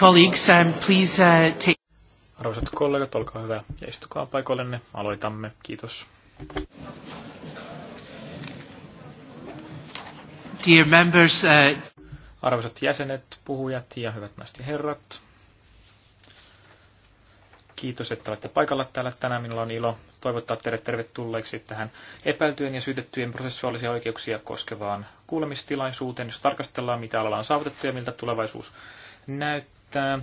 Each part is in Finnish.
colleagues, um, please uh, take... Arvoisat kollegat, olkaa hyvä ja istukaa paikoillenne. Aloitamme. Kiitos. Dear members, uh... Arvoisat jäsenet, puhujat ja hyvät naiset ja herrat. Kiitos, että olette paikalla täällä tänään. Minulla on ilo toivottaa teidät tervetulleeksi tähän epäiltyjen ja syytettyjen prosessuaalisia oikeuksia koskevaan kuulemistilaisuuteen, jos tarkastellaan, mitä alalla on saavutettu ja miltä tulevaisuus näyttää että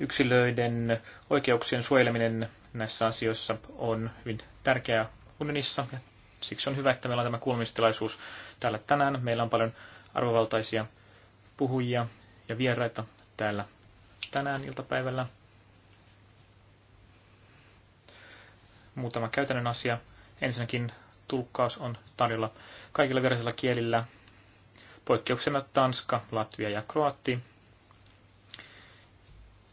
yksilöiden oikeuksien suojeleminen näissä asioissa on hyvin tärkeää unionissa. Ja siksi on hyvä, että meillä on tämä kuulemistilaisuus täällä tänään. Meillä on paljon arvovaltaisia puhujia ja vieraita täällä tänään iltapäivällä. Muutama käytännön asia. Ensinnäkin tulkkaus on tarjolla kaikilla virallisilla kielillä, poikkeuksena Tanska, Latvia ja Kroatia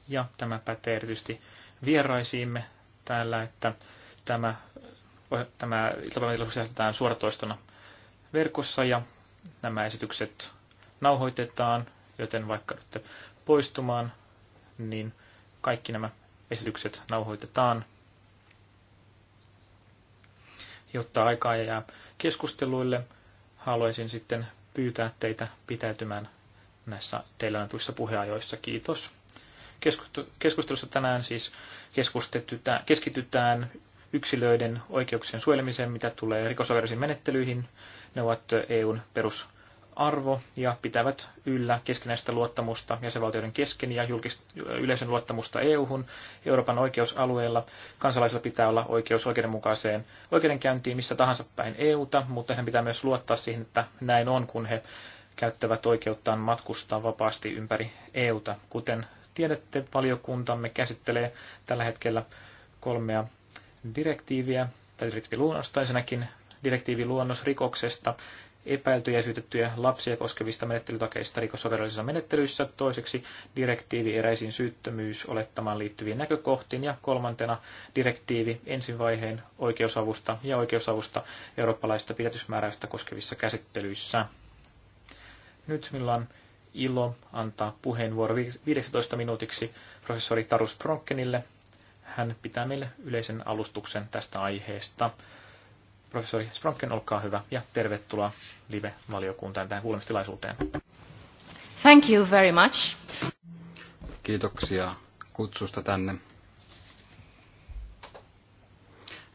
ja tämä pätee erityisesti vieraisiimme täällä, että tämä, tämä iltapäivätilaisuus sisältetään suoratoistona verkossa ja nämä esitykset nauhoitetaan, joten vaikka nyt poistumaan, niin kaikki nämä esitykset nauhoitetaan, jotta aikaa jää keskusteluille. Haluaisin sitten pyytää teitä pitäytymään näissä teillä annetuissa puheajoissa. Kiitos keskustelussa tänään siis keskitytään yksilöiden oikeuksien suojelemiseen, mitä tulee rikosoikeudellisiin menettelyihin. Ne ovat EUn perusarvo ja pitävät yllä keskinäistä luottamusta jäsenvaltioiden kesken ja julkist- yleisen luottamusta EUhun. Euroopan oikeusalueella kansalaisilla pitää olla oikeus oikeudenmukaiseen oikeudenkäyntiin missä tahansa päin EUta, mutta he pitää myös luottaa siihen, että näin on, kun he käyttävät oikeuttaan matkustaa vapaasti ympäri EUta, kuten tiedätte, valiokuntamme käsittelee tällä hetkellä kolmea direktiiviä, tai direktiiviluonnosta ensinnäkin direktiiviluonnos rikoksesta, epäiltyjä ja syytettyjä lapsia koskevista menettelytakeista rikosoikeudellisissa menettelyissä, toiseksi direktiivi eräisiin syyttömyysolettamaan liittyviin näkökohtiin ja kolmantena direktiivi vaiheen oikeusavusta ja oikeusavusta eurooppalaista pidätysmääräystä koskevissa käsittelyissä. Nyt meillä on ilo antaa puheenvuoro 15 minuutiksi professori Tarus Pronkenille. Hän pitää meille yleisen alustuksen tästä aiheesta. Professori Spronken, olkaa hyvä ja tervetuloa live-valiokuntaan tähän kuulemistilaisuuteen. Thank you very much. Kiitoksia kutsusta tänne.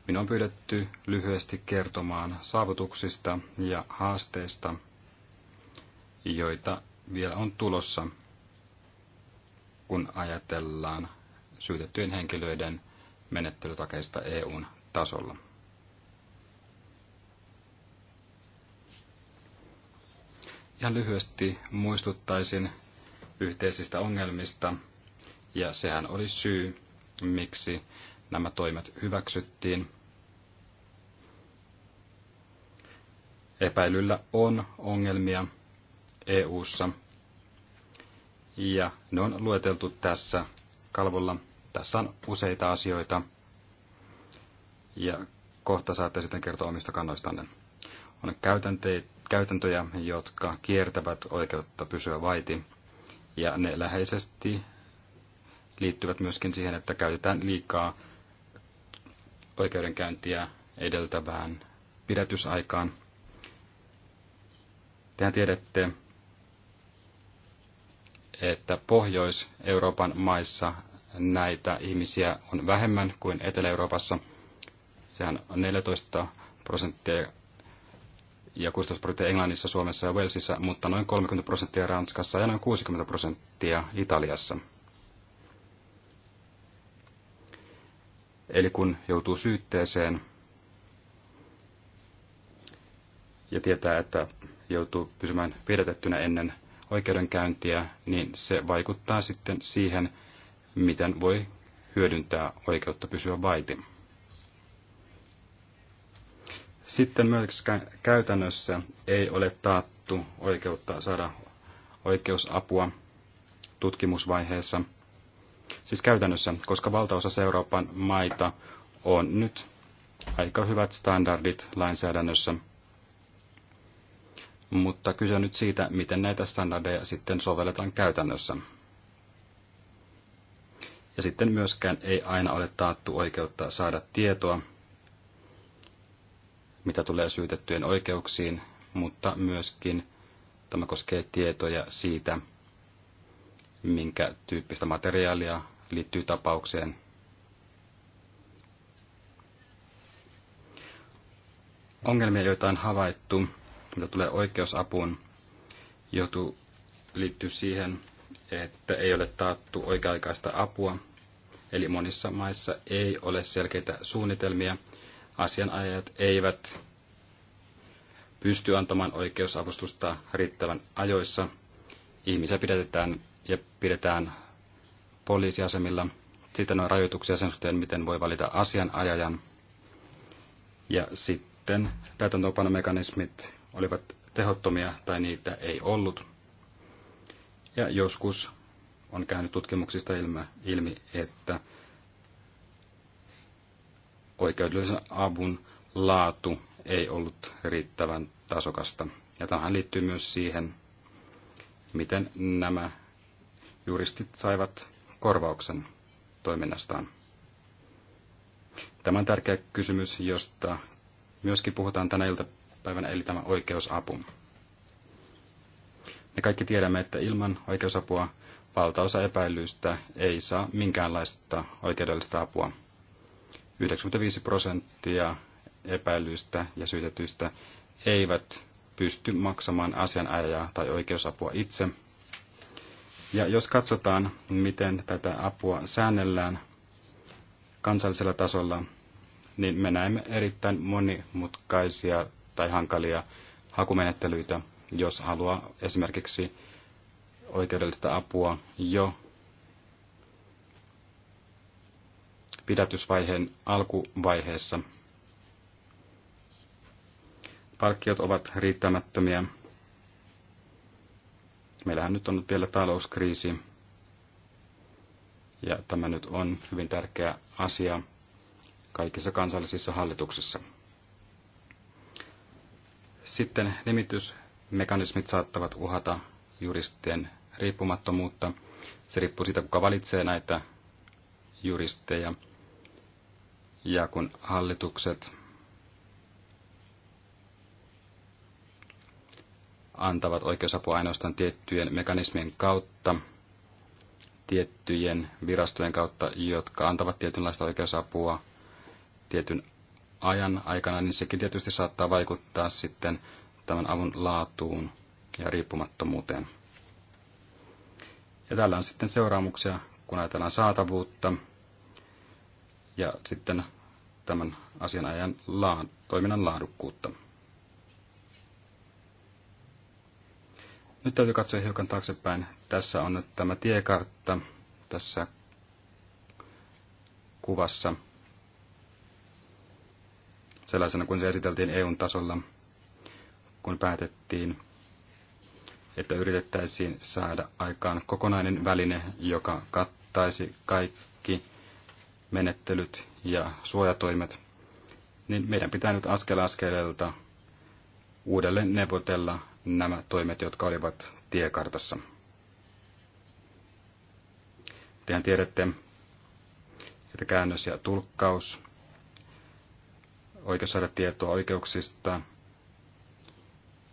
Minun on pyydetty lyhyesti kertomaan saavutuksista ja haasteista, joita vielä on tulossa, kun ajatellaan syytettyjen henkilöiden menettelytakeista EUn tasolla. Ihan lyhyesti muistuttaisin yhteisistä ongelmista, ja sehän oli syy, miksi nämä toimet hyväksyttiin. Epäilyllä on ongelmia, EU:ssa. Ja ne on lueteltu tässä kalvolla. Tässä on useita asioita. Ja kohta saatte sitten kertoa omista kannoistanne. On käytäntöjä, jotka kiertävät oikeutta pysyä vaiti. Ja ne läheisesti liittyvät myöskin siihen, että käytetään liikaa oikeudenkäyntiä edeltävään pidätysaikaan. Tehän tiedätte, että Pohjois-Euroopan maissa näitä ihmisiä on vähemmän kuin Etelä-Euroopassa. Sehän on 14 prosenttia ja 16 prosenttia Englannissa, Suomessa ja Walesissa, mutta noin 30 prosenttia Ranskassa ja noin 60 prosenttia Italiassa. Eli kun joutuu syytteeseen ja tietää, että joutuu pysymään pidätettynä ennen oikeudenkäyntiä, niin se vaikuttaa sitten siihen, miten voi hyödyntää oikeutta pysyä vaiti. Sitten myöskään käytännössä ei ole taattu oikeutta saada oikeusapua tutkimusvaiheessa. Siis käytännössä, koska valtaosa Euroopan maita on nyt aika hyvät standardit lainsäädännössä – mutta kyse nyt siitä, miten näitä standardeja sitten sovelletaan käytännössä. Ja sitten myöskään ei aina ole taattu oikeutta saada tietoa, mitä tulee syytettyjen oikeuksiin, mutta myöskin tämä koskee tietoja siitä, minkä tyyppistä materiaalia liittyy tapaukseen. Ongelmia, joita on havaittu, mitä tulee oikeusapuun, joutuu liittyy siihen, että ei ole taattu oikea-aikaista apua. Eli monissa maissa ei ole selkeitä suunnitelmia. Asianajajat eivät pysty antamaan oikeusavustusta riittävän ajoissa. Ihmisiä pidetään ja pidetään poliisiasemilla. Sitten on rajoituksia sen suhteen, miten voi valita asianajajan. Ja sitten täytäntöopanomekanismit olivat tehottomia tai niitä ei ollut. Ja joskus on käynyt tutkimuksista ilmi, että oikeudellisen avun laatu ei ollut riittävän tasokasta. Ja tähän liittyy myös siihen, miten nämä juristit saivat korvauksen toiminnastaan. Tämä on tärkeä kysymys, josta myöskin puhutaan tänä iltapäivänä päivänä, eli tämä oikeusapu. Me kaikki tiedämme, että ilman oikeusapua valtaosa epäilyistä ei saa minkäänlaista oikeudellista apua. 95 prosenttia epäilyistä ja syytetyistä eivät pysty maksamaan asianajajaa tai oikeusapua itse. Ja jos katsotaan, miten tätä apua säännellään kansallisella tasolla, niin me näemme erittäin monimutkaisia tai hankalia hakumenettelyitä, jos haluaa esimerkiksi oikeudellista apua jo pidätysvaiheen alkuvaiheessa. Palkkiot ovat riittämättömiä. Meillähän nyt on vielä talouskriisi, ja tämä nyt on hyvin tärkeä asia kaikissa kansallisissa hallituksissa. Sitten nimitysmekanismit saattavat uhata juristien riippumattomuutta. Se riippuu siitä, kuka valitsee näitä juristeja. Ja kun hallitukset antavat oikeusapua ainoastaan tiettyjen mekanismien kautta, tiettyjen virastojen kautta, jotka antavat tietynlaista oikeusapua tietyn ajan aikana, niin sekin tietysti saattaa vaikuttaa sitten tämän avun laatuun ja riippumattomuuteen. Ja täällä on sitten seuraamuksia, kun ajatellaan saatavuutta ja sitten tämän asianajan laad, toiminnan laadukkuutta. Nyt täytyy katsoa hiukan taaksepäin. Tässä on nyt tämä tiekartta tässä kuvassa sellaisena kuin se esiteltiin EUn tasolla, kun päätettiin, että yritettäisiin saada aikaan kokonainen väline, joka kattaisi kaikki menettelyt ja suojatoimet, niin meidän pitää nyt askel askeleelta uudelleen neuvotella nämä toimet, jotka olivat tiekartassa. Tehän tiedätte, että käännös ja tulkkaus oikeus saada tietoa oikeuksista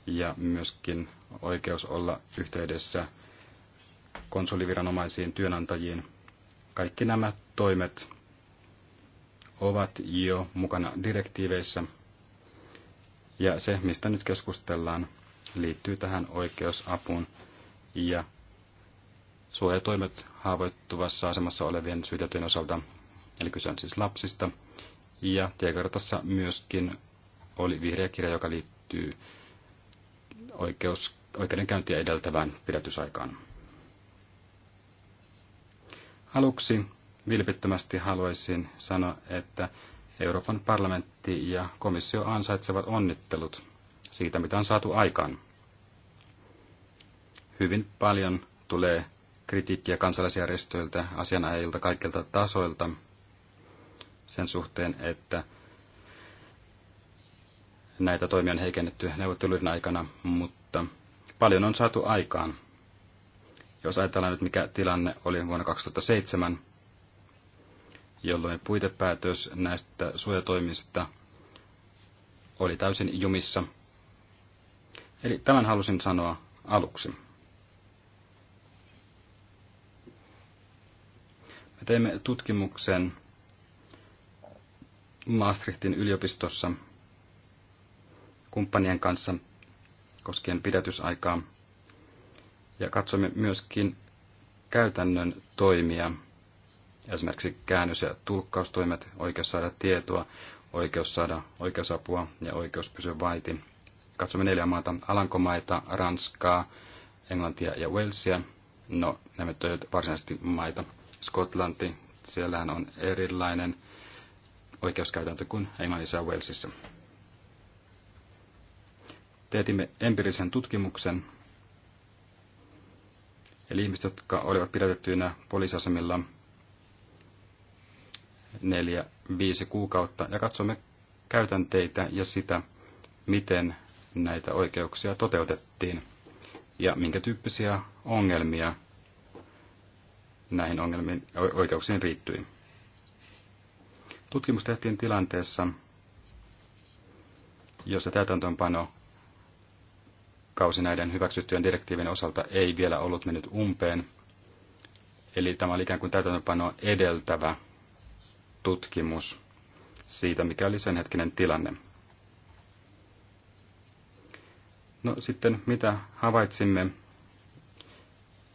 ja myöskin oikeus olla yhteydessä konsuliviranomaisiin, työnantajiin. Kaikki nämä toimet ovat jo mukana direktiiveissä. Ja se, mistä nyt keskustellaan, liittyy tähän oikeusapuun ja suojatoimet haavoittuvassa asemassa olevien syytettyjen osalta, eli kyse on siis lapsista – ja tiekartassa myöskin oli vihreä kirja, joka liittyy oikeus, oikeudenkäyntiä edeltävään pidätysaikaan. Aluksi vilpittömästi haluaisin sanoa, että Euroopan parlamentti ja komissio ansaitsevat onnittelut siitä, mitä on saatu aikaan. Hyvin paljon tulee kritiikkiä kansalaisjärjestöiltä, asianajajilta kaikilta tasoilta – sen suhteen, että näitä toimia on heikennetty neuvotteluiden aikana, mutta paljon on saatu aikaan. Jos ajatellaan nyt, mikä tilanne oli vuonna 2007, jolloin puitepäätös näistä suojatoimista oli täysin jumissa. Eli tämän halusin sanoa aluksi. Me teimme tutkimuksen Maastrichtin yliopistossa kumppanien kanssa koskien pidätysaikaa. Ja katsomme myöskin käytännön toimia, esimerkiksi käännös- ja tulkkaustoimet, oikeus saada tietoa, oikeus saada oikeusapua ja oikeus pysyä vaiti. Katsomme neljä maata, Alankomaita, Ranskaa, Englantia ja Walesia. No, nämä ovat varsinaisesti maita. Skotlanti, siellähän on erilainen oikeuskäytäntö kuin Englannissa ja Walesissa. Teetimme empiirisen tutkimuksen, eli ihmiset, jotka olivat pidätettyinä poliisiasemilla neljä, viisi kuukautta, ja katsomme käytänteitä ja sitä, miten näitä oikeuksia toteutettiin ja minkä tyyppisiä ongelmia näihin ongelmiin, oikeuksiin riittyi. Tutkimus tehtiin tilanteessa, jossa täytäntöönpano kausi näiden hyväksyttyjen direktiivien osalta ei vielä ollut mennyt umpeen. Eli tämä oli ikään kuin täytäntöönpano edeltävä tutkimus siitä, mikä oli sen hetkinen tilanne. No sitten mitä havaitsimme,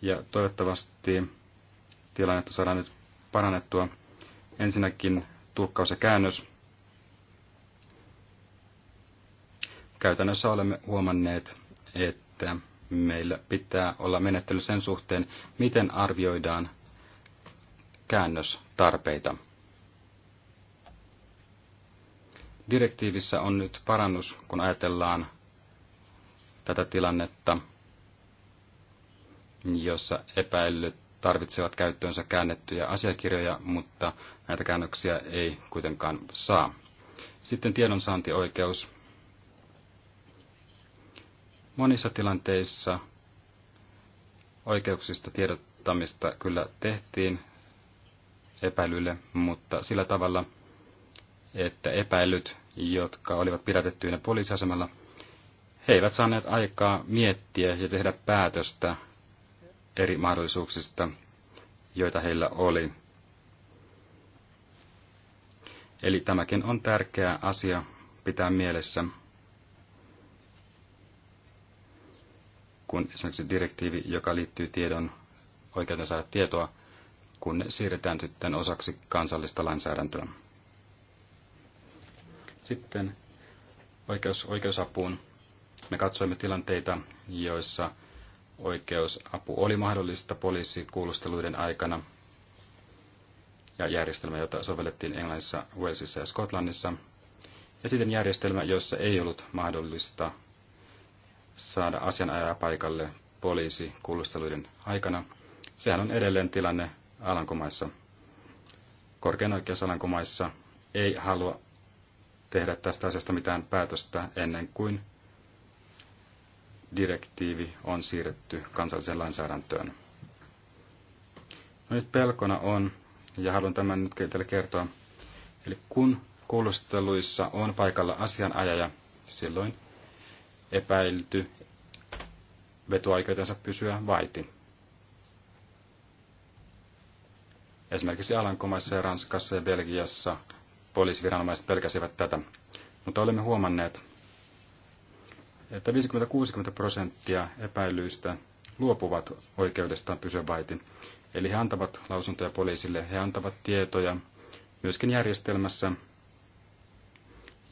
ja toivottavasti tilannetta saadaan nyt parannettua. Ensinnäkin tulkkaus ja käännös. Käytännössä olemme huomanneet, että meillä pitää olla menettely sen suhteen, miten arvioidaan käännöstarpeita. Direktiivissä on nyt parannus, kun ajatellaan tätä tilannetta, jossa epäillyt tarvitsevat käyttöönsä käännettyjä asiakirjoja, mutta näitä käännöksiä ei kuitenkaan saa. Sitten tiedonsaantioikeus. Monissa tilanteissa oikeuksista tiedottamista kyllä tehtiin epäilylle, mutta sillä tavalla, että epäilyt, jotka olivat pidätettyinä poliisiasemalla, he eivät saaneet aikaa miettiä ja tehdä päätöstä eri mahdollisuuksista, joita heillä oli. Eli tämäkin on tärkeä asia pitää mielessä, kun esimerkiksi direktiivi, joka liittyy tiedon oikeuteen saada tietoa, kun ne siirretään sitten osaksi kansallista lainsäädäntöä. Sitten oikeus, oikeusapuun. Me katsoimme tilanteita, joissa oikeusapu oli mahdollista poliisikuulusteluiden aikana ja järjestelmä, jota sovellettiin Englannissa, Walesissa ja Skotlannissa, ja sitten järjestelmä, jossa ei ollut mahdollista saada asianajaja paikalle poliisikuulusteluiden aikana. Sehän on edelleen tilanne Alankomaissa. Korkean oikeus Alankomaissa ei halua tehdä tästä asiasta mitään päätöstä ennen kuin direktiivi on siirretty kansalliseen lainsäädäntöön. No nyt pelkona on, ja haluan tämän nyt teille kertoa, eli kun kuulusteluissa on paikalla asianajaja, silloin epäilty vetuaikeutensa pysyä vaiti. Esimerkiksi Alankomaissa ja Ranskassa ja Belgiassa poliisiviranomaiset pelkäsivät tätä, mutta olemme huomanneet, että 50-60 prosenttia epäilyistä luopuvat oikeudestaan pysyä vaitin. Eli he antavat lausuntoja poliisille, he antavat tietoja myöskin järjestelmässä,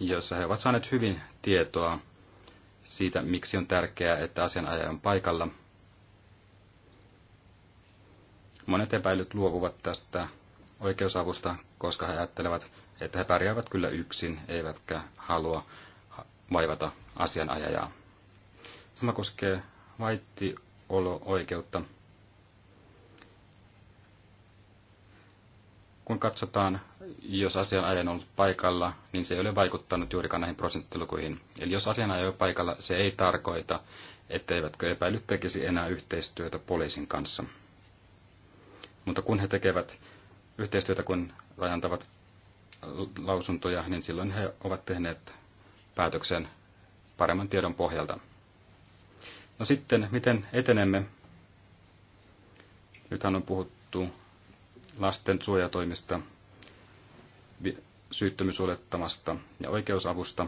jossa he ovat saaneet hyvin tietoa siitä, miksi on tärkeää, että asianajaja on paikalla. Monet epäilyt luovuvat tästä oikeusavusta, koska he ajattelevat, että he pärjäävät kyllä yksin, eivätkä halua vaivata asianajajaa. Sama koskee vaittiolo-oikeutta. Kun katsotaan, jos asianajaja on ollut paikalla, niin se ei ole vaikuttanut juurikaan näihin prosenttilukuihin. Eli jos asianajaja on paikalla, se ei tarkoita, etteivätkö epäilyt tekisi enää yhteistyötä poliisin kanssa. Mutta kun he tekevät yhteistyötä, kun rajantavat lausuntoja, niin silloin he ovat tehneet päätöksen paremman tiedon pohjalta. No sitten, miten etenemme? Nythän on puhuttu lasten suojatoimista, syyttömyysolettamasta ja oikeusavusta.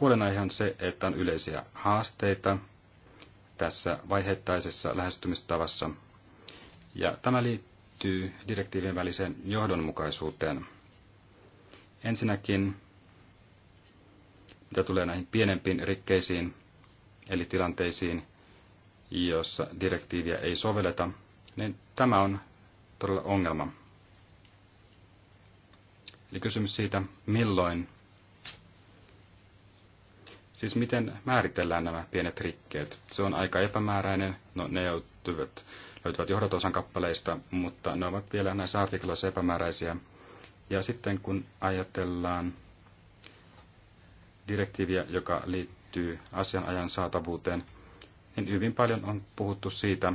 Huolenaihe on se, että on yleisiä haasteita tässä vaiheittaisessa lähestymistavassa, ja tämä liittyy direktiivien väliseen johdonmukaisuuteen – Ensinnäkin, mitä tulee näihin pienempiin rikkeisiin, eli tilanteisiin, joissa direktiiviä ei sovelleta, niin tämä on todella ongelma. Eli kysymys siitä, milloin, siis miten määritellään nämä pienet rikkeet. Se on aika epämääräinen, no ne joutuvat, löytyvät johdotosan kappaleista, mutta ne ovat vielä näissä artikloissa epämääräisiä, ja sitten kun ajatellaan direktiiviä, joka liittyy asianajan saatavuuteen, niin hyvin paljon on puhuttu siitä,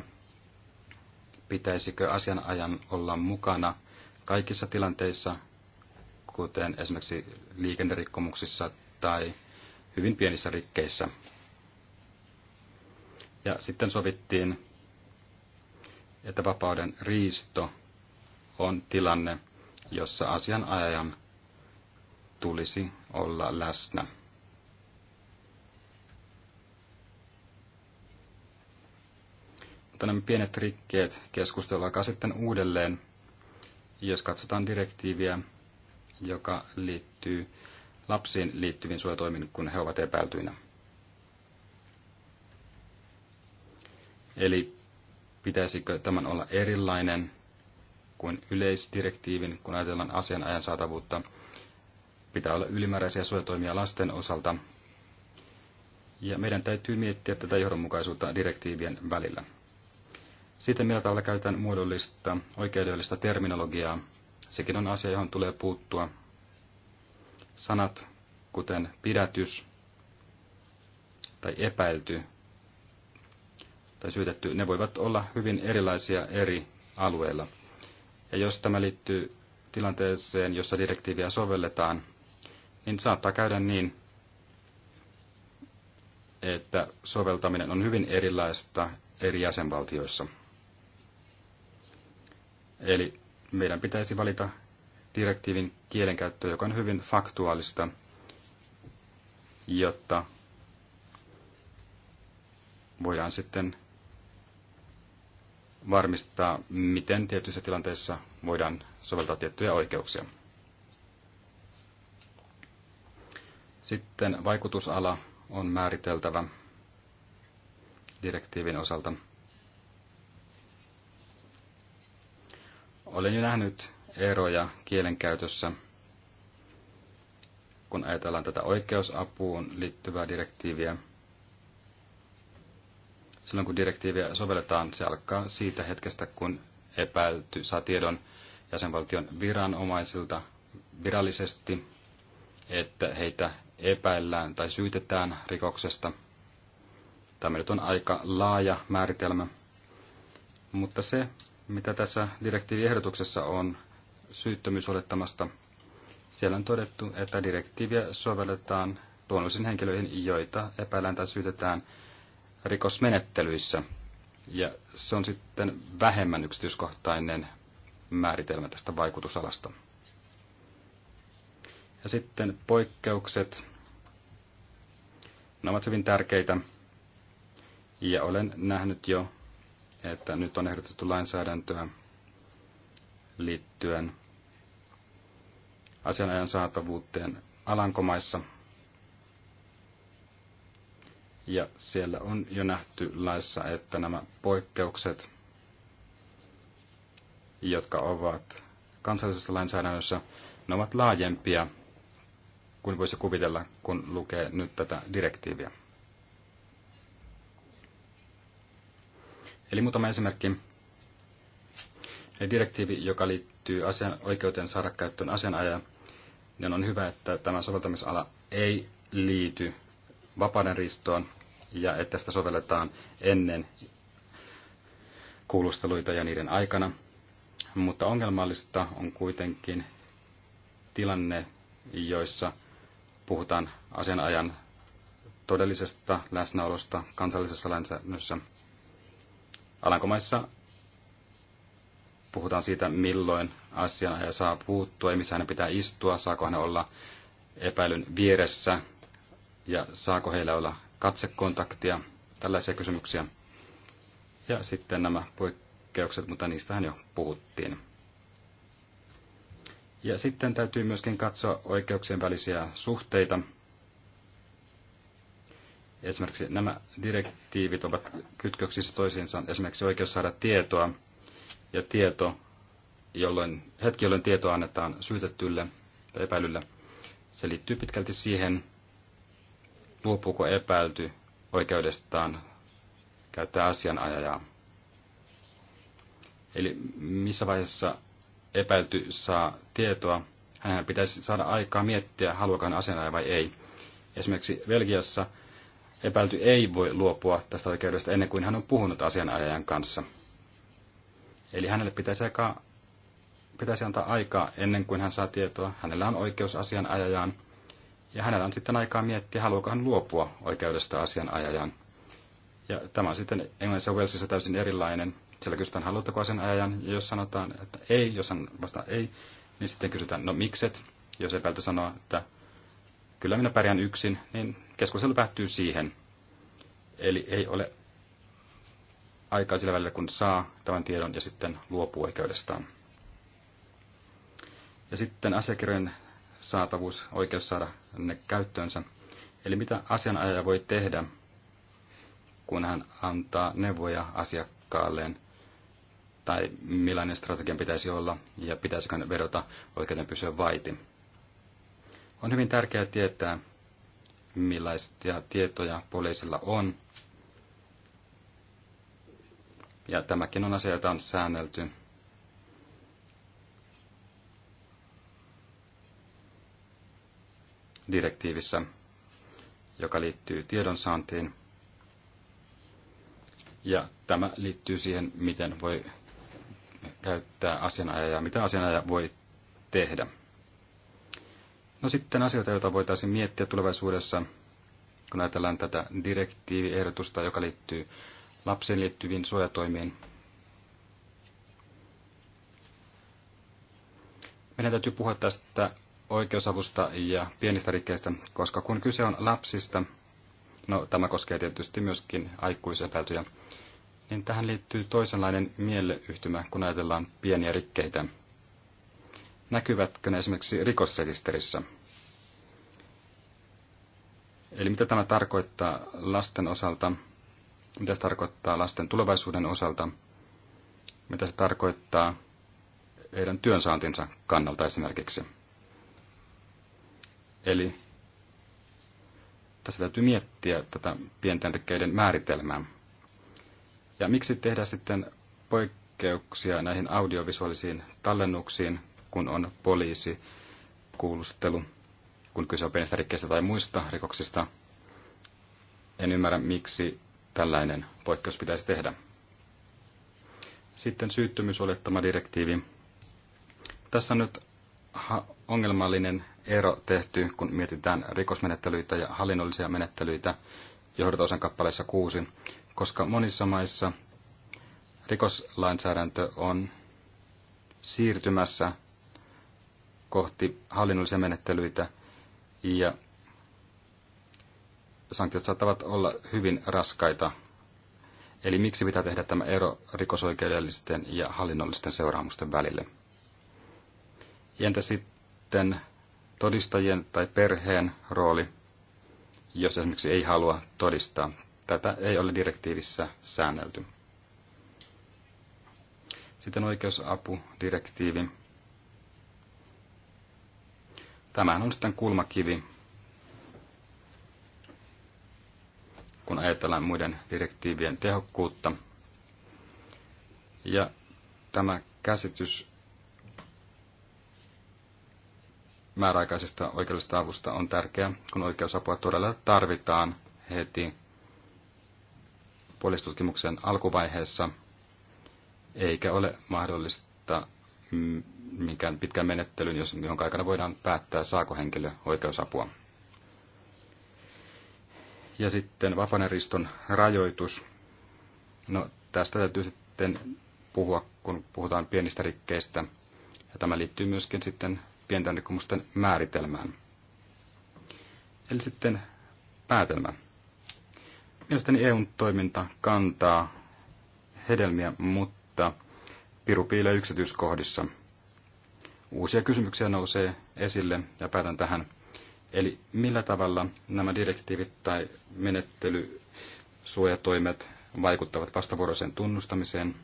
pitäisikö asianajan olla mukana kaikissa tilanteissa, kuten esimerkiksi liikennerikkomuksissa tai hyvin pienissä rikkeissä. Ja sitten sovittiin, että vapauden riisto on tilanne, jossa asianajajan tulisi olla läsnä. Mutta nämä pienet rikkeet keskustellaan sitten uudelleen, jos katsotaan direktiiviä, joka liittyy lapsiin liittyviin suojatoimiin, kun he ovat epäiltyinä. Eli pitäisikö tämän olla erilainen kuin yleisdirektiivin, kun ajatellaan asianajan saatavuutta. Pitää olla ylimääräisiä suojatoimia lasten osalta. Ja meidän täytyy miettiä tätä johdonmukaisuutta direktiivien välillä. Sitten millä tavalla käytetään muodollista oikeudellista terminologiaa, sekin on asia, johon tulee puuttua. Sanat kuten pidätys tai epäilty tai syytetty, ne voivat olla hyvin erilaisia eri alueilla. Ja jos tämä liittyy tilanteeseen, jossa direktiiviä sovelletaan, niin saattaa käydä niin, että soveltaminen on hyvin erilaista eri jäsenvaltioissa. Eli meidän pitäisi valita direktiivin kielenkäyttö, joka on hyvin faktuaalista, jotta voidaan sitten varmistaa, miten tietyissä tilanteissa voidaan soveltaa tiettyjä oikeuksia. Sitten vaikutusala on määriteltävä direktiivin osalta. Olen jo nähnyt eroja kielenkäytössä, kun ajatellaan tätä oikeusapuun liittyvää direktiiviä – Silloin kun direktiiviä sovelletaan, se alkaa siitä hetkestä, kun epäilty saa tiedon jäsenvaltion viranomaisilta virallisesti, että heitä epäillään tai syytetään rikoksesta. Tämä nyt on aika laaja määritelmä, mutta se, mitä tässä direktiiviehdotuksessa on syyttömyysolettamasta, siellä on todettu, että direktiiviä sovelletaan luonnollisiin henkilöihin, joita epäillään tai syytetään rikosmenettelyissä. Ja se on sitten vähemmän yksityiskohtainen määritelmä tästä vaikutusalasta. Ja sitten poikkeukset. Ne ovat hyvin tärkeitä. Ja olen nähnyt jo, että nyt on ehdotettu lainsäädäntöä liittyen asianajan saatavuuteen Alankomaissa – ja siellä on jo nähty laissa, että nämä poikkeukset, jotka ovat kansallisessa lainsäädännössä, ne ovat laajempia kuin voisi kuvitella, kun lukee nyt tätä direktiiviä. Eli muutama esimerkki. Eli direktiivi, joka liittyy asian, oikeuteen saada käyttöön asianajaja, niin on hyvä, että tämä soveltamisala ei liity vapauden riistoon ja että sitä sovelletaan ennen kuulusteluita ja niiden aikana. Mutta ongelmallista on kuitenkin tilanne, joissa puhutaan asianajan todellisesta läsnäolosta kansallisessa lainsäädännössä. Alankomaissa puhutaan siitä, milloin asianajaja saa puuttua ja missä hänen pitää istua, saako hän olla epäilyn vieressä ja saako heillä olla katsekontaktia, tällaisia kysymyksiä. Ja sitten nämä poikkeukset, mutta niistähän jo puhuttiin. Ja sitten täytyy myöskin katsoa oikeuksien välisiä suhteita. Esimerkiksi nämä direktiivit ovat kytköksissä toisiinsa. Esimerkiksi oikeus saada tietoa ja tieto, jolloin, hetki jolloin tietoa annetaan syytettylle tai epäilylle. Se liittyy pitkälti siihen, luopuuko epäilty oikeudestaan käyttää asianajajaa. Eli missä vaiheessa epäilty saa tietoa, hän pitäisi saada aikaa miettiä, haluaako hän asianajaja vai ei. Esimerkiksi Belgiassa epäilty ei voi luopua tästä oikeudesta ennen kuin hän on puhunut asianajajan kanssa. Eli hänelle pitäisi, aikaa, pitäisi antaa aikaa ennen kuin hän saa tietoa. Hänellä on oikeus asianajajaan ja hänellä on sitten aikaa miettiä, haluaako hän luopua oikeudesta asianajajan. Ja tämä on sitten Englannissa ja Walesissa täysin erilainen. Siellä kysytään, haluatteko asianajajan, ja jos sanotaan, että ei, jos hän vastaa ei, niin sitten kysytään, no mikset, jos epäilty sanoa, että kyllä minä pärjään yksin, niin keskustelu päättyy siihen. Eli ei ole aikaa sillä välillä, kun saa tämän tiedon ja sitten luopuu oikeudestaan. Ja sitten asiakirjojen saatavuus, oikeus saada ne käyttöönsä. Eli mitä asianajaja voi tehdä, kun hän antaa neuvoja asiakkaalleen, tai millainen strategian pitäisi olla, ja pitäisikö ne vedota oikeuden pysyä vaiti. On hyvin tärkeää tietää, millaisia tietoja poliisilla on, ja tämäkin on asia, jota on säännelty direktiivissä, joka liittyy tiedonsaantiin. Ja tämä liittyy siihen, miten voi käyttää ja mitä asianajaja voi tehdä. No sitten asioita, joita voitaisiin miettiä tulevaisuudessa, kun ajatellaan tätä direktiiviehdotusta, joka liittyy lapsiin liittyviin suojatoimiin. Meidän täytyy puhua tästä oikeusavusta ja pienistä rikkeistä, koska kun kyse on lapsista, no tämä koskee tietysti myöskin aikuisepäiltyjä, niin tähän liittyy toisenlainen mieleyhtymä, kun ajatellaan pieniä rikkeitä. Näkyvätkö ne esimerkiksi rikosrekisterissä? Eli mitä tämä tarkoittaa lasten osalta, mitä se tarkoittaa lasten tulevaisuuden osalta, mitä se tarkoittaa heidän työnsaantinsa kannalta esimerkiksi. Eli tässä täytyy miettiä tätä pienten rikkeiden määritelmää. Ja miksi tehdä sitten poikkeuksia näihin audiovisuaalisiin tallennuksiin, kun on poliisi, kuulustelu, kun kyse on pienistä rikkeistä tai muista rikoksista. En ymmärrä, miksi tällainen poikkeus pitäisi tehdä. Sitten syyttömyysolettama direktiivi. Tässä on nyt ongelmallinen ero tehty, kun mietitään rikosmenettelyitä ja hallinnollisia menettelyitä johdotosan kappaleessa 6, koska monissa maissa rikoslainsäädäntö on siirtymässä kohti hallinnollisia menettelyitä ja sanktiot saattavat olla hyvin raskaita. Eli miksi pitää tehdä tämä ero rikosoikeudellisten ja hallinnollisten seuraamusten välille? Entä sitten todistajien tai perheen rooli, jos esimerkiksi ei halua todistaa? Tätä ei ole direktiivissä säännelty. Sitten oikeusapudirektiivi. Tämähän on sitten kulmakivi, kun ajatellaan muiden direktiivien tehokkuutta. Ja tämä käsitys määräaikaisesta oikeudellisesta avusta on tärkeä, kun oikeusapua todella tarvitaan heti puolistutkimuksen alkuvaiheessa, eikä ole mahdollista mm, minkään pitkän menettelyn, jos, jonka aikana voidaan päättää, saako henkilö oikeusapua. Ja sitten vafaneriston rajoitus. No, tästä täytyy sitten puhua, kun puhutaan pienistä rikkeistä. Ja tämä liittyy myöskin sitten pienten rikkomusten määritelmään. Eli sitten päätelmä. Mielestäni EUn toiminta kantaa hedelmiä, mutta piru piilee yksityiskohdissa. Uusia kysymyksiä nousee esille ja päätän tähän. Eli millä tavalla nämä direktiivit tai menettelysuojatoimet vaikuttavat vastavuoroiseen tunnustamiseen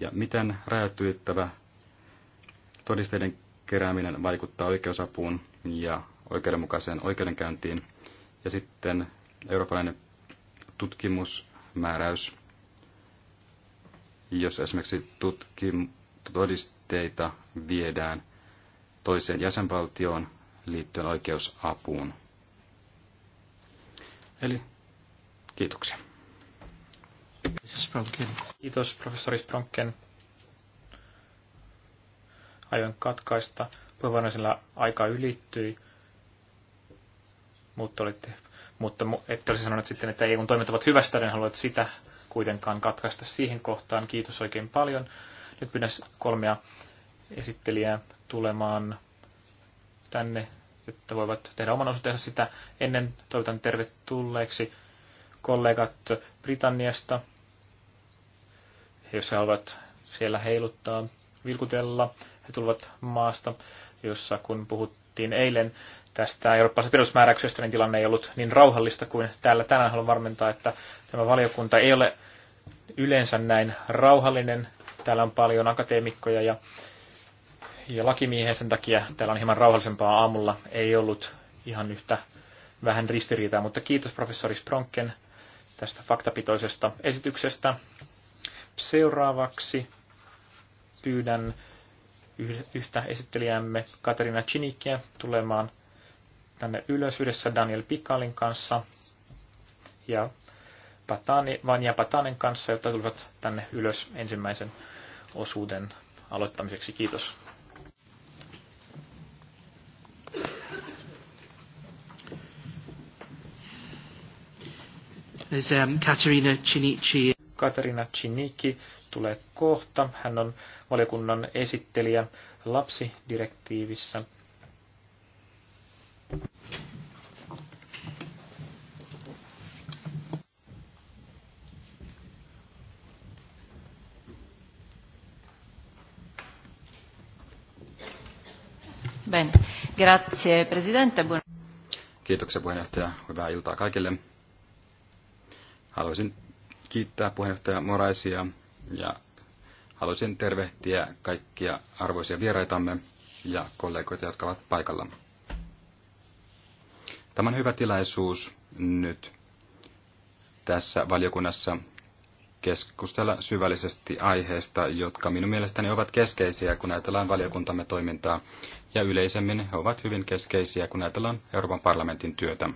ja miten rajat ylittävä todisteiden kerääminen vaikuttaa oikeusapuun ja oikeudenmukaiseen oikeudenkäyntiin. Ja sitten eurooppalainen tutkimusmääräys, jos esimerkiksi tutkim- todisteita viedään toiseen jäsenvaltioon liittyen oikeusapuun. Eli kiitoksia. Kiitos professori Spronken aion katkaista. sillä aika ylittyi, mutta, olitte, mutta ette olisi sanonut sitten, että EUn toimet ovat hyvästä, en niin halua sitä kuitenkaan katkaista siihen kohtaan. Kiitos oikein paljon. Nyt pyydän kolmea esittelijää tulemaan tänne, jotta voivat tehdä oman osuutensa sitä. Ennen toivotan tervetulleeksi kollegat Britanniasta, jos he haluavat siellä heiluttaa vilkutella. He tulivat maasta, jossa kun puhuttiin eilen tästä eurooppalaisesta perusmääräyksestä, niin tilanne ei ollut niin rauhallista kuin täällä. Tänään haluan varmentaa, että tämä valiokunta ei ole yleensä näin rauhallinen. Täällä on paljon akateemikkoja ja, ja lakimiehen sen takia täällä on hieman rauhallisempaa aamulla. Ei ollut ihan yhtä vähän ristiriitaa, mutta kiitos professori Spronken tästä faktapitoisesta esityksestä. Seuraavaksi pyydän yhtä esittelijämme Katerina Chinikkiä tulemaan tänne ylös yhdessä Daniel Pikalin kanssa ja Patani, Vanja Patanen kanssa, jotta tulevat tänne ylös ensimmäisen osuuden aloittamiseksi. Kiitos. Um, Katerina Chinichi. Katerina tulee kohta. Hän on valiokunnan esittelijä lapsidirektiivissä. Ben, Grazie Presidente. Buon... Kiitoksia puheenjohtaja. Hyvää iltaa kaikille. Haluaisin kiittää puheenjohtaja Moraisia ja haluaisin tervehtiä kaikkia arvoisia vieraitamme ja kollegoita, jotka ovat paikalla. Tämä on hyvä tilaisuus nyt tässä valiokunnassa keskustella syvällisesti aiheesta, jotka minun mielestäni ovat keskeisiä, kun ajatellaan valiokuntamme toimintaa, ja yleisemmin he ovat hyvin keskeisiä, kun ajatellaan Euroopan parlamentin työtä.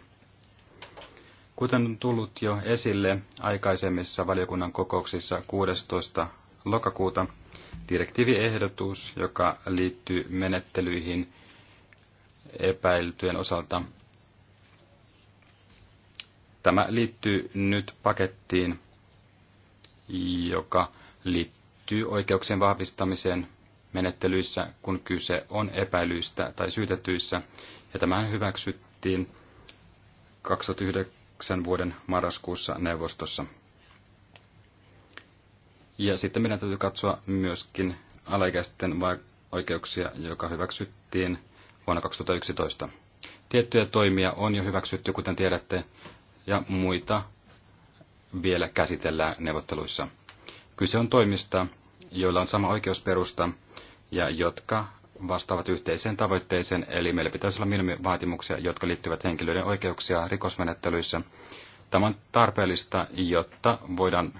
Kuten on tullut jo esille aikaisemmissa valiokunnan kokouksissa 16. lokakuuta, direktiiviehdotus, joka liittyy menettelyihin epäiltyjen osalta, tämä liittyy nyt pakettiin, joka liittyy oikeuksien vahvistamiseen menettelyissä, kun kyse on epäilyistä tai syytetyissä, ja tämä hyväksyttiin 2009 2009 vuoden marraskuussa neuvostossa. Ja sitten meidän täytyy katsoa myöskin alaikäisten oikeuksia, joka hyväksyttiin vuonna 2011. Tiettyjä toimia on jo hyväksytty, kuten tiedätte, ja muita vielä käsitellään neuvotteluissa. Kyse on toimista, joilla on sama oikeusperusta ja jotka vastaavat yhteiseen tavoitteeseen, eli meillä pitäisi olla minimivaatimuksia, jotka liittyvät henkilöiden oikeuksia rikosmenettelyissä. Tämä on tarpeellista, jotta voidaan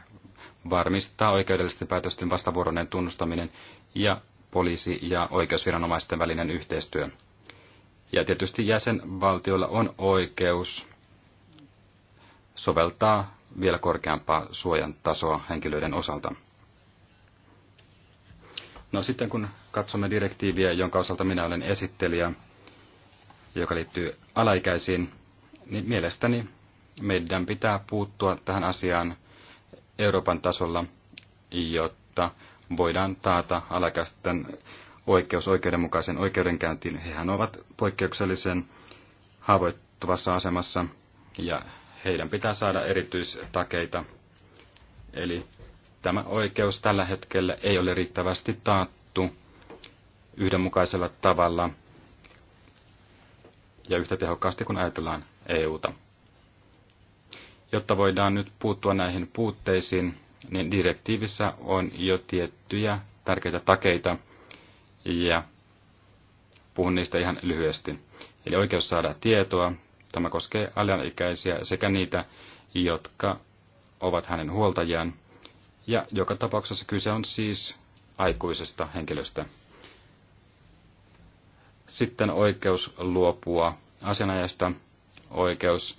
varmistaa oikeudellisten päätösten vastavuoroinen tunnustaminen ja poliisi- ja oikeusviranomaisten välinen yhteistyö. Ja tietysti jäsenvaltioilla on oikeus soveltaa vielä korkeampaa suojan tasoa henkilöiden osalta. No sitten kun katsomme direktiiviä, jonka osalta minä olen esittelijä, joka liittyy alaikäisiin, niin mielestäni meidän pitää puuttua tähän asiaan Euroopan tasolla, jotta voidaan taata alaikäisten oikeus oikeudenmukaisen oikeudenkäyntiin. Hehän ovat poikkeuksellisen haavoittuvassa asemassa ja heidän pitää saada erityistakeita. Eli Tämä oikeus tällä hetkellä ei ole riittävästi taattu yhdenmukaisella tavalla ja yhtä tehokkaasti kuin ajatellaan EUta. Jotta voidaan nyt puuttua näihin puutteisiin, niin direktiivissä on jo tiettyjä tärkeitä takeita, ja puhun niistä ihan lyhyesti. Eli oikeus saada tietoa, tämä koskee alianikäisiä sekä niitä, jotka ovat hänen huoltajiaan, ja joka tapauksessa kyse on siis aikuisesta henkilöstä. Sitten oikeus luopua asianajasta, oikeus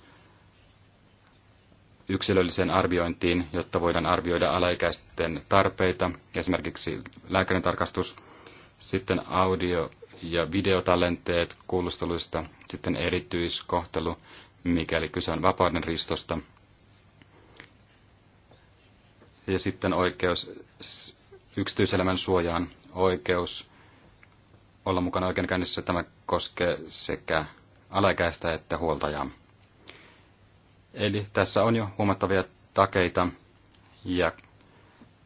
yksilölliseen arviointiin, jotta voidaan arvioida alaikäisten tarpeita, esimerkiksi lääkärin tarkastus, sitten audio- ja videotallenteet kuulusteluista, sitten erityiskohtelu, mikäli kyse on vapauden ristosta, ja sitten oikeus yksityiselämän suojaan, oikeus olla mukana oikeudenkäynnissä. Tämä koskee sekä alaikäistä että huoltajaa. Eli tässä on jo huomattavia takeita ja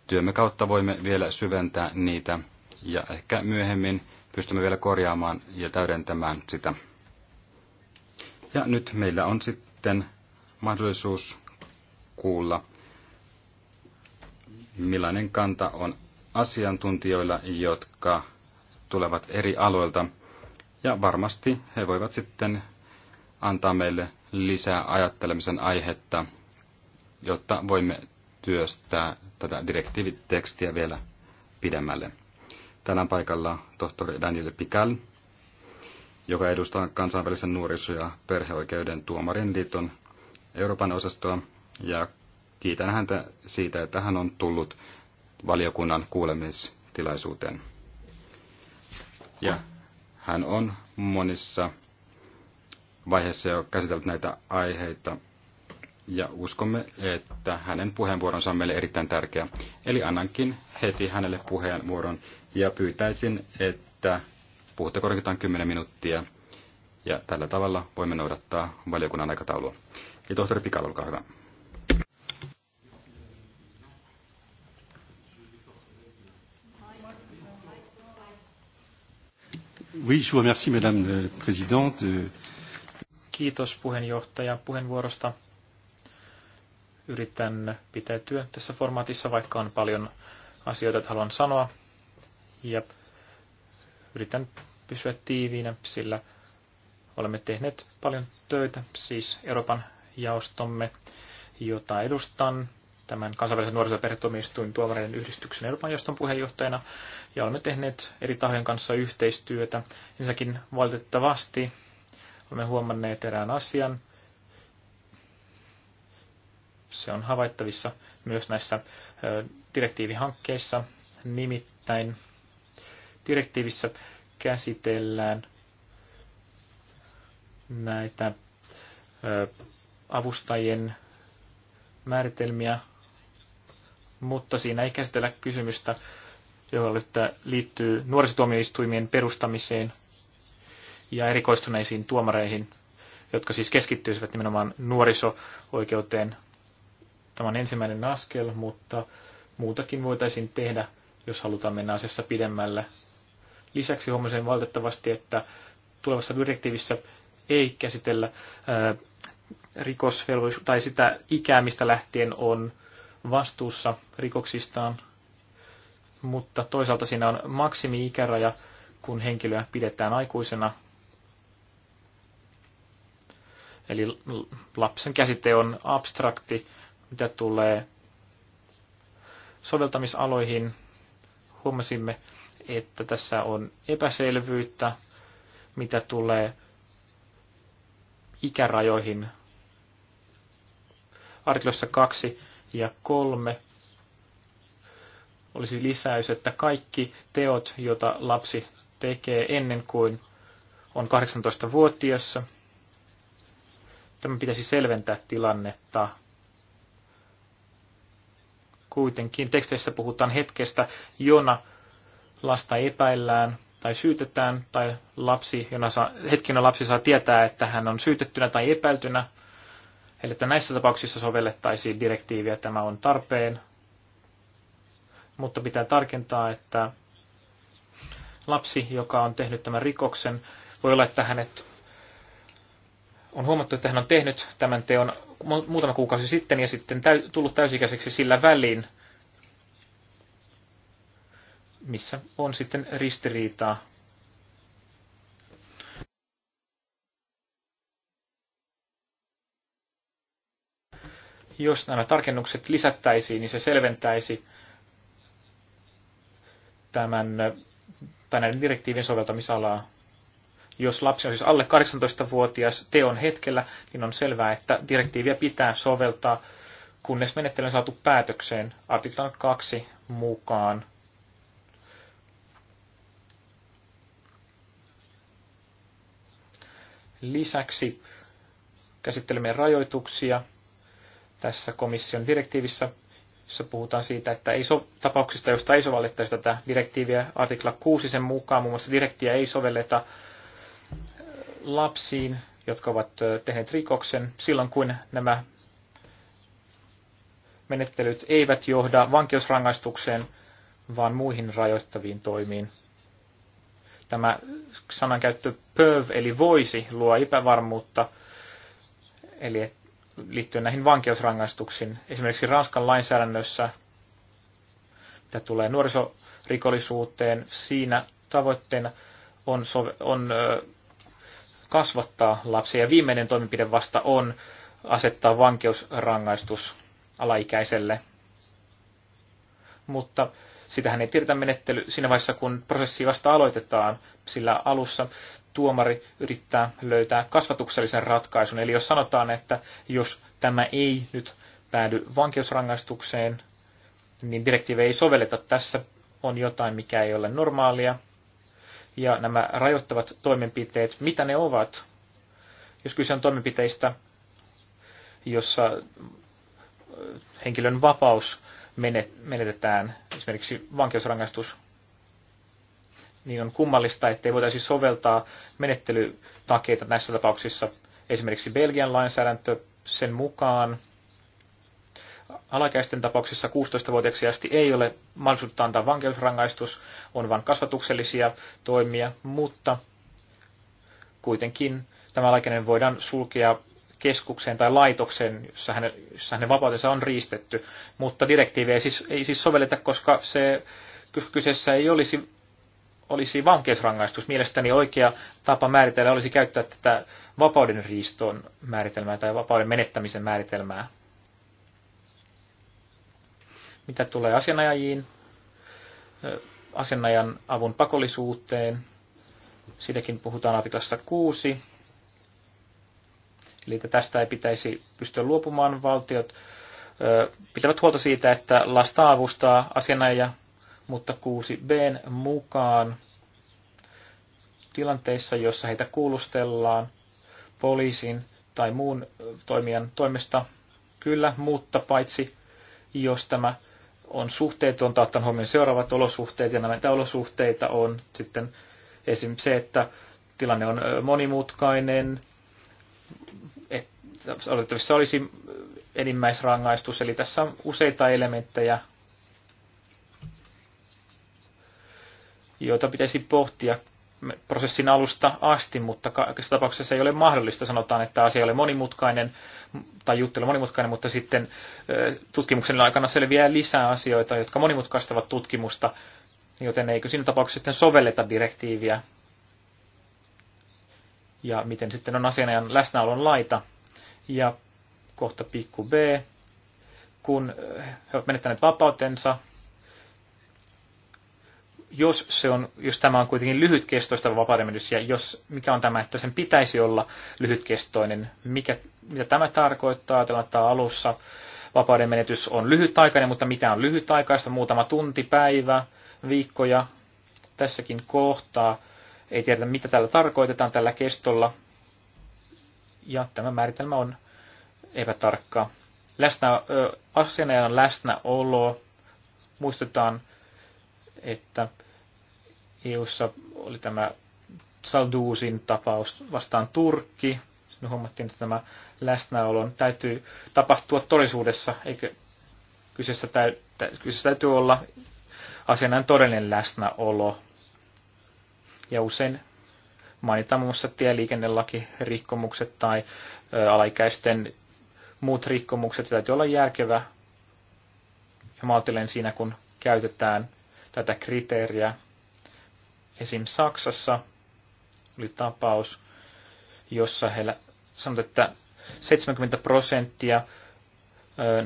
työmme kautta voimme vielä syventää niitä ja ehkä myöhemmin pystymme vielä korjaamaan ja täydentämään sitä. Ja nyt meillä on sitten mahdollisuus kuulla millainen kanta on asiantuntijoilla, jotka tulevat eri aloilta. Ja varmasti he voivat sitten antaa meille lisää ajattelemisen aihetta, jotta voimme työstää tätä direktiivitekstiä vielä pidemmälle. Tänään paikalla tohtori Daniel Pikal, joka edustaa kansainvälisen nuoriso- ja perheoikeuden tuomarien liiton Euroopan osastoa, ja kiitän häntä siitä, että hän on tullut valiokunnan kuulemistilaisuuteen. Ja hän on monissa vaiheissa jo käsitellyt näitä aiheita ja uskomme, että hänen puheenvuoronsa on meille erittäin tärkeä. Eli annankin heti hänelle puheenvuoron ja pyytäisin, että puhutte korkeintaan 10 minuuttia ja tällä tavalla voimme noudattaa valiokunnan aikataulua. Ja tohtori Pikal, olkaa hyvä. Kiitos puheenjohtaja puheenvuorosta. Yritän pitäytyä tässä formaatissa, vaikka on paljon asioita, että haluan sanoa. Ja yritän pysyä tiiviinä, sillä olemme tehneet paljon töitä, siis Euroopan jaostomme, jota edustan tämän kansainvälisen nuoriso- tuomareiden yhdistyksen Euroopan johton puheenjohtajana, ja olemme tehneet eri tahojen kanssa yhteistyötä. Ensinnäkin valitettavasti olemme huomanneet erään asian. Se on havaittavissa myös näissä direktiivihankkeissa, nimittäin direktiivissä käsitellään näitä avustajien määritelmiä mutta siinä ei käsitellä kysymystä, joka liittyy nuorisotuomioistuimien perustamiseen ja erikoistuneisiin tuomareihin, jotka siis keskittyisivät nimenomaan nuoriso-oikeuteen. Tämä on ensimmäinen askel, mutta muutakin voitaisiin tehdä, jos halutaan mennä asiassa pidemmälle. Lisäksi huomasin valitettavasti, että tulevassa direktiivissä ei käsitellä rikosvelvollisuutta tai sitä ikää, mistä lähtien on vastuussa rikoksistaan, mutta toisaalta siinä on maksimi-ikäraja, kun henkilöä pidetään aikuisena. Eli lapsen käsite on abstrakti, mitä tulee soveltamisaloihin. Huomasimme, että tässä on epäselvyyttä, mitä tulee ikärajoihin. Artiklossa 2 ja kolme olisi lisäys, että kaikki teot, joita lapsi tekee ennen kuin on 18 vuotiassa, tämä pitäisi selventää tilannetta. Kuitenkin teksteissä puhutaan hetkestä, jona lasta epäillään tai syytetään, tai lapsi, jona saa, hetkenä lapsi saa tietää, että hän on syytettynä tai epäiltynä, Eli että näissä tapauksissa sovellettaisiin direktiiviä, tämä on tarpeen, mutta pitää tarkentaa, että lapsi, joka on tehnyt tämän rikoksen, voi olla, että hänet on huomattu, että hän on tehnyt tämän teon muutama kuukausi sitten ja sitten täy- tullut täysikäiseksi sillä välin, missä on sitten ristiriitaa Jos nämä tarkennukset lisättäisiin, niin se selventäisi tämän, tai näiden soveltamisalaa. Jos lapsi on siis alle 18-vuotias teon hetkellä, niin on selvää, että direktiiviä pitää soveltaa, kunnes menettely on saatu päätökseen artiklan 2 mukaan. Lisäksi käsittelemme rajoituksia tässä komission direktiivissä, jossa puhutaan siitä, että ei so, tapauksista, joista ei sovellettaisi tätä direktiiviä, artikla 6 sen mukaan muun muassa direktiä ei sovelleta äh, lapsiin, jotka ovat äh, tehneet rikoksen silloin, kun nämä menettelyt eivät johda vankeusrangaistukseen, vaan muihin rajoittaviin toimiin. Tämä sanankäyttö pöv eli voisi luo epävarmuutta, eli että liittyen näihin vankeusrangaistuksiin. Esimerkiksi Ranskan lainsäädännössä, mitä tulee nuorisorikollisuuteen, siinä tavoitteena on, sove- on ö, kasvattaa lapsia. Ja viimeinen toimenpide vasta on asettaa vankeusrangaistus alaikäiselle. Mutta sitähän ei tiedetä menettely siinä vaiheessa, kun prosessi vasta aloitetaan, sillä alussa tuomari yrittää löytää kasvatuksellisen ratkaisun. Eli jos sanotaan, että jos tämä ei nyt päädy vankeusrangaistukseen, niin direktiivi ei sovelleta. Tässä on jotain, mikä ei ole normaalia. Ja nämä rajoittavat toimenpiteet, mitä ne ovat? Jos kyse on toimenpiteistä, jossa henkilön vapaus menetetään, esimerkiksi vankeusrangaistus niin on kummallista, ettei voitaisi soveltaa menettelytakeita näissä tapauksissa. Esimerkiksi Belgian lainsäädäntö sen mukaan alaikäisten tapauksissa 16-vuotiaaksi asti ei ole mahdollisuutta antaa vankeusrangaistus, on vain kasvatuksellisia toimia, mutta kuitenkin tämä alaikäinen voidaan sulkea keskukseen tai laitokseen, jossa hänen, jossa hänen vapautensa on riistetty, mutta direktiivi ei siis, ei siis sovelleta, koska se kyseessä ei olisi olisi vankeusrangaistus. Mielestäni oikea tapa määritellä olisi käyttää tätä vapauden riiston määritelmää tai vapauden menettämisen määritelmää. Mitä tulee asianajajiin, asianajan avun pakollisuuteen, siitäkin puhutaan artiklassa 6. Eli tästä ei pitäisi pystyä luopumaan valtiot. Pitävät huolta siitä, että lasta avustaa asianajaja mutta 6bn mukaan tilanteissa, jossa heitä kuulustellaan poliisin tai muun toimijan toimesta, kyllä, mutta paitsi jos tämä on suhteetonta, ottan huomioon seuraavat olosuhteet, ja näitä olosuhteita on sitten esimerkiksi se, että tilanne on monimutkainen, että olisi enimmäisrangaistus, eli tässä on useita elementtejä, joita pitäisi pohtia prosessin alusta asti, mutta kaikessa tapauksessa ei ole mahdollista. Sanotaan, että asia oli monimutkainen tai juttu oli monimutkainen, mutta sitten tutkimuksen aikana selviää lisää asioita, jotka monimutkaistavat tutkimusta, joten eikö siinä tapauksessa sitten sovelleta direktiiviä ja miten sitten on asianajan läsnäolon laita. Ja kohta pikku B, kun he ovat menettäneet vapautensa, jos, se on, jos tämä on kuitenkin lyhytkestoista vapaudenmenetys ja jos, mikä on tämä, että sen pitäisi olla lyhytkestoinen, mikä, mitä tämä tarkoittaa, ajatellaan, että alussa vapaudenmenetys on lyhytaikainen, mutta mitä on lyhytaikaista, muutama tunti, päivä, viikkoja, tässäkin kohtaa, ei tiedetä mitä tällä tarkoitetaan tällä kestolla, ja tämä määritelmä on epätarkka. Läsnä, ö, asianajan läsnäolo muistetaan että EU-ssa oli tämä Salduusin tapaus vastaan Turkki. Me huomattiin, että tämä läsnäolon täytyy tapahtua todellisuudessa, eikö kyseessä, täy, tä, kyseessä täytyy olla asianajan todellinen läsnäolo. Ja usein mainitaan muun muassa tieliikennelakirikkomukset tai ö, alaikäisten muut rikkomukset. Täytyy olla järkevä ja maltillinen siinä, kun käytetään tätä kriteeriä. Esim. Saksassa oli tapaus, jossa heillä sanotaan, että 70 prosenttia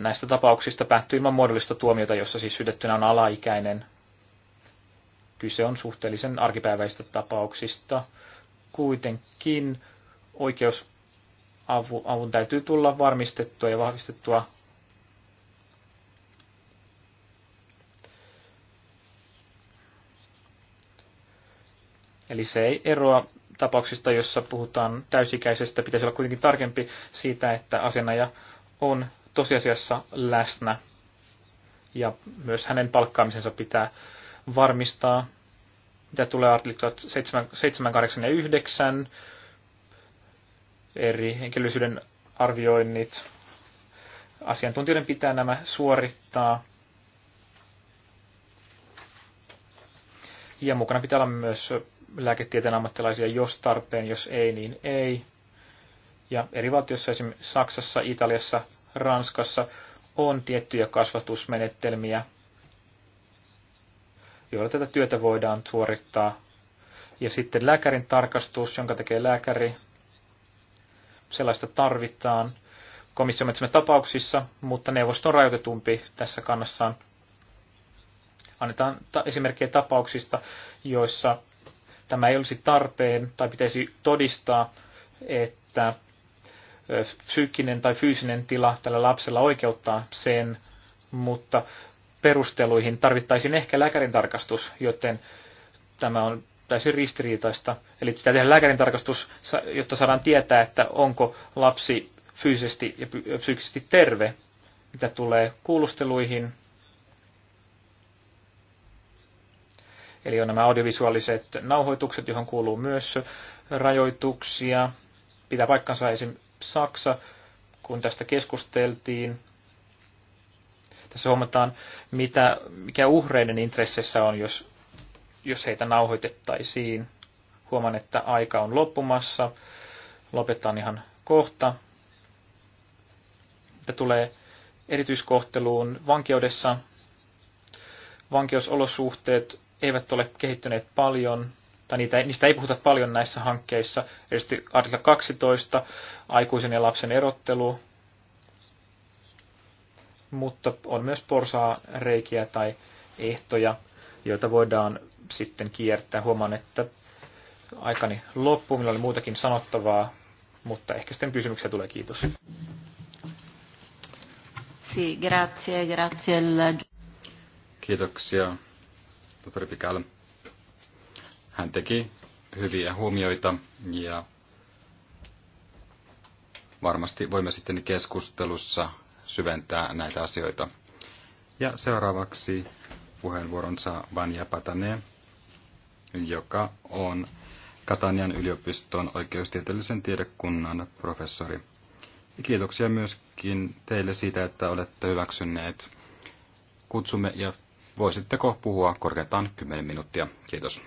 näistä tapauksista päättyi ilman muodollista tuomiota, jossa siis sydettynä on alaikäinen. Kyse on suhteellisen arkipäiväistä tapauksista. Kuitenkin oikeusavun täytyy tulla varmistettua ja vahvistettua Eli se ei eroa tapauksista, jossa puhutaan täysikäisestä. Pitäisi olla kuitenkin tarkempi siitä, että asianaja on tosiasiassa läsnä. Ja myös hänen palkkaamisensa pitää varmistaa, mitä tulee artiklat 7, 7 8 ja 9, eri henkilöllisyyden arvioinnit. Asiantuntijoiden pitää nämä suorittaa. Ja mukana pitää olla myös lääketieteen ammattilaisia, jos tarpeen, jos ei, niin ei. Ja eri valtioissa, esimerkiksi Saksassa, Italiassa, Ranskassa, on tiettyjä kasvatusmenetelmiä, joilla tätä työtä voidaan suorittaa. Ja sitten lääkärin tarkastus, jonka tekee lääkäri, sellaista tarvitaan komission tapauksissa, mutta neuvosto on rajoitetumpi tässä kannassaan annetaan ta- esimerkkejä tapauksista, joissa tämä ei olisi tarpeen tai pitäisi todistaa, että psyykkinen tai fyysinen tila tällä lapsella oikeuttaa sen, mutta perusteluihin tarvittaisiin ehkä lääkärin tarkastus, joten tämä on täysin ristiriitaista. Eli pitää tehdä lääkärin tarkastus, jotta saadaan tietää, että onko lapsi fyysisesti ja psyykkisesti terve, mitä tulee kuulusteluihin, Eli on nämä audiovisuaaliset nauhoitukset, johon kuuluu myös rajoituksia. Pitää paikkansa esim. Saksa, kun tästä keskusteltiin. Tässä huomataan, mitä, mikä uhreiden intresseissä on, jos, jos heitä nauhoitettaisiin. Huomaan, että aika on loppumassa. Lopetan ihan kohta. Tämä tulee erityiskohteluun vankeudessa, vankeusolosuhteet eivät ole kehittyneet paljon, tai niitä, niistä ei puhuta paljon näissä hankkeissa. Erityisesti artikla 12, aikuisen ja lapsen erottelu, mutta on myös porsaa reikiä tai ehtoja, joita voidaan sitten kiertää. Huomaan, että aikani loppuu, minulla oli muutakin sanottavaa, mutta ehkä sitten kysymyksiä tulee. Kiitos. Sì, grazie, grazie. Kiitoksia tohtori Pikal. Hän teki hyviä huomioita ja varmasti voimme sitten keskustelussa syventää näitä asioita. Ja seuraavaksi saa Vanja Patane, joka on Katanian yliopiston oikeustieteellisen tiedekunnan professori. Kiitoksia myöskin teille siitä, että olette hyväksyneet kutsumme ja Voisitteko puhua korkeintaan 10 minuuttia? Kiitos.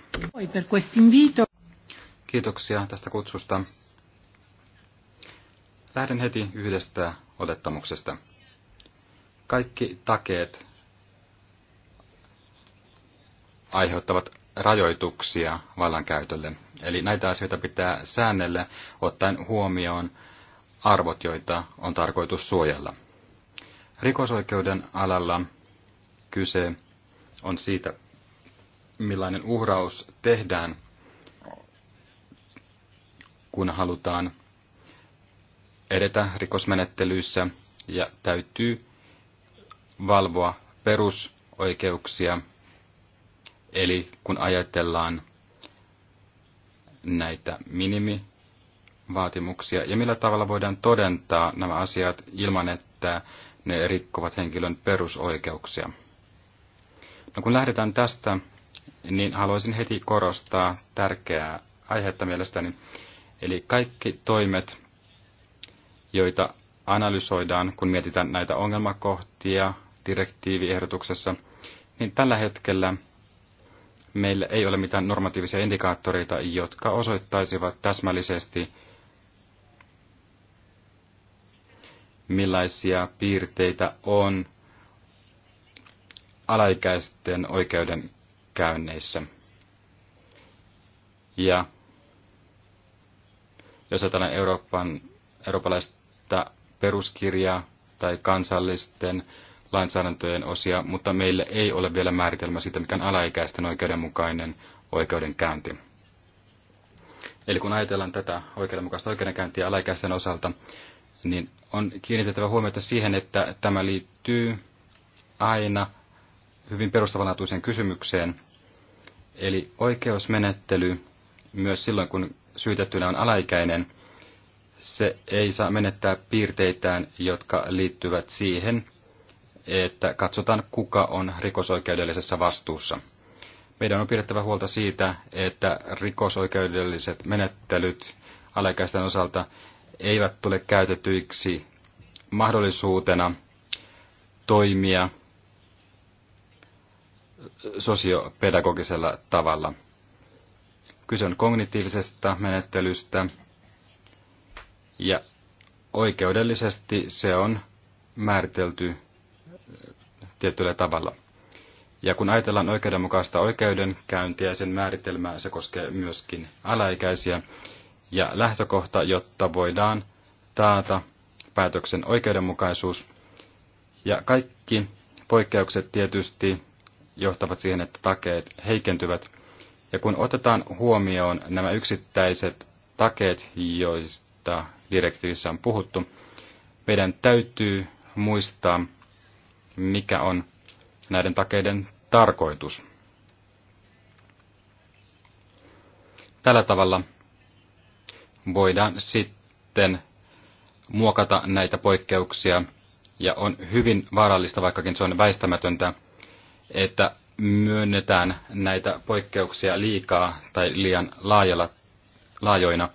Kiitoksia tästä kutsusta. Lähden heti yhdestä odottamuksesta. Kaikki takeet aiheuttavat rajoituksia vallankäytölle. Eli näitä asioita pitää säännellä ottaen huomioon arvot, joita on tarkoitus suojella. Rikosoikeuden alalla kyse on siitä, millainen uhraus tehdään, kun halutaan edetä rikosmenettelyissä ja täytyy valvoa perusoikeuksia. Eli kun ajatellaan näitä minimivaatimuksia ja millä tavalla voidaan todentaa nämä asiat ilman, että ne rikkovat henkilön perusoikeuksia. No kun lähdetään tästä, niin haluaisin heti korostaa tärkeää aihetta mielestäni. Eli kaikki toimet, joita analysoidaan, kun mietitään näitä ongelmakohtia direktiiviehdotuksessa, niin tällä hetkellä meillä ei ole mitään normatiivisia indikaattoreita, jotka osoittaisivat täsmällisesti, millaisia piirteitä on alaikäisten oikeudenkäynneissä. Ja jos ajatellaan Euroopan, eurooppalaista peruskirjaa tai kansallisten lainsäädäntöjen osia, mutta meille ei ole vielä määritelmä siitä, mikä on alaikäisten oikeudenmukainen oikeudenkäynti. Eli kun ajatellaan tätä oikeudenmukaista oikeudenkäyntiä alaikäisten osalta, niin on kiinnitettävä huomiota siihen, että tämä liittyy aina hyvin perustavanlaatuiseen kysymykseen. Eli oikeusmenettely, myös silloin kun syytettynä on alaikäinen, se ei saa menettää piirteitään, jotka liittyvät siihen, että katsotaan, kuka on rikosoikeudellisessa vastuussa. Meidän on pidettävä huolta siitä, että rikosoikeudelliset menettelyt alaikäisten osalta eivät tule käytetyiksi mahdollisuutena toimia – sosiopedagogisella tavalla. Kyse on kognitiivisesta menettelystä ja oikeudellisesti se on määritelty äh, tietyllä tavalla. Ja kun ajatellaan oikeudenmukaista oikeudenkäyntiä ja sen määritelmää, se koskee myöskin alaikäisiä. Ja lähtökohta, jotta voidaan taata päätöksen oikeudenmukaisuus. Ja kaikki poikkeukset tietysti johtavat siihen, että takeet heikentyvät. Ja kun otetaan huomioon nämä yksittäiset takeet, joista direktiivissä on puhuttu, meidän täytyy muistaa, mikä on näiden takeiden tarkoitus. Tällä tavalla voidaan sitten muokata näitä poikkeuksia, ja on hyvin vaarallista, vaikkakin se on väistämätöntä, että myönnetään näitä poikkeuksia liikaa tai liian laajalla, laajoina,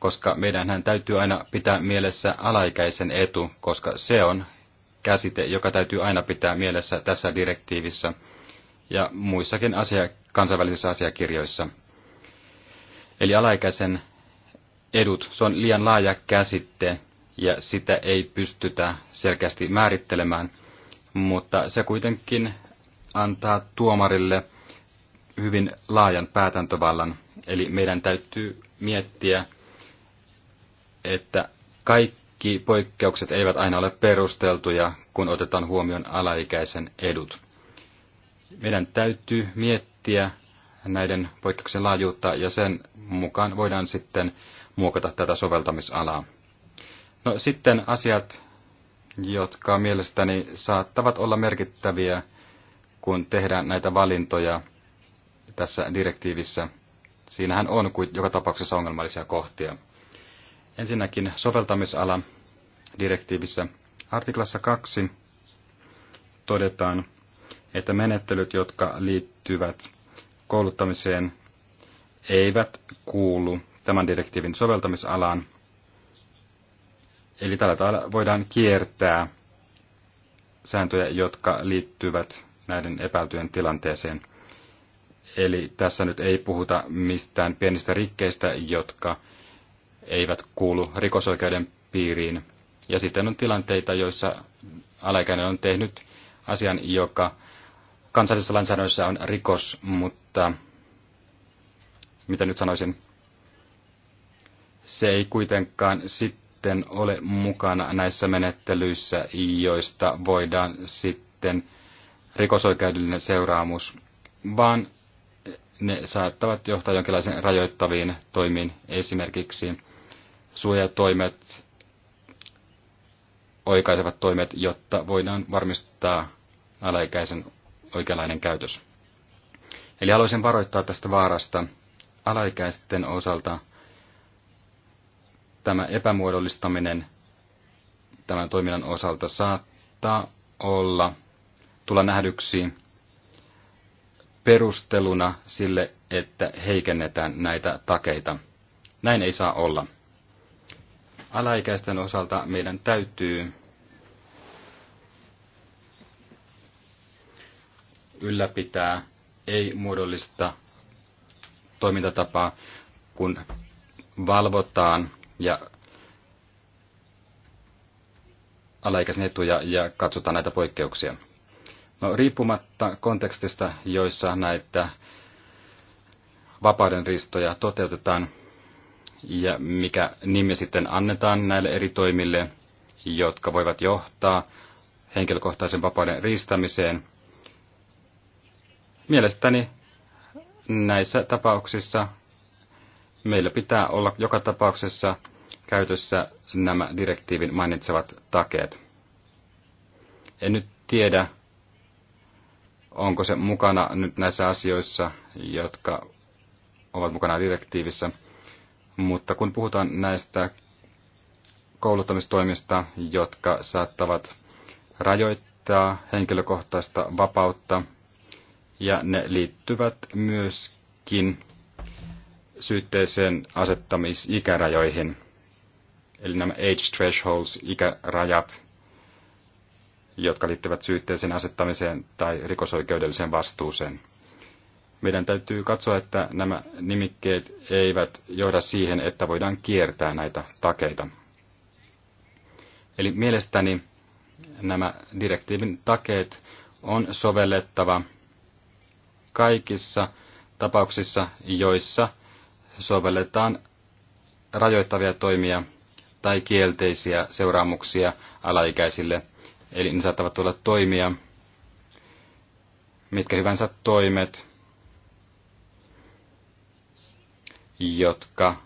koska meidänhän täytyy aina pitää mielessä alaikäisen etu, koska se on käsite, joka täytyy aina pitää mielessä tässä direktiivissä ja muissakin asia, kansainvälisissä asiakirjoissa. Eli alaikäisen edut, se on liian laaja käsite ja sitä ei pystytä selkeästi määrittelemään, mutta se kuitenkin antaa tuomarille hyvin laajan päätäntövallan. Eli meidän täytyy miettiä, että kaikki poikkeukset eivät aina ole perusteltuja, kun otetaan huomioon alaikäisen edut. Meidän täytyy miettiä näiden poikkeuksen laajuutta ja sen mukaan voidaan sitten muokata tätä soveltamisalaa. No sitten asiat, jotka mielestäni saattavat olla merkittäviä kun tehdään näitä valintoja tässä direktiivissä. Siinähän on joka tapauksessa ongelmallisia kohtia. Ensinnäkin soveltamisala direktiivissä. Artiklassa 2 todetaan, että menettelyt, jotka liittyvät kouluttamiseen, eivät kuulu tämän direktiivin soveltamisalaan. Eli tällä tavalla voidaan kiertää sääntöjä, jotka liittyvät näiden epäiltyjen tilanteeseen. Eli tässä nyt ei puhuta mistään pienistä rikkeistä, jotka eivät kuulu rikosoikeuden piiriin. Ja sitten on tilanteita, joissa alaikäinen on tehnyt asian, joka kansallisessa lainsäädännössä on rikos, mutta mitä nyt sanoisin, se ei kuitenkaan sitten ole mukana näissä menettelyissä, joista voidaan sitten rikosoikeudellinen seuraamus, vaan ne saattavat johtaa jonkinlaisen rajoittaviin toimiin, esimerkiksi suojatoimet, oikaisevat toimet, jotta voidaan varmistaa alaikäisen oikeanlainen käytös. Eli haluaisin varoittaa tästä vaarasta alaikäisten osalta tämä epämuodollistaminen tämän toiminnan osalta saattaa olla tulla nähdyksi perusteluna sille, että heikennetään näitä takeita. Näin ei saa olla. Alaikäisten osalta meidän täytyy ylläpitää ei-muodollista toimintatapaa, kun valvotaan ja alaikäisen etuja ja katsotaan näitä poikkeuksia. No, riippumatta kontekstista, joissa näitä vapauden ristoja toteutetaan ja mikä nimi sitten annetaan näille eri toimille, jotka voivat johtaa henkilökohtaisen vapauden riistämiseen. Mielestäni näissä tapauksissa meillä pitää olla joka tapauksessa käytössä nämä direktiivin mainitsevat takeet. En nyt tiedä, onko se mukana nyt näissä asioissa, jotka ovat mukana direktiivissä. Mutta kun puhutaan näistä kouluttamistoimista, jotka saattavat rajoittaa henkilökohtaista vapautta, ja ne liittyvät myöskin syytteeseen asettamisikärajoihin, eli nämä age thresholds, ikärajat, jotka liittyvät syytteeseen asettamiseen tai rikosoikeudelliseen vastuuseen. Meidän täytyy katsoa, että nämä nimikkeet eivät johda siihen, että voidaan kiertää näitä takeita. Eli mielestäni nämä direktiivin takeet on sovellettava kaikissa tapauksissa, joissa sovelletaan rajoittavia toimia tai kielteisiä seuraamuksia alaikäisille – Eli ne saattavat tulla toimia, mitkä hyvänsä toimet, jotka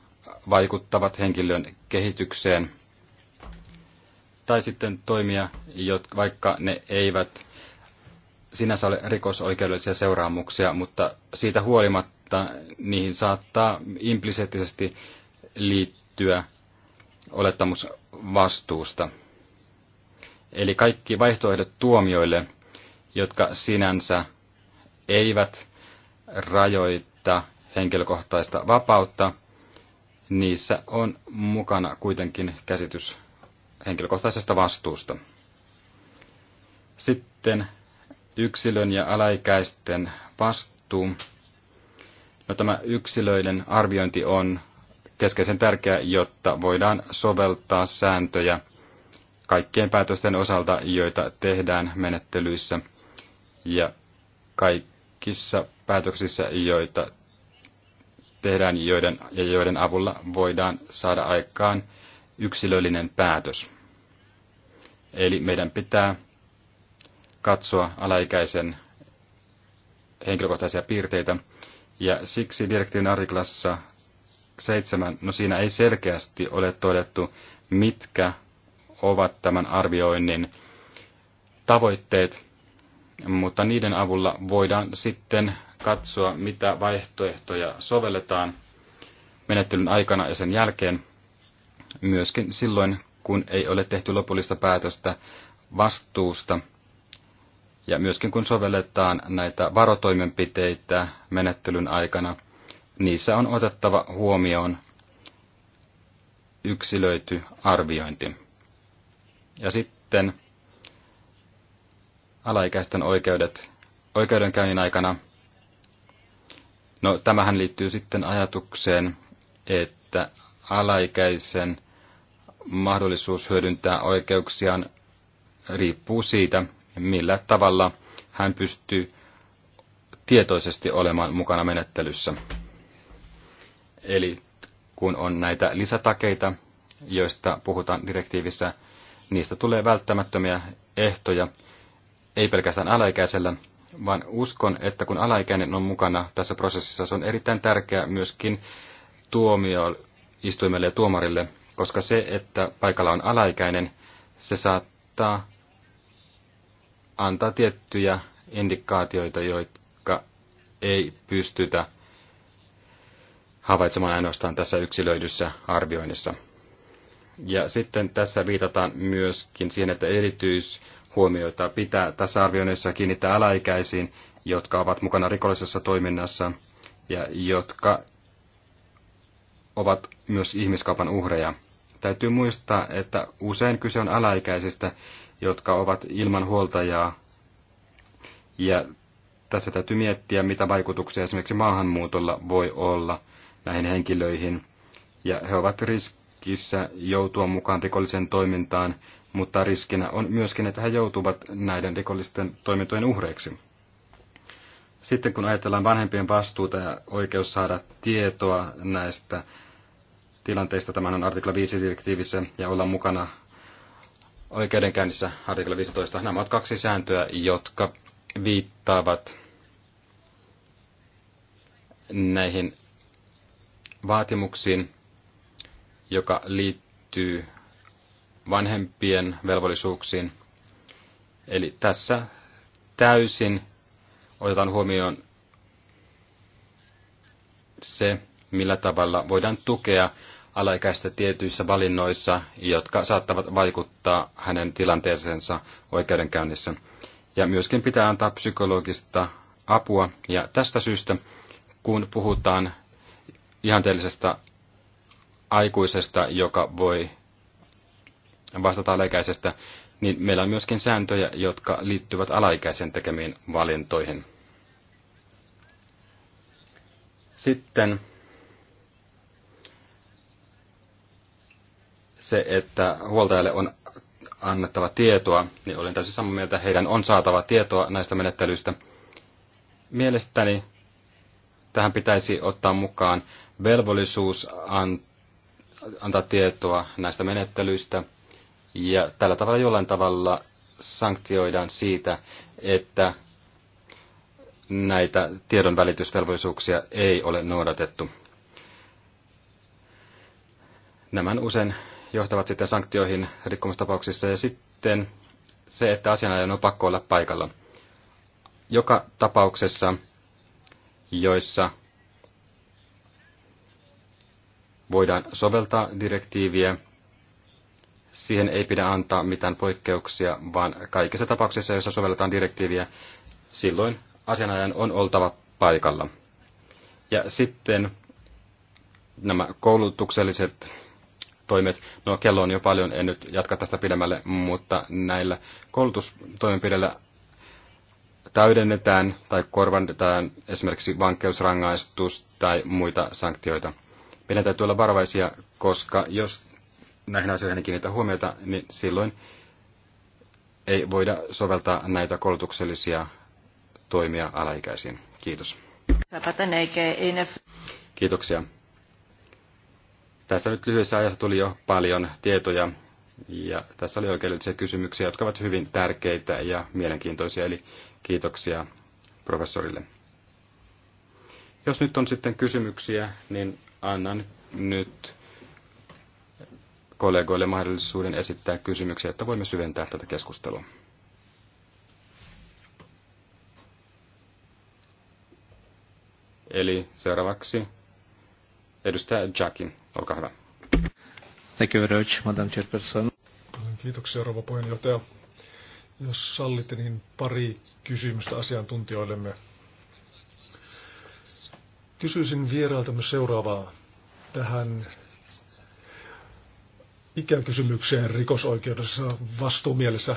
vaikuttavat henkilön kehitykseen, tai sitten toimia, jotka, vaikka ne eivät sinänsä ole rikosoikeudellisia seuraamuksia, mutta siitä huolimatta niihin saattaa implisiittisesti liittyä olettamus vastuusta – Eli kaikki vaihtoehdot tuomioille, jotka sinänsä eivät rajoita henkilökohtaista vapautta, niissä on mukana kuitenkin käsitys henkilökohtaisesta vastuusta. Sitten yksilön ja alaikäisten vastuu. No, tämä yksilöiden arviointi on keskeisen tärkeä, jotta voidaan soveltaa sääntöjä kaikkien päätösten osalta, joita tehdään menettelyissä ja kaikissa päätöksissä, joita tehdään joiden, ja joiden avulla voidaan saada aikaan yksilöllinen päätös. Eli meidän pitää katsoa alaikäisen henkilökohtaisia piirteitä, ja siksi direktiivin artiklassa 7, no siinä ei selkeästi ole todettu, mitkä ovat tämän arvioinnin tavoitteet, mutta niiden avulla voidaan sitten katsoa, mitä vaihtoehtoja sovelletaan menettelyn aikana ja sen jälkeen, myöskin silloin, kun ei ole tehty lopullista päätöstä vastuusta, ja myöskin kun sovelletaan näitä varotoimenpiteitä menettelyn aikana, niissä on otettava huomioon yksilöity arviointi. Ja sitten alaikäisten oikeudet oikeudenkäynnin aikana. No, tämähän liittyy sitten ajatukseen, että alaikäisen mahdollisuus hyödyntää oikeuksiaan riippuu siitä, millä tavalla hän pystyy tietoisesti olemaan mukana menettelyssä. Eli kun on näitä lisätakeita, joista puhutaan direktiivissä, niistä tulee välttämättömiä ehtoja, ei pelkästään alaikäisellä, vaan uskon, että kun alaikäinen on mukana tässä prosessissa, se on erittäin tärkeää myöskin tuomioistuimelle ja tuomarille, koska se, että paikalla on alaikäinen, se saattaa antaa tiettyjä indikaatioita, jotka ei pystytä havaitsemaan ainoastaan tässä yksilöidyssä arvioinnissa. Ja sitten tässä viitataan myöskin siihen, että erityishuomioita pitää tässä arvioinnissa kiinnittää alaikäisiin, jotka ovat mukana rikollisessa toiminnassa ja jotka ovat myös ihmiskaupan uhreja. Täytyy muistaa, että usein kyse on alaikäisistä, jotka ovat ilman huoltajaa. Ja tässä täytyy miettiä, mitä vaikutuksia esimerkiksi maahanmuutolla voi olla näihin henkilöihin. Ja he ovat riski riskissä joutua mukaan rikolliseen toimintaan, mutta riskinä on myöskin, että he joutuvat näiden rikollisten toimintojen uhreiksi. Sitten kun ajatellaan vanhempien vastuuta ja oikeus saada tietoa näistä tilanteista, tämä on artikla 5 direktiivissä ja olla mukana oikeudenkäynnissä artikla 15. Nämä ovat kaksi sääntöä, jotka viittaavat näihin vaatimuksiin, joka liittyy vanhempien velvollisuuksiin. Eli tässä täysin otetaan huomioon se, millä tavalla voidaan tukea alaikäistä tietyissä valinnoissa, jotka saattavat vaikuttaa hänen tilanteeseensa oikeudenkäynnissä. Ja myöskin pitää antaa psykologista apua. Ja tästä syystä, kun puhutaan ihanteellisesta aikuisesta, joka voi vastata alaikäisestä, niin meillä on myöskin sääntöjä, jotka liittyvät alaikäisen tekemiin valintoihin. Sitten se, että huoltajalle on annettava tietoa, niin olen täysin samaa mieltä, heidän on saatava tietoa näistä menettelyistä. Mielestäni tähän pitäisi ottaa mukaan velvollisuus antaa antaa tietoa näistä menettelyistä. Ja tällä tavalla jollain tavalla sanktioidaan siitä, että näitä välitysvelvollisuuksia ei ole noudatettu. Nämä usein johtavat sitten sanktioihin rikkomustapauksissa ja sitten se, että asianajan on pakko olla paikalla. Joka tapauksessa, joissa voidaan soveltaa direktiiviä. Siihen ei pidä antaa mitään poikkeuksia, vaan kaikissa tapauksissa, joissa sovelletaan direktiiviä, silloin asianajan on oltava paikalla. Ja sitten nämä koulutukselliset toimet. No kello on jo paljon, en nyt jatka tästä pidemmälle, mutta näillä koulutustoimenpideillä täydennetään tai korvannetaan esimerkiksi vankeusrangaistus tai muita sanktioita. Meidän täytyy olla varovaisia, koska jos näihin asioihin ei kiinnitä huomiota, niin silloin ei voida soveltaa näitä koulutuksellisia toimia alaikäisiin. Kiitos. Kiitoksia. Tässä nyt lyhyessä ajassa tuli jo paljon tietoja ja tässä oli oikeudellisia kysymyksiä, jotka ovat hyvin tärkeitä ja mielenkiintoisia, eli kiitoksia professorille. Jos nyt on sitten kysymyksiä, niin annan nyt kollegoille mahdollisuuden esittää kysymyksiä, että voimme syventää tätä keskustelua. Eli seuraavaksi edustaja Jackin, olkaa hyvä. Thank you very much, Madam Chairperson. Paljon kiitoksia, rouva puheenjohtaja. Jos sallitte, niin pari kysymystä asiantuntijoillemme. Kysyisin vierailtamme seuraavaa tähän ikäkysymykseen rikosoikeudessa vastuumielessä.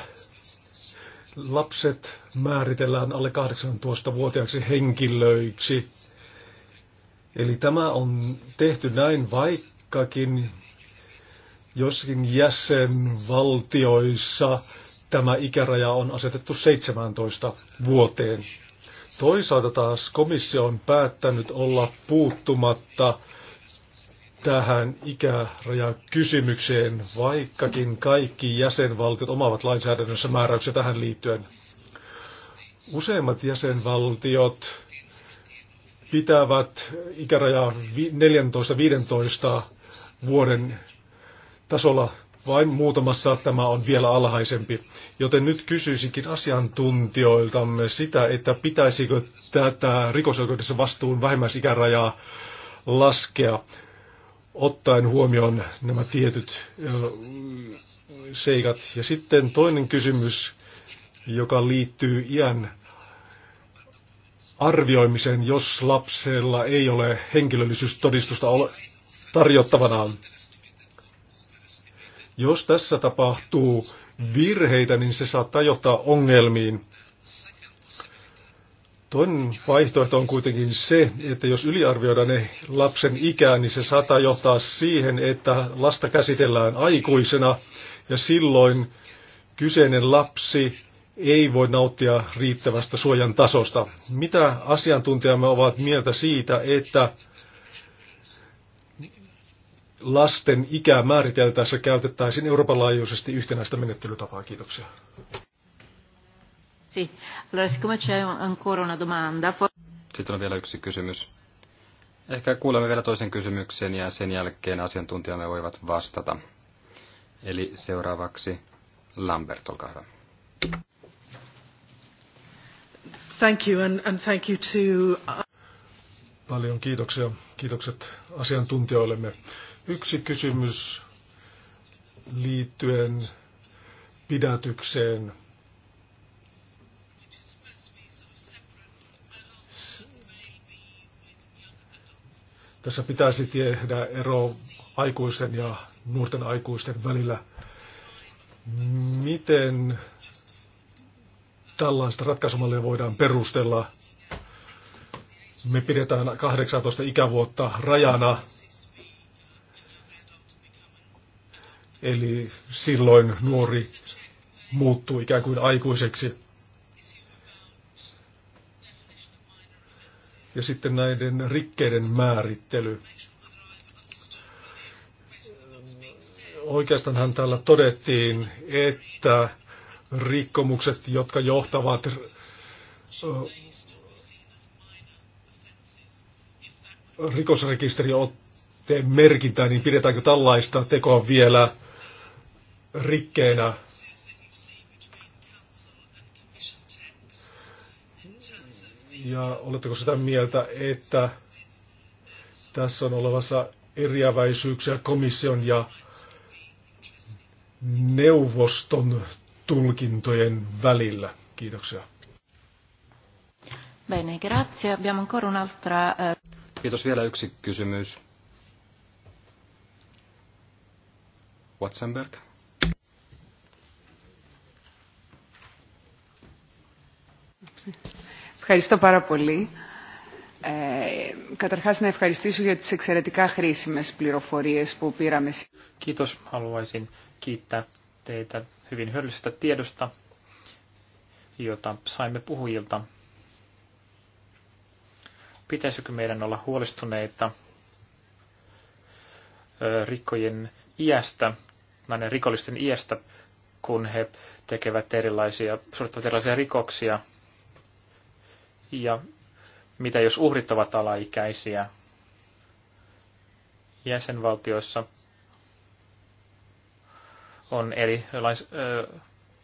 Lapset määritellään alle 18-vuotiaaksi henkilöiksi. Eli tämä on tehty näin, vaikkakin jossakin jäsenvaltioissa tämä ikäraja on asetettu 17 vuoteen. Toisaalta taas komissio on päättänyt olla puuttumatta tähän ikärajakysymykseen, vaikkakin kaikki jäsenvaltiot omavat lainsäädännössä määräyksiä tähän liittyen. Useimmat jäsenvaltiot pitävät ikärajaa 14-15 vuoden tasolla vain muutamassa tämä on vielä alhaisempi. Joten nyt kysyisinkin asiantuntijoiltamme sitä, että pitäisikö tätä rikosoikeudessa vastuun vähimmäisikärajaa laskea ottaen huomioon nämä tietyt seikat. Ja sitten toinen kysymys, joka liittyy iän arvioimiseen, jos lapsella ei ole henkilöllisyystodistusta tarjottavanaan. Jos tässä tapahtuu virheitä, niin se saattaa johtaa ongelmiin. Toinen vaihtoehto on kuitenkin se, että jos yliarvioidaan ne lapsen ikää, niin se saattaa johtaa siihen, että lasta käsitellään aikuisena ja silloin kyseinen lapsi ei voi nauttia riittävästä suojan tasosta. Mitä asiantuntijamme ovat mieltä siitä, että lasten ikää määriteltäessä käytettäisiin Euroopan laajuisesti yhtenäistä menettelytapaa. Kiitoksia. Sitten on vielä yksi kysymys. Ehkä kuulemme vielä toisen kysymyksen ja sen jälkeen asiantuntijamme voivat vastata. Eli seuraavaksi Lambert, olkaa hyvä. Thank you and, and thank you to... Uh, Paljon kiitoksia. Kiitokset asiantuntijoillemme. Yksi kysymys liittyen pidätykseen. Tässä pitäisi tehdä ero aikuisen ja nuorten aikuisten välillä. Miten tällaista ratkaisumallia voidaan perustella? Me pidetään 18 ikävuotta rajana Eli silloin nuori muuttuu ikään kuin aikuiseksi. Ja sitten näiden rikkeiden määrittely. oikeastaan hän täällä todettiin, että rikkomukset, jotka johtavat rikosrekisteriotteen merkintään, niin pidetäänkö tällaista tekoa vielä rikkeinä. Ja oletteko sitä mieltä, että tässä on olevassa eriäväisyyksiä komission ja neuvoston tulkintojen välillä? Kiitoksia. Bene, grazie. Abbiamo ancora un'altra... Eh, Kiitos. Vielä yksi kysymys. Watsenberg. Ευχαριστώ πάρα πολύ. Ε, καταρχάς να ευχαριστήσω για τις εξαιρετικά χρήσιμες πληροφορίες που πήραμε. Kiitos. Haluaisin kiittää teitä hyvin hyödyllisestä tiedosta, jota saimme puhujilta. Pitäisikö meidän olla huolestuneita rikkojen iästä, näiden rikollisten iästä, kun he tekevät erilaisia, suorittavat erilaisia rikoksia – ja mitä jos uhrit ovat alaikäisiä jäsenvaltioissa on eri lais, ö,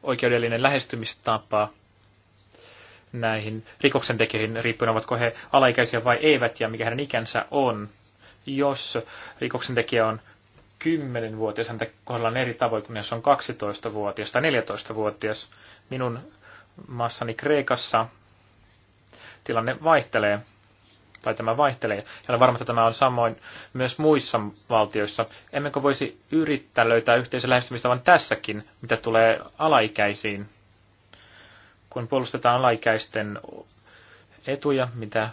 oikeudellinen lähestymistapa näihin rikoksentekijöihin riippuen, ovatko he alaikäisiä vai eivät ja mikä heidän ikänsä on. Jos rikoksentekijä on 10-vuotias, häntä kohdellaan eri tavoin kuin jos on 12-vuotias tai 14-vuotias. Minun maassani Kreikassa tilanne vaihtelee, tai tämä vaihtelee. Ja olen varma, että tämä on samoin myös muissa valtioissa. Emmekö voisi yrittää löytää yhteisen vaan tässäkin, mitä tulee alaikäisiin? Kun puolustetaan alaikäisten etuja, mitä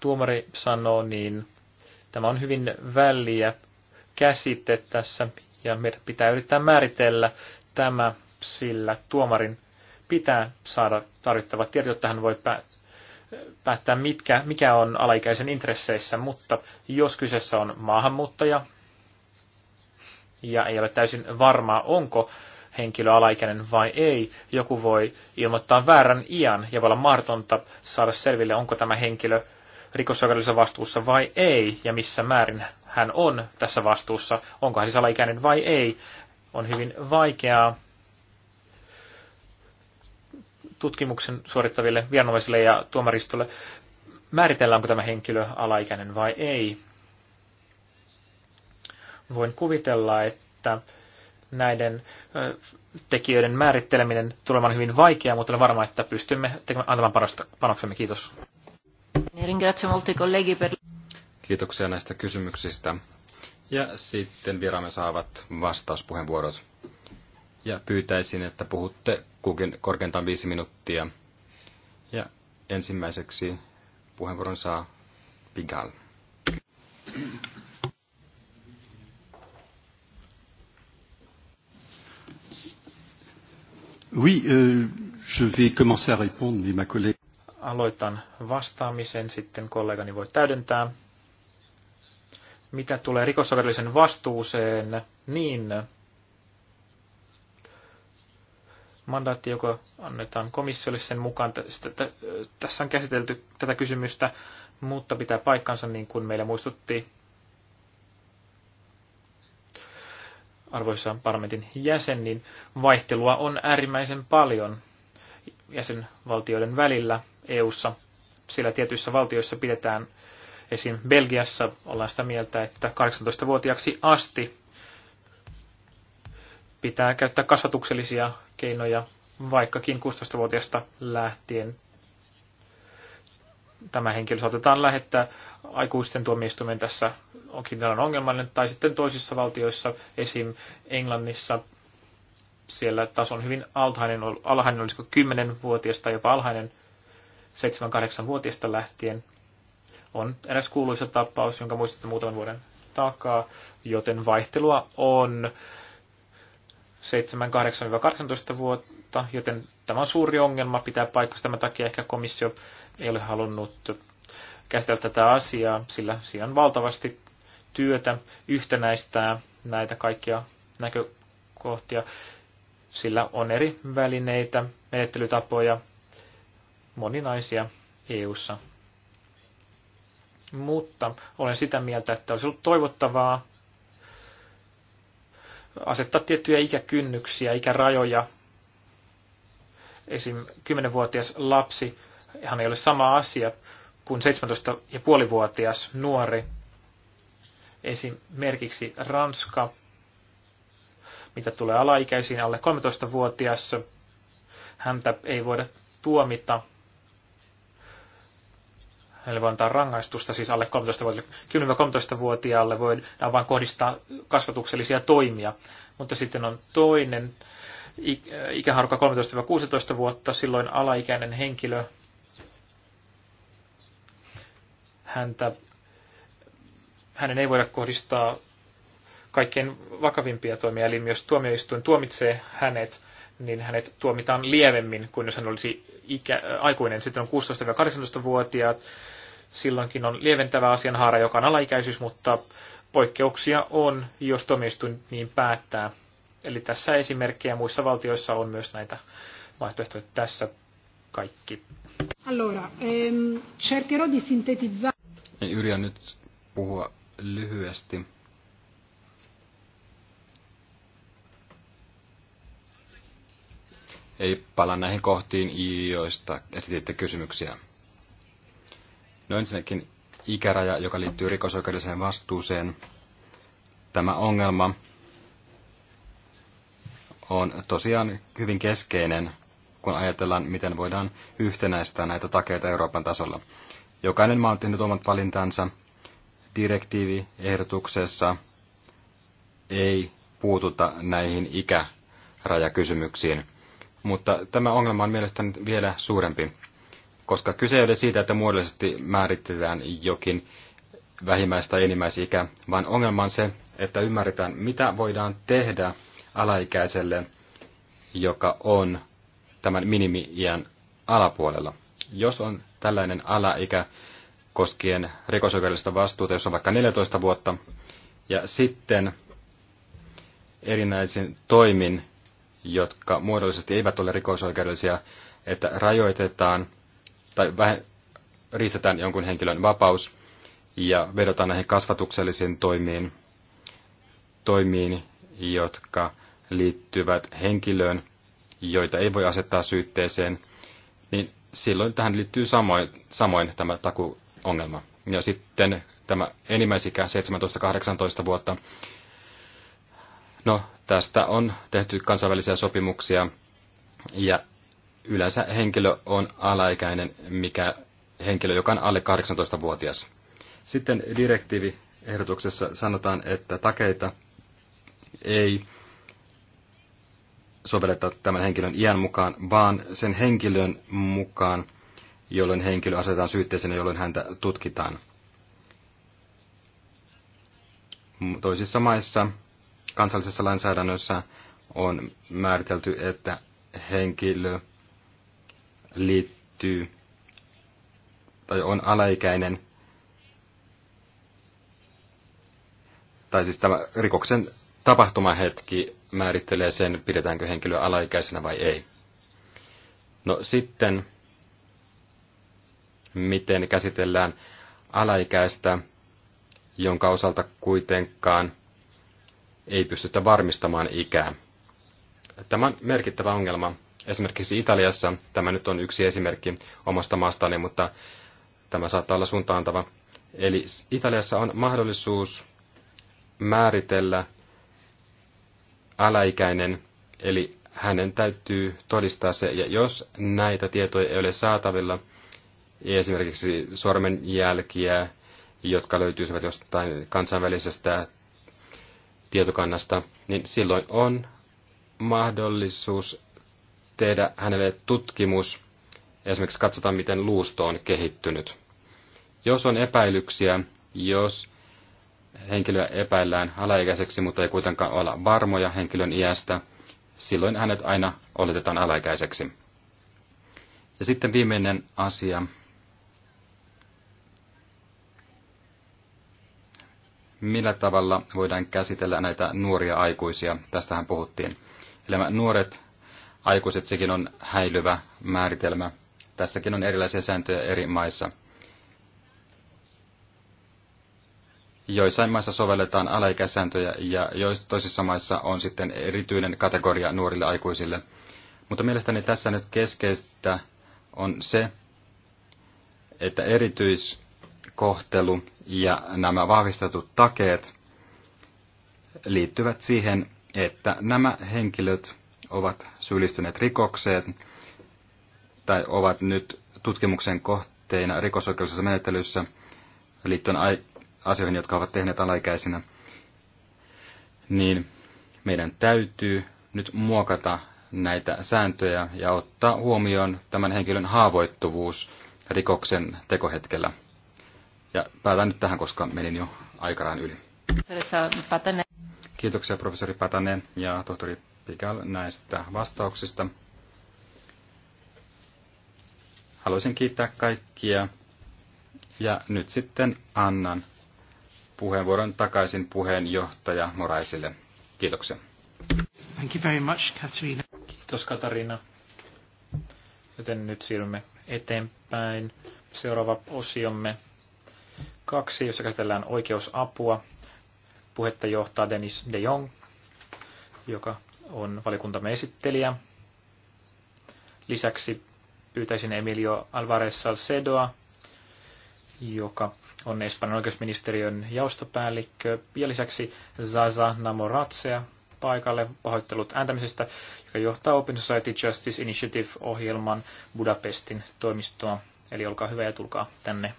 tuomari sanoo, niin tämä on hyvin väliä käsite tässä, ja meidän pitää yrittää määritellä tämä, sillä tuomarin pitää saada tarvittavat tiedot, jotta hän voi päättää, mitkä, mikä on alaikäisen intresseissä, mutta jos kyseessä on maahanmuuttaja ja ei ole täysin varmaa, onko henkilö alaikäinen vai ei, joku voi ilmoittaa väärän iän ja voi olla mahdotonta saada selville, onko tämä henkilö rikosoikeudellisessa vastuussa vai ei, ja missä määrin hän on tässä vastuussa, onko hän siis alaikäinen vai ei, on hyvin vaikeaa tutkimuksen suorittaville viranomaisille ja tuomaristolle määritelläänkö tämä henkilö alaikäinen vai ei. Voin kuvitella, että näiden tekijöiden määritteleminen tulee hyvin vaikeaa, mutta olen varma, että pystymme tekemään, antamaan parasta panoksemme. Kiitos. Kiitoksia näistä kysymyksistä. Ja sitten viramme saavat vastauspuheenvuorot ja pyytäisin, että puhutte kukin korkeintaan viisi minuuttia. Ja ensimmäiseksi puheenvuoron saa Pigal. Oui, euh, je vais commencer à répondre, mais ma collègue... Aloitan vastaamisen, sitten kollegani voi täydentää. Mitä tulee rikosoikeudellisen vastuuseen, niin mandaatti, joko annetaan komissiolle sen mukaan. Tässä on käsitelty tätä kysymystä, mutta pitää paikkansa niin kuin meillä muistutti arvoisa parlamentin jäsen, niin vaihtelua on äärimmäisen paljon jäsenvaltioiden välillä EU:ssa, sillä tietyissä valtioissa pidetään esim. Belgiassa ollaan sitä mieltä, että 18-vuotiaaksi asti pitää käyttää kasvatuksellisia keinoja, vaikkakin 16-vuotiaasta lähtien tämä henkilö saatetaan lähettää aikuisten tuomioistuimeen tässä onkin tällainen ongelmallinen, tai sitten toisissa valtioissa, esim. Englannissa, siellä taso on hyvin alhainen, alhainen olisiko 10-vuotiaasta jopa alhainen 7-8-vuotiaasta lähtien. On eräs kuuluisa tapaus, jonka muistatte muutaman vuoden takaa, joten vaihtelua on 7-8-18 vuotta, joten tämä on suuri ongelma pitää paikkansa. Tämän takia ehkä komissio ei ole halunnut käsitellä tätä asiaa, sillä siinä on valtavasti työtä yhtenäistää näitä kaikkia näkökohtia. Sillä on eri välineitä, menettelytapoja, moninaisia EU:ssa. Mutta olen sitä mieltä, että olisi ollut toivottavaa, asettaa tiettyjä ikäkynnyksiä, ikärajoja. Esim. 10-vuotias lapsi, hän ei ole sama asia kuin 17,5-vuotias nuori. Esimerkiksi Ranska, mitä tulee alaikäisiin alle 13-vuotias, häntä ei voida tuomita hänelle voi antaa rangaistusta, siis alle 10 10-13-vuotiaalle voidaan vain kohdistaa kasvatuksellisia toimia. Mutta sitten on toinen ikäharukka 13-16 vuotta, silloin alaikäinen henkilö, häntä, hänen ei voida kohdistaa kaikkein vakavimpia toimia, eli jos tuomioistuin tuomitsee hänet, niin hänet tuomitaan lievemmin kuin jos hän olisi ikä, aikuinen. Sitten on 16-18-vuotiaat, silloinkin on lieventävä asianhaara, joka on alaikäisyys, mutta poikkeuksia on, jos tuomioistuin niin päättää. Eli tässä esimerkkejä muissa valtioissa on myös näitä vaihtoehtoja. Tässä kaikki. Allora, ehm, cercherò di sintetizzare. Niin, Yritän nyt puhua lyhyesti. Ei pala näihin kohtiin, joista esititte kysymyksiä. No ensinnäkin ikäraja, joka liittyy rikosoikeudelliseen vastuuseen. Tämä ongelma on tosiaan hyvin keskeinen, kun ajatellaan, miten voidaan yhtenäistää näitä takeita Euroopan tasolla. Jokainen maa on tehnyt omat valintansa. Direktiiviehdotuksessa ei puututa näihin ikärajakysymyksiin. Mutta tämä ongelma on mielestäni vielä suurempi koska kyse ei ole siitä, että muodollisesti määritetään jokin vähimmäis- tai enimmäisikä, vaan ongelma on se, että ymmärretään, mitä voidaan tehdä alaikäiselle, joka on tämän minimi-iän alapuolella. Jos on tällainen alaikä koskien rikosoikeudellista vastuuta, jos on vaikka 14 vuotta, ja sitten erinäisin toimin, jotka muodollisesti eivät ole rikosoikeudellisia, että rajoitetaan – tai vähän riistetään jonkun henkilön vapaus ja vedotaan näihin kasvatuksellisiin toimiin, toimiin, jotka liittyvät henkilöön, joita ei voi asettaa syytteeseen, niin silloin tähän liittyy samoin, samoin tämä takuongelma. Ja sitten tämä enimmäisikä 17-18 vuotta. No, tästä on tehty kansainvälisiä sopimuksia ja yleensä henkilö on alaikäinen, mikä henkilö, joka on alle 18-vuotias. Sitten direktiiviehdotuksessa sanotaan, että takeita ei sovelleta tämän henkilön iän mukaan, vaan sen henkilön mukaan, jolloin henkilö asetetaan syytteeseen ja jolloin häntä tutkitaan. Toisissa maissa kansallisessa lainsäädännössä on määritelty, että henkilö liittyy tai on alaikäinen, tai siis tämä rikoksen tapahtumahetki määrittelee sen, pidetäänkö henkilö alaikäisenä vai ei. No sitten, miten käsitellään alaikäistä, jonka osalta kuitenkaan ei pystytä varmistamaan ikää. Tämä on merkittävä ongelma, Esimerkiksi Italiassa, tämä nyt on yksi esimerkki omasta maastani, mutta tämä saattaa olla suuntaantava. Eli Italiassa on mahdollisuus määritellä alaikäinen, eli hänen täytyy todistaa se, ja jos näitä tietoja ei ole saatavilla, esimerkiksi sormenjälkiä, jotka löytyisivät jostain kansainvälisestä tietokannasta, niin silloin on mahdollisuus tehdä hänelle tutkimus. Esimerkiksi katsotaan, miten luusto on kehittynyt. Jos on epäilyksiä, jos henkilöä epäillään alaikäiseksi, mutta ei kuitenkaan olla varmoja henkilön iästä, silloin hänet aina oletetaan alaikäiseksi. Ja sitten viimeinen asia. Millä tavalla voidaan käsitellä näitä nuoria aikuisia? Tästähän puhuttiin. Eli nämä nuoret aikuiset sekin on häilyvä määritelmä. Tässäkin on erilaisia sääntöjä eri maissa. Joissain maissa sovelletaan alaikäsääntöjä ja joissa toisissa maissa on sitten erityinen kategoria nuorille aikuisille. Mutta mielestäni tässä nyt keskeistä on se, että erityiskohtelu ja nämä vahvistetut takeet liittyvät siihen, että nämä henkilöt ovat syyllistyneet rikokseen tai ovat nyt tutkimuksen kohteina rikosoikeudellisessa menettelyssä liittyen asioihin, jotka ovat tehneet alaikäisinä, niin meidän täytyy nyt muokata näitä sääntöjä ja ottaa huomioon tämän henkilön haavoittuvuus rikoksen tekohetkellä. Ja päätän nyt tähän, koska menin jo aikaraan yli. Kiitoksia professori Patanen ja tohtori Pikal näistä vastauksista. Haluaisin kiittää kaikkia ja nyt sitten annan puheenvuoron takaisin puheenjohtaja Moraisille. Kiitoksia. Thank you very much, Katarina. Kiitos Katarina. Joten nyt siirrymme eteenpäin. Seuraava osiomme kaksi, jossa käsitellään oikeusapua. Puhetta johtaa Dennis de Jong, joka on valikuntamme esittelijä. Lisäksi pyytäisin Emilio Alvarez Salcedoa, joka on Espanjan oikeusministeriön jaostopäällikkö, ja lisäksi Zaza Namoratsea paikalle pahoittelut ääntämisestä, joka johtaa Open Society Justice Initiative-ohjelman Budapestin toimistoa. Eli olkaa hyvä ja tulkaa tänne.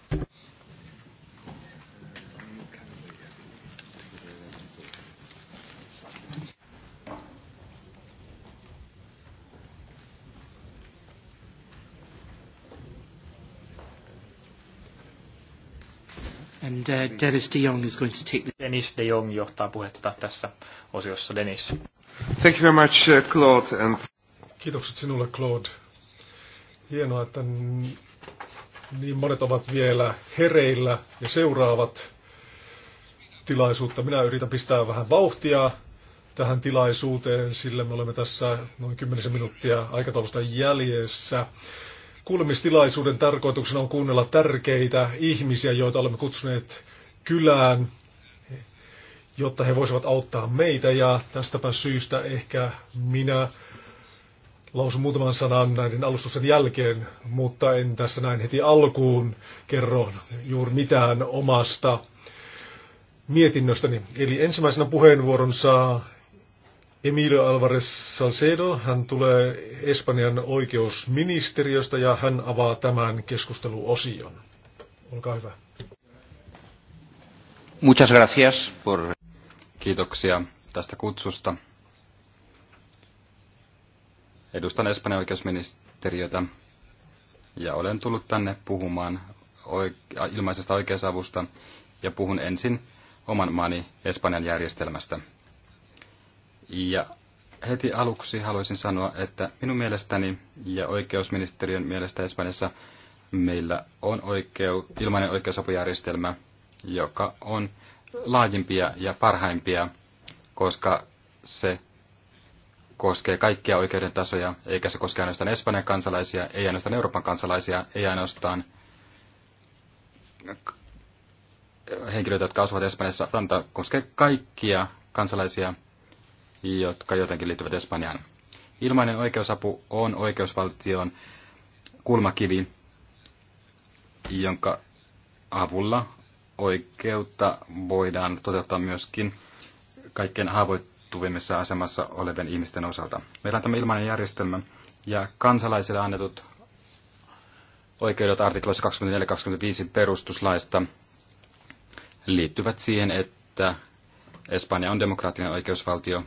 and uh, Dennis de Jong is going to take the... Dennis de Jong johtaa puhetta tässä osiossa. Dennis. Thank you very much, uh, Claude. And... Kiitokset sinulle, Claude. Hienoa, että niin monet ovat vielä hereillä ja seuraavat tilaisuutta. Minä yritän pistää vähän vauhtia tähän tilaisuuteen, sillä me olemme tässä noin 10 minuuttia aikataulusta jäljessä. Kuulemistilaisuuden tarkoituksena on kuunnella tärkeitä ihmisiä, joita olemme kutsuneet kylään, jotta he voisivat auttaa meitä. Ja tästäpä syystä ehkä minä lausun muutaman sanan näiden alustusten jälkeen, mutta en tässä näin heti alkuun kerro juuri mitään omasta mietinnöstäni. Eli ensimmäisenä puheenvuoron saa Emilio Alvarez Salcedo, hän tulee Espanjan oikeusministeriöstä ja hän avaa tämän keskusteluosion. Olkaa hyvä. Muchas gracias por... Kiitoksia tästä kutsusta. Edustan Espanjan oikeusministeriötä ja olen tullut tänne puhumaan oike- ilmaisesta oikeusavusta ja puhun ensin oman maani Espanjan järjestelmästä – ja heti aluksi haluaisin sanoa, että minun mielestäni ja oikeusministeriön mielestä Espanjassa meillä on oikeu, ilmainen oikeusapujärjestelmä, joka on laajimpia ja parhaimpia, koska se koskee kaikkia oikeuden tasoja, eikä se koske ainoastaan Espanjan kansalaisia, ei ainoastaan Euroopan kansalaisia, ei ainoastaan henkilöitä, jotka asuvat Espanjassa, vaan koskee kaikkia kansalaisia, jotka jotenkin liittyvät Espanjaan. Ilmainen oikeusapu on oikeusvaltion kulmakivi, jonka avulla oikeutta voidaan toteuttaa myöskin kaikkein haavoittuvimmissa asemassa olevien ihmisten osalta. Meillä on tämä ilmainen järjestelmä ja kansalaisille annetut oikeudet artikloissa 24-25 perustuslaista liittyvät siihen, että Espanja on demokraattinen oikeusvaltio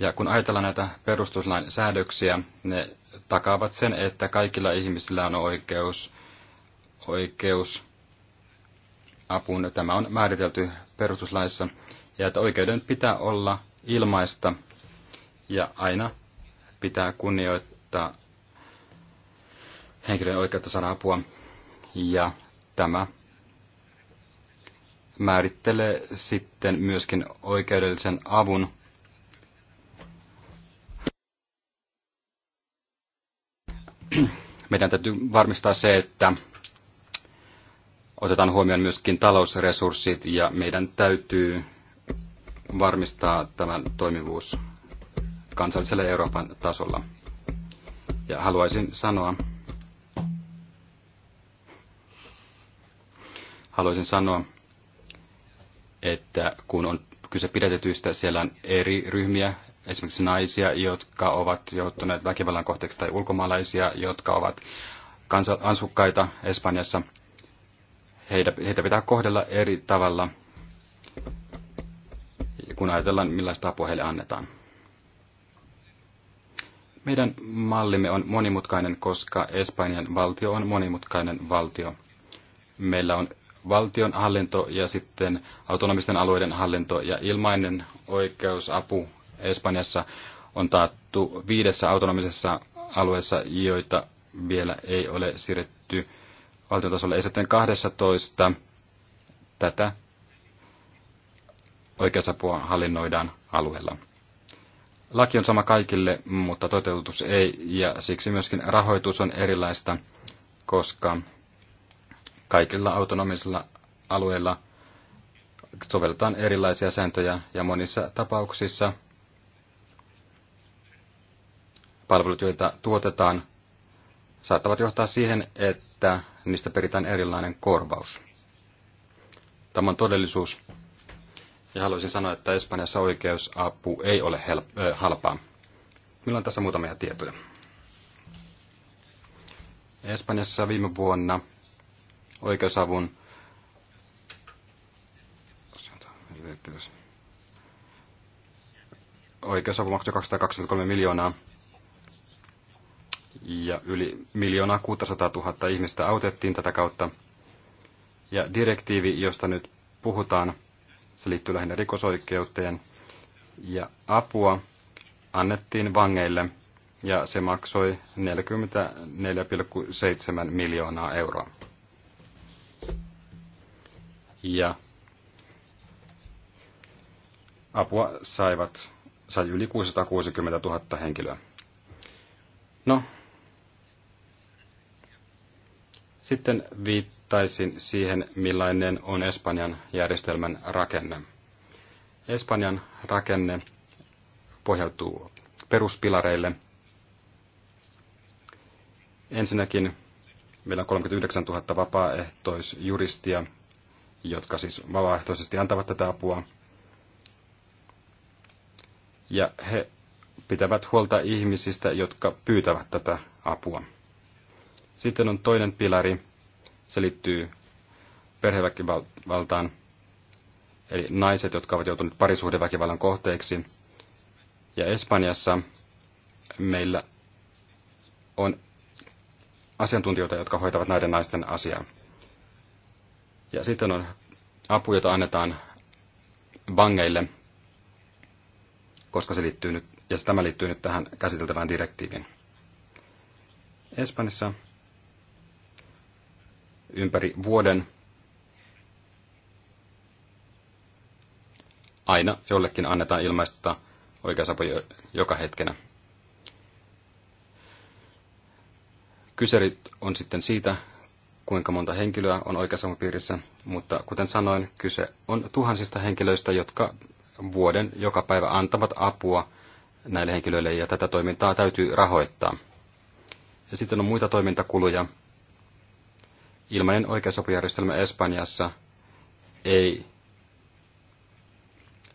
Ja kun ajatellaan näitä perustuslain säädöksiä, ne takaavat sen, että kaikilla ihmisillä on oikeus, oikeus apuun. Tämä on määritelty perustuslaissa. Ja että oikeuden pitää olla ilmaista ja aina pitää kunnioittaa henkilön oikeutta saada apua. Ja tämä määrittelee sitten myöskin oikeudellisen avun meidän täytyy varmistaa se, että otetaan huomioon myöskin talousresurssit ja meidän täytyy varmistaa tämän toimivuus kansallisella Euroopan tasolla. Ja haluaisin sanoa, haluaisin sanoa, että kun on kyse pidätetyistä, siellä on eri ryhmiä, esimerkiksi naisia, jotka ovat joutuneet väkivallan kohteeksi, tai ulkomaalaisia, jotka ovat kansa- asukkaita Espanjassa. Heitä, heitä pitää kohdella eri tavalla, kun ajatellaan, millaista apua heille annetaan. Meidän mallimme on monimutkainen, koska Espanjan valtio on monimutkainen valtio. Meillä on valtion hallinto ja sitten autonomisten alueiden hallinto ja ilmainen oikeusapu Espanjassa on taattu viidessä autonomisessa alueessa, joita vielä ei ole siirretty valtiotasolle. Ja sitten 12 tätä oikeusapua hallinnoidaan alueella. Laki on sama kaikille, mutta toteutus ei, ja siksi myöskin rahoitus on erilaista, koska kaikilla autonomisilla alueilla sovelletaan erilaisia sääntöjä, ja monissa tapauksissa palvelut, joita tuotetaan, saattavat johtaa siihen, että niistä peritään erilainen korvaus. Tämä on todellisuus. Ja haluaisin sanoa, että Espanjassa oikeusapu ei ole help- äh, halpaa. Meillä on tässä muutamia tietoja. Espanjassa viime vuonna oikeusavun oikeusavun maksoi 223 miljoonaa ja yli miljoonaa 600 000 ihmistä autettiin tätä kautta. Ja direktiivi, josta nyt puhutaan, se liittyy lähinnä rikosoikeuteen, ja apua annettiin vangeille, ja se maksoi 44,7 miljoonaa euroa. Ja apua saivat, sai yli 660 000 henkilöä. No, Sitten viittaisin siihen, millainen on Espanjan järjestelmän rakenne. Espanjan rakenne pohjautuu peruspilareille. Ensinnäkin meillä on 39 000 vapaaehtoisjuristia, jotka siis vapaaehtoisesti antavat tätä apua. Ja he pitävät huolta ihmisistä, jotka pyytävät tätä apua. Sitten on toinen pilari, se liittyy perheväkivaltaan, eli naiset, jotka ovat joutuneet parisuhdeväkivallan kohteeksi. Ja Espanjassa meillä on asiantuntijoita, jotka hoitavat näiden naisten asiaa. Ja sitten on apu, jota annetaan vangeille, koska se liittyy nyt, ja tämä liittyy nyt tähän käsiteltävään direktiiviin. Espanjassa ympäri vuoden aina jollekin annetaan ilmaista oikeusapu joka hetkenä. Kyserit on sitten siitä, kuinka monta henkilöä on oikeusapupiirissä, mutta kuten sanoin, kyse on tuhansista henkilöistä, jotka vuoden joka päivä antavat apua näille henkilöille, ja tätä toimintaa täytyy rahoittaa. Ja sitten on muita toimintakuluja, ilmainen oikeusapujärjestelmä Espanjassa ei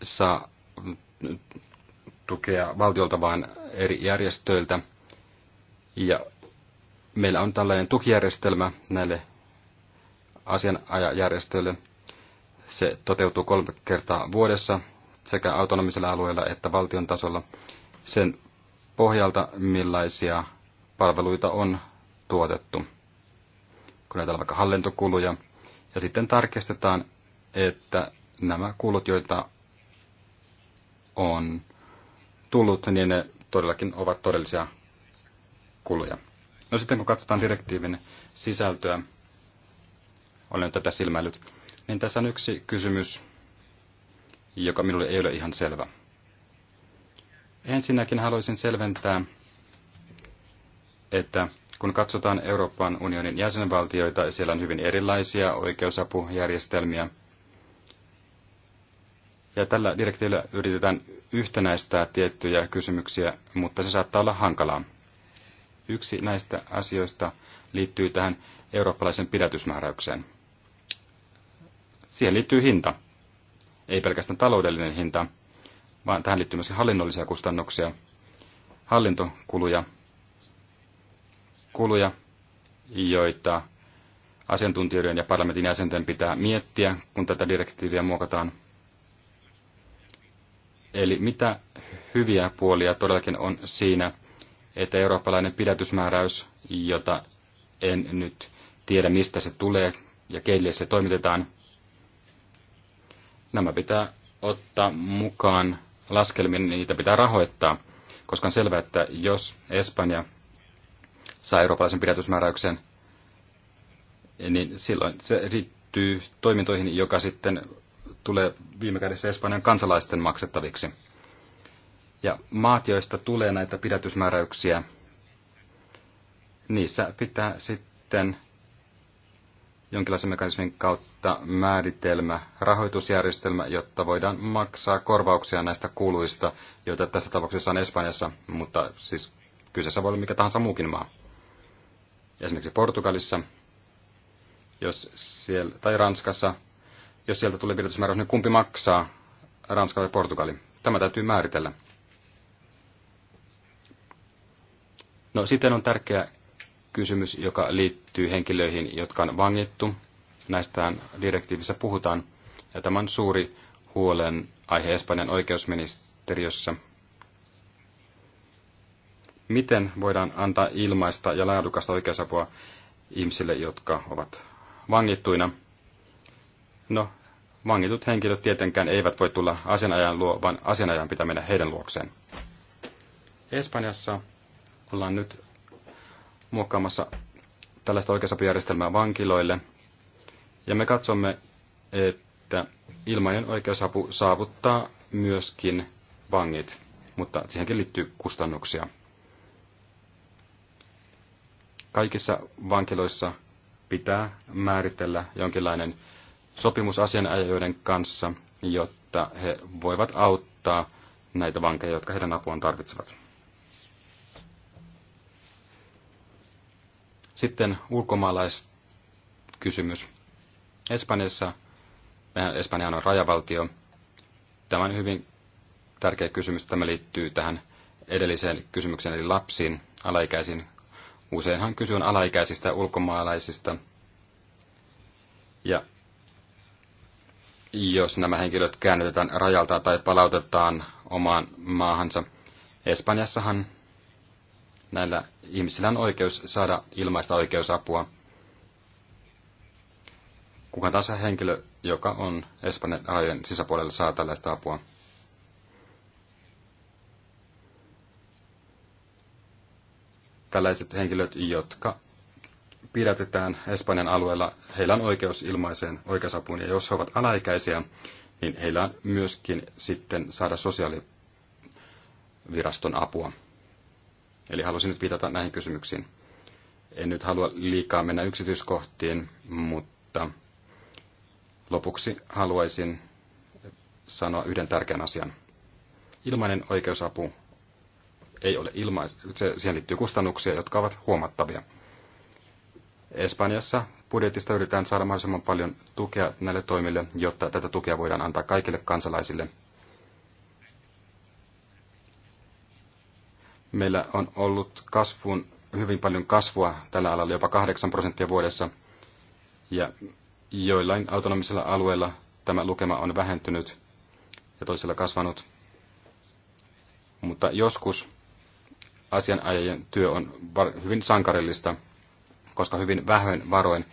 saa tukea valtiolta, vaan eri järjestöiltä. Ja meillä on tällainen tukijärjestelmä näille asianajajärjestöille. Se toteutuu kolme kertaa vuodessa sekä autonomisella alueella että valtion tasolla sen pohjalta, millaisia palveluita on tuotettu kun ajatellaan vaikka hallintokuluja, ja sitten tarkistetaan, että nämä kulut, joita on tullut, niin ne todellakin ovat todellisia kuluja. No sitten kun katsotaan direktiivin sisältöä, olen nyt tätä silmäillyt, niin tässä on yksi kysymys, joka minulle ei ole ihan selvä. Ensinnäkin haluaisin selventää, että kun katsotaan Euroopan unionin jäsenvaltioita, siellä on hyvin erilaisia oikeusapujärjestelmiä. Ja tällä direktiivillä yritetään yhtenäistää tiettyjä kysymyksiä, mutta se saattaa olla hankalaa. Yksi näistä asioista liittyy tähän eurooppalaisen pidätysmääräykseen. Siihen liittyy hinta. Ei pelkästään taloudellinen hinta, vaan tähän liittyy myös hallinnollisia kustannuksia, hallintokuluja kuluja, joita asiantuntijoiden ja parlamentin jäsenten pitää miettiä, kun tätä direktiiviä muokataan. Eli mitä hyviä puolia todellakin on siinä, että eurooppalainen pidätysmääräys, jota en nyt tiedä mistä se tulee ja keille se toimitetaan, nämä pitää ottaa mukaan laskelmiin, niitä pitää rahoittaa, koska on selvää, että jos Espanja saa eurooppalaisen pidätysmääräyksen, niin silloin se liittyy toimintoihin, joka sitten tulee viime kädessä Espanjan kansalaisten maksettaviksi. Ja maat, joista tulee näitä pidätysmääräyksiä, niissä pitää sitten jonkinlaisen mekanismin kautta määritelmä, rahoitusjärjestelmä, jotta voidaan maksaa korvauksia näistä kuluista, joita tässä tapauksessa on Espanjassa, mutta siis kyseessä voi olla mikä tahansa muukin maa. Esimerkiksi Portugalissa jos siellä, tai Ranskassa, jos sieltä tulee pidätysmääräys, niin kumpi maksaa, Ranska vai Portugali? Tämä täytyy määritellä. No sitten on tärkeä kysymys, joka liittyy henkilöihin, jotka on vangittu. Näistään direktiivissä puhutaan, ja tämä on suuri huolen aihe Espanjan oikeusministeriössä – miten voidaan antaa ilmaista ja laadukasta oikeusapua ihmisille, jotka ovat vangittuina. No, vangitut henkilöt tietenkään eivät voi tulla asianajan luo, vaan asianajan pitää mennä heidän luokseen. Espanjassa ollaan nyt muokkaamassa tällaista oikeusapujärjestelmää vankiloille, ja me katsomme, että ilmainen oikeusapu saavuttaa myöskin vangit, mutta siihenkin liittyy kustannuksia. Kaikissa vankiloissa pitää määritellä jonkinlainen sopimus asianajajoiden kanssa, jotta he voivat auttaa näitä vankeja, jotka heidän apuaan tarvitsevat. Sitten ulkomaalaiskysymys. Espanjassa, Espanja on rajavaltio. Tämä on hyvin tärkeä kysymys. Tämä liittyy tähän edelliseen kysymykseen, eli lapsiin, alaikäisiin Useinhan kyse on alaikäisistä ulkomaalaisista. Ja jos nämä henkilöt käännetään rajalta tai palautetaan omaan maahansa, Espanjassahan näillä ihmisillä on oikeus saada ilmaista oikeusapua. Kuka tahansa henkilö, joka on Espanjan rajojen sisäpuolella, saa tällaista apua. tällaiset henkilöt, jotka pidätetään Espanjan alueella, heillä on oikeus ilmaiseen oikeusapuun, ja jos he ovat alaikäisiä, niin heillä on myöskin sitten saada sosiaaliviraston apua. Eli halusin nyt viitata näihin kysymyksiin. En nyt halua liikaa mennä yksityiskohtiin, mutta lopuksi haluaisin sanoa yhden tärkeän asian. Ilmainen oikeusapu ei ole ilma, se, siihen liittyy kustannuksia, jotka ovat huomattavia. Espanjassa budjetista yritetään saada mahdollisimman paljon tukea näille toimille, jotta tätä tukea voidaan antaa kaikille kansalaisille. Meillä on ollut kasvun, hyvin paljon kasvua tällä alalla, jopa 8 prosenttia vuodessa, ja joillain autonomisilla alueilla tämä lukema on vähentynyt ja toisilla kasvanut. Mutta joskus asianajajien työ on hyvin sankarillista, koska hyvin vähän varoin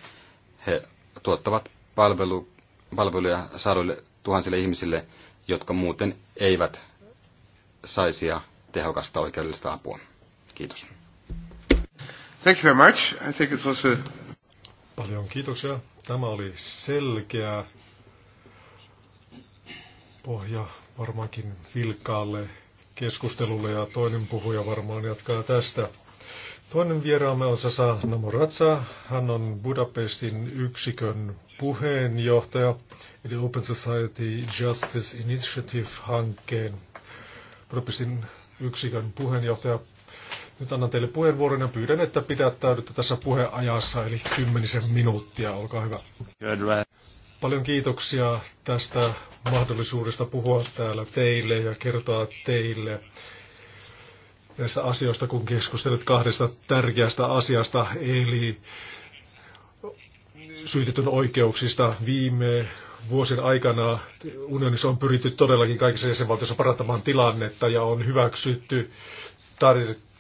he tuottavat palvelu, palveluja saaduille tuhansille ihmisille, jotka muuten eivät saisi tehokasta oikeudellista apua. Kiitos. Thank you very much. I think it was a... Paljon kiitoksia. Tämä oli selkeä pohja varmaankin vilkkaalle keskustelulle ja toinen puhuja varmaan jatkaa tästä. Toinen vieraamme on Sasa Namoratsa. Hän on Budapestin yksikön puheenjohtaja, eli Open Society Justice Initiative-hankkeen Budapestin yksikön puheenjohtaja. Nyt annan teille puheenvuoron ja pyydän, että pidättäydytte tässä puheajassa, eli kymmenisen minuuttia. Olkaa hyvä. Paljon kiitoksia tästä mahdollisuudesta puhua täällä teille ja kertoa teille näistä asioista, kun keskustelet kahdesta tärkeästä asiasta, eli syytetyn oikeuksista. Viime vuosien aikana unionissa on pyritty todellakin kaikissa jäsenvaltioissa parantamaan tilannetta ja on hyväksytty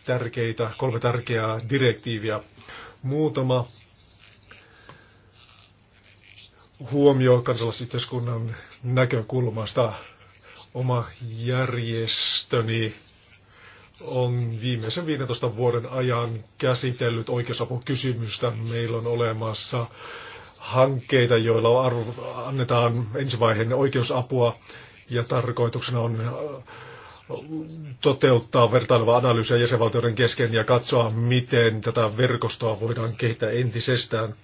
tärkeitä, kolme tärkeää direktiiviä. Muutama huomio kansalaisyhteiskunnan näkökulmasta. Oma järjestöni on viimeisen 15 vuoden ajan käsitellyt oikeusapukysymystä. Meillä on olemassa hankkeita, joilla annetaan ensivaiheen oikeusapua ja tarkoituksena on äh, toteuttaa vertailevaa analyysiä jäsenvaltioiden kesken ja katsoa, miten tätä verkostoa voidaan kehittää entisestään.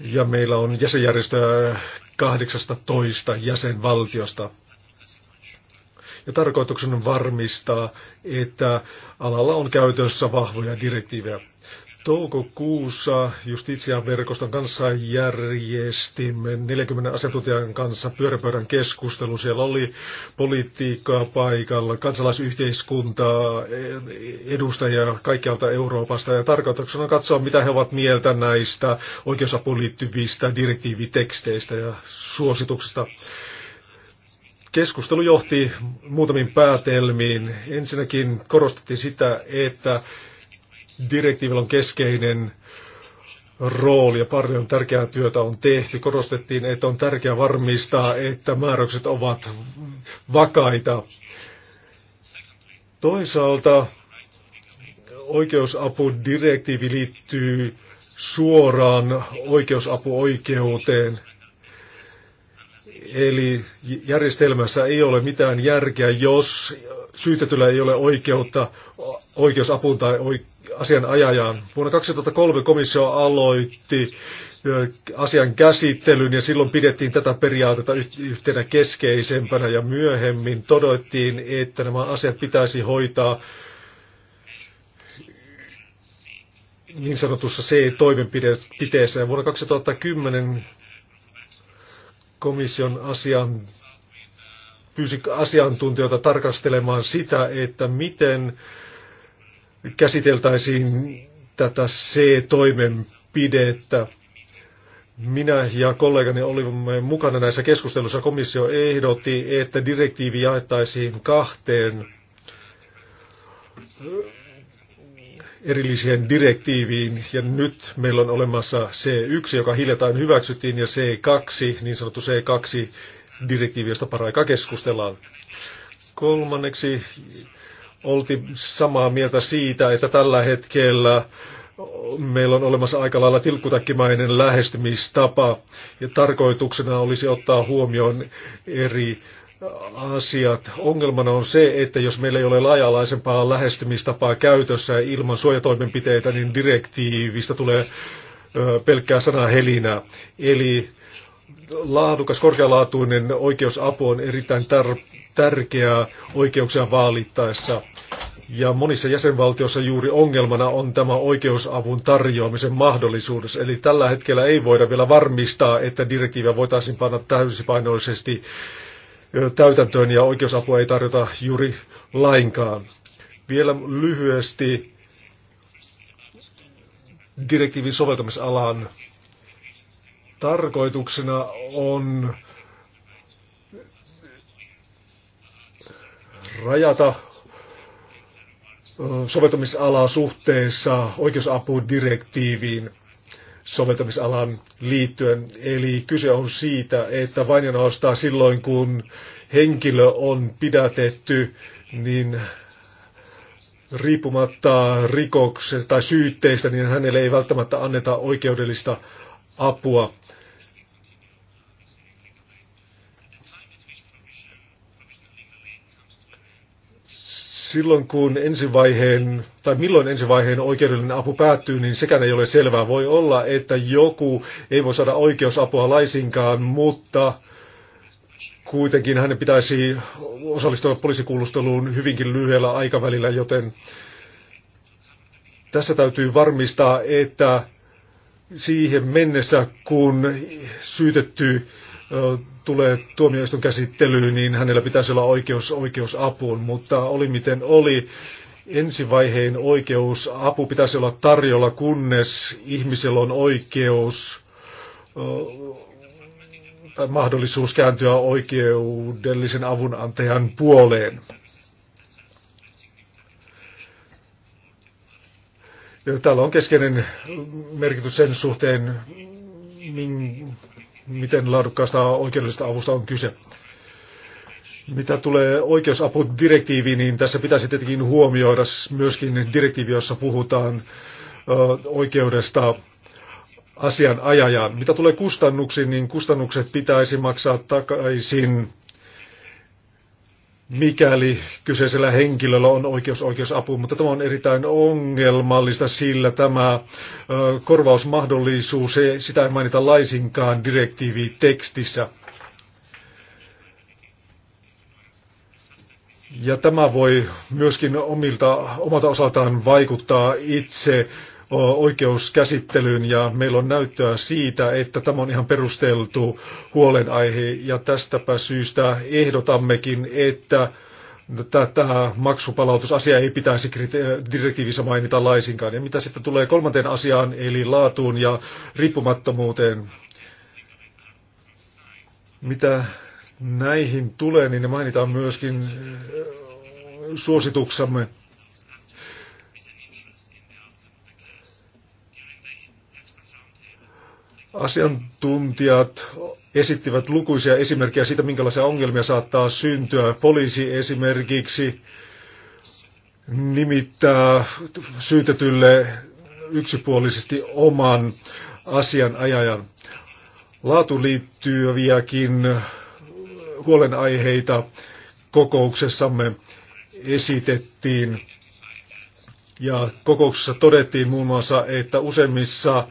Ja meillä on jäsenjärjestöä 18 jäsenvaltiosta. Ja tarkoituksena on varmistaa, että alalla on käytössä vahvoja direktiivejä. Toukokuussa Justitian verkoston kanssa järjestimme 40 asiantuntijan kanssa pyöräpöydän keskustelu. Siellä oli politiikkaa paikalla, kansalaisyhteiskuntaa, edustajia kaikkialta Euroopasta ja tarkoituksena katsoa, mitä he ovat mieltä näistä oikeusapuun liittyvistä direktiiviteksteistä ja suosituksista. Keskustelu johti muutamiin päätelmiin. Ensinnäkin korostettiin sitä, että direktiivillä on keskeinen rooli ja paljon tärkeää työtä on tehty. Korostettiin, että on tärkeää varmistaa, että määräykset ovat vakaita. Toisaalta oikeusapudirektiivi liittyy suoraan oikeusapuoikeuteen. Eli järjestelmässä ei ole mitään järkeä, jos syytetyllä ei ole oikeutta oikeusapuun tai asianajajaan. Vuonna 2003 komissio aloitti asian käsittelyn ja silloin pidettiin tätä periaatetta yhtenä keskeisempänä ja myöhemmin todettiin, että nämä asiat pitäisi hoitaa niin sanotussa C-toimenpiteessä. Vuonna 2010 komission asian pyysi asiantuntijoita tarkastelemaan sitä, että miten käsiteltäisiin tätä C-toimenpidettä. Minä ja kollegani olimme mukana näissä keskusteluissa. Komissio ehdotti, että direktiivi jaettaisiin kahteen erilliseen direktiiviin, ja nyt meillä on olemassa C1, joka hiljattain hyväksyttiin, ja C2, niin sanottu C2-direktiivi, josta paraikaa keskustellaan. Kolmanneksi oltiin samaa mieltä siitä, että tällä hetkellä meillä on olemassa aika lailla tilkkutakkimainen lähestymistapa ja tarkoituksena olisi ottaa huomioon eri asiat. Ongelmana on se, että jos meillä ei ole laajalaisempaa lähestymistapaa käytössä ilman suojatoimenpiteitä, niin direktiivistä tulee pelkkää sanaa helinää. Eli laadukas, korkealaatuinen oikeusapu on erittäin tar- tärkeää oikeuksia vaalittaessa. Ja monissa jäsenvaltioissa juuri ongelmana on tämä oikeusavun tarjoamisen mahdollisuus. Eli tällä hetkellä ei voida vielä varmistaa, että direktiiviä voitaisiin panna täysipainoisesti täytäntöön ja oikeusapua ei tarjota juuri lainkaan. Vielä lyhyesti direktiivin soveltamisalan tarkoituksena on rajata soveltamisalaa suhteessa oikeusapudirektiiviin soveltamisalan liittyen. Eli kyse on siitä, että vain ja silloin, kun henkilö on pidätetty, niin riippumatta rikoksesta tai syytteistä, niin hänelle ei välttämättä anneta oikeudellista apua. silloin kun ensivaiheen, tai milloin ensivaiheen oikeudellinen apu päättyy, niin sekään ei ole selvää. Voi olla, että joku ei voi saada oikeusapua laisinkaan, mutta kuitenkin hänen pitäisi osallistua poliisikuulusteluun hyvinkin lyhyellä aikavälillä, joten tässä täytyy varmistaa, että siihen mennessä, kun syytetty tulee tuomioistuin käsittelyyn, niin hänellä pitäisi olla oikeus oikeusapuun, mutta oli miten oli. Ensivaiheen oikeusapu pitäisi olla tarjolla, kunnes ihmisellä on oikeus tai mahdollisuus kääntyä oikeudellisen avunantajan puoleen. Ja täällä on keskeinen merkitys sen suhteen, miten laadukkaasta oikeudellisesta avusta on kyse. Mitä tulee oikeusapudirektiiviin, niin tässä pitäisi tietenkin huomioida myöskin direktiivi, jossa puhutaan oikeudesta asianajajaan. Mitä tulee kustannuksiin, niin kustannukset pitäisi maksaa takaisin mikäli kyseisellä henkilöllä on oikeus oikeusapuun, mutta tämä on erittäin ongelmallista, sillä tämä korvausmahdollisuus, sitä ei mainita laisinkaan direktiivitekstissä. Ja tämä voi myöskin omilta, omalta osaltaan vaikuttaa itse oikeuskäsittelyyn ja meillä on näyttöä siitä, että tämä on ihan perusteltu huolenaihe ja tästäpä syystä ehdotammekin, että tätä maksupalautusasiaa ei pitäisi direktiivissä mainita laisinkaan. Ja mitä sitten tulee kolmanteen asiaan, eli laatuun ja riippumattomuuteen, mitä näihin tulee, niin ne mainitaan myöskin suosituksemme Asiantuntijat esittivät lukuisia esimerkkejä siitä, minkälaisia ongelmia saattaa syntyä. Poliisi esimerkiksi nimittää syytetylle yksipuolisesti oman asianajajan. Laatu liittyviäkin huolenaiheita kokouksessamme esitettiin. Ja kokouksessa todettiin muun muassa, että useimmissa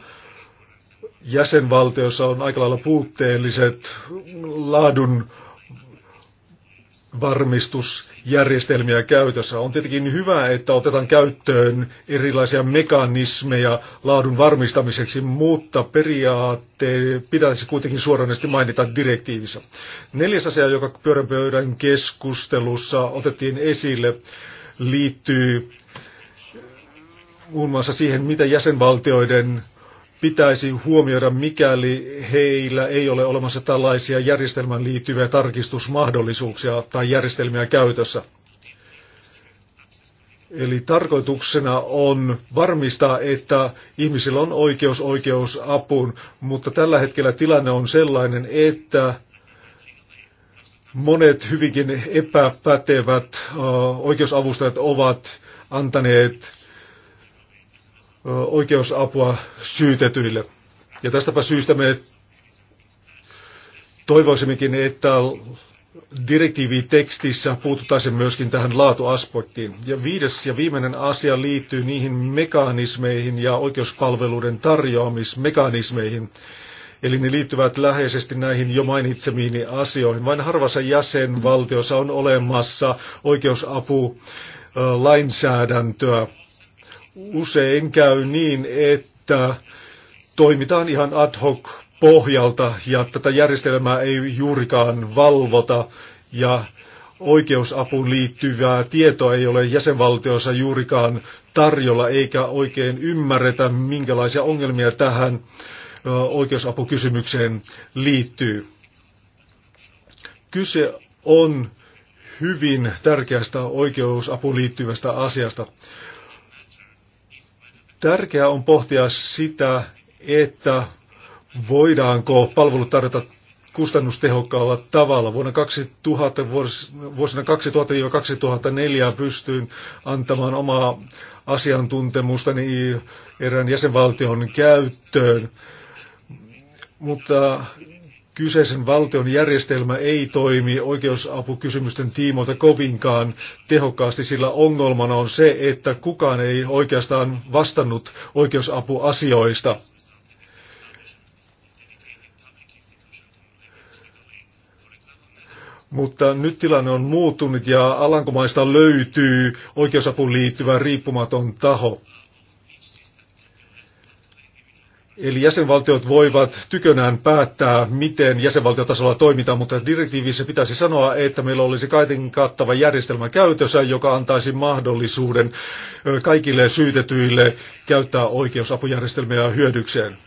jäsenvaltiossa on aika lailla puutteelliset laadun varmistusjärjestelmiä käytössä. On tietenkin hyvä, että otetaan käyttöön erilaisia mekanismeja laadun varmistamiseksi, mutta periaatteet pitäisi kuitenkin suoranaisesti mainita direktiivissä. Neljäs asia, joka pyörän keskustelussa otettiin esille, liittyy muun muassa siihen, mitä jäsenvaltioiden pitäisi huomioida, mikäli heillä ei ole olemassa tällaisia järjestelmään liittyviä tarkistusmahdollisuuksia tai järjestelmiä käytössä. Eli tarkoituksena on varmistaa, että ihmisillä on oikeus oikeusapuun, mutta tällä hetkellä tilanne on sellainen, että monet hyvinkin epäpätevät oikeusavustajat ovat antaneet oikeusapua syytetyille. Ja tästäpä syystä me toivoisimmekin, että direktiivitekstissä puututtaisiin myöskin tähän laatuaspektiin. Ja viides ja viimeinen asia liittyy niihin mekanismeihin ja oikeuspalveluiden tarjoamismekanismeihin. Eli ne liittyvät läheisesti näihin jo mainitsemiini asioihin. Vain harvassa jäsenvaltiossa on olemassa oikeusapu lainsäädäntöä usein käy niin, että toimitaan ihan ad hoc pohjalta ja tätä järjestelmää ei juurikaan valvota ja oikeusapuun liittyvää tietoa ei ole jäsenvaltioissa juurikaan tarjolla eikä oikein ymmärretä, minkälaisia ongelmia tähän oikeusapukysymykseen liittyy. Kyse on hyvin tärkeästä oikeusapuun liittyvästä asiasta. Tärkeää on pohtia sitä, että voidaanko palvelut tarjota kustannustehokkaalla tavalla. Vuonna 2000, vuosina 2000-2004 pystyin antamaan omaa asiantuntemustani erään jäsenvaltion käyttöön. Mutta kyseisen valtion järjestelmä ei toimi oikeusapukysymysten tiimoilta kovinkaan tehokkaasti, sillä ongelmana on se, että kukaan ei oikeastaan vastannut oikeusapuasioista. Mutta nyt tilanne on muuttunut ja Alankomaista löytyy oikeusapuun liittyvä riippumaton taho. Eli jäsenvaltiot voivat tykönään päättää, miten jäsenvaltiotasolla toimitaan, mutta direktiivissä pitäisi sanoa, että meillä olisi kaiken kattava järjestelmä käytössä, joka antaisi mahdollisuuden kaikille syytetyille käyttää oikeusapujärjestelmiä hyödykseen.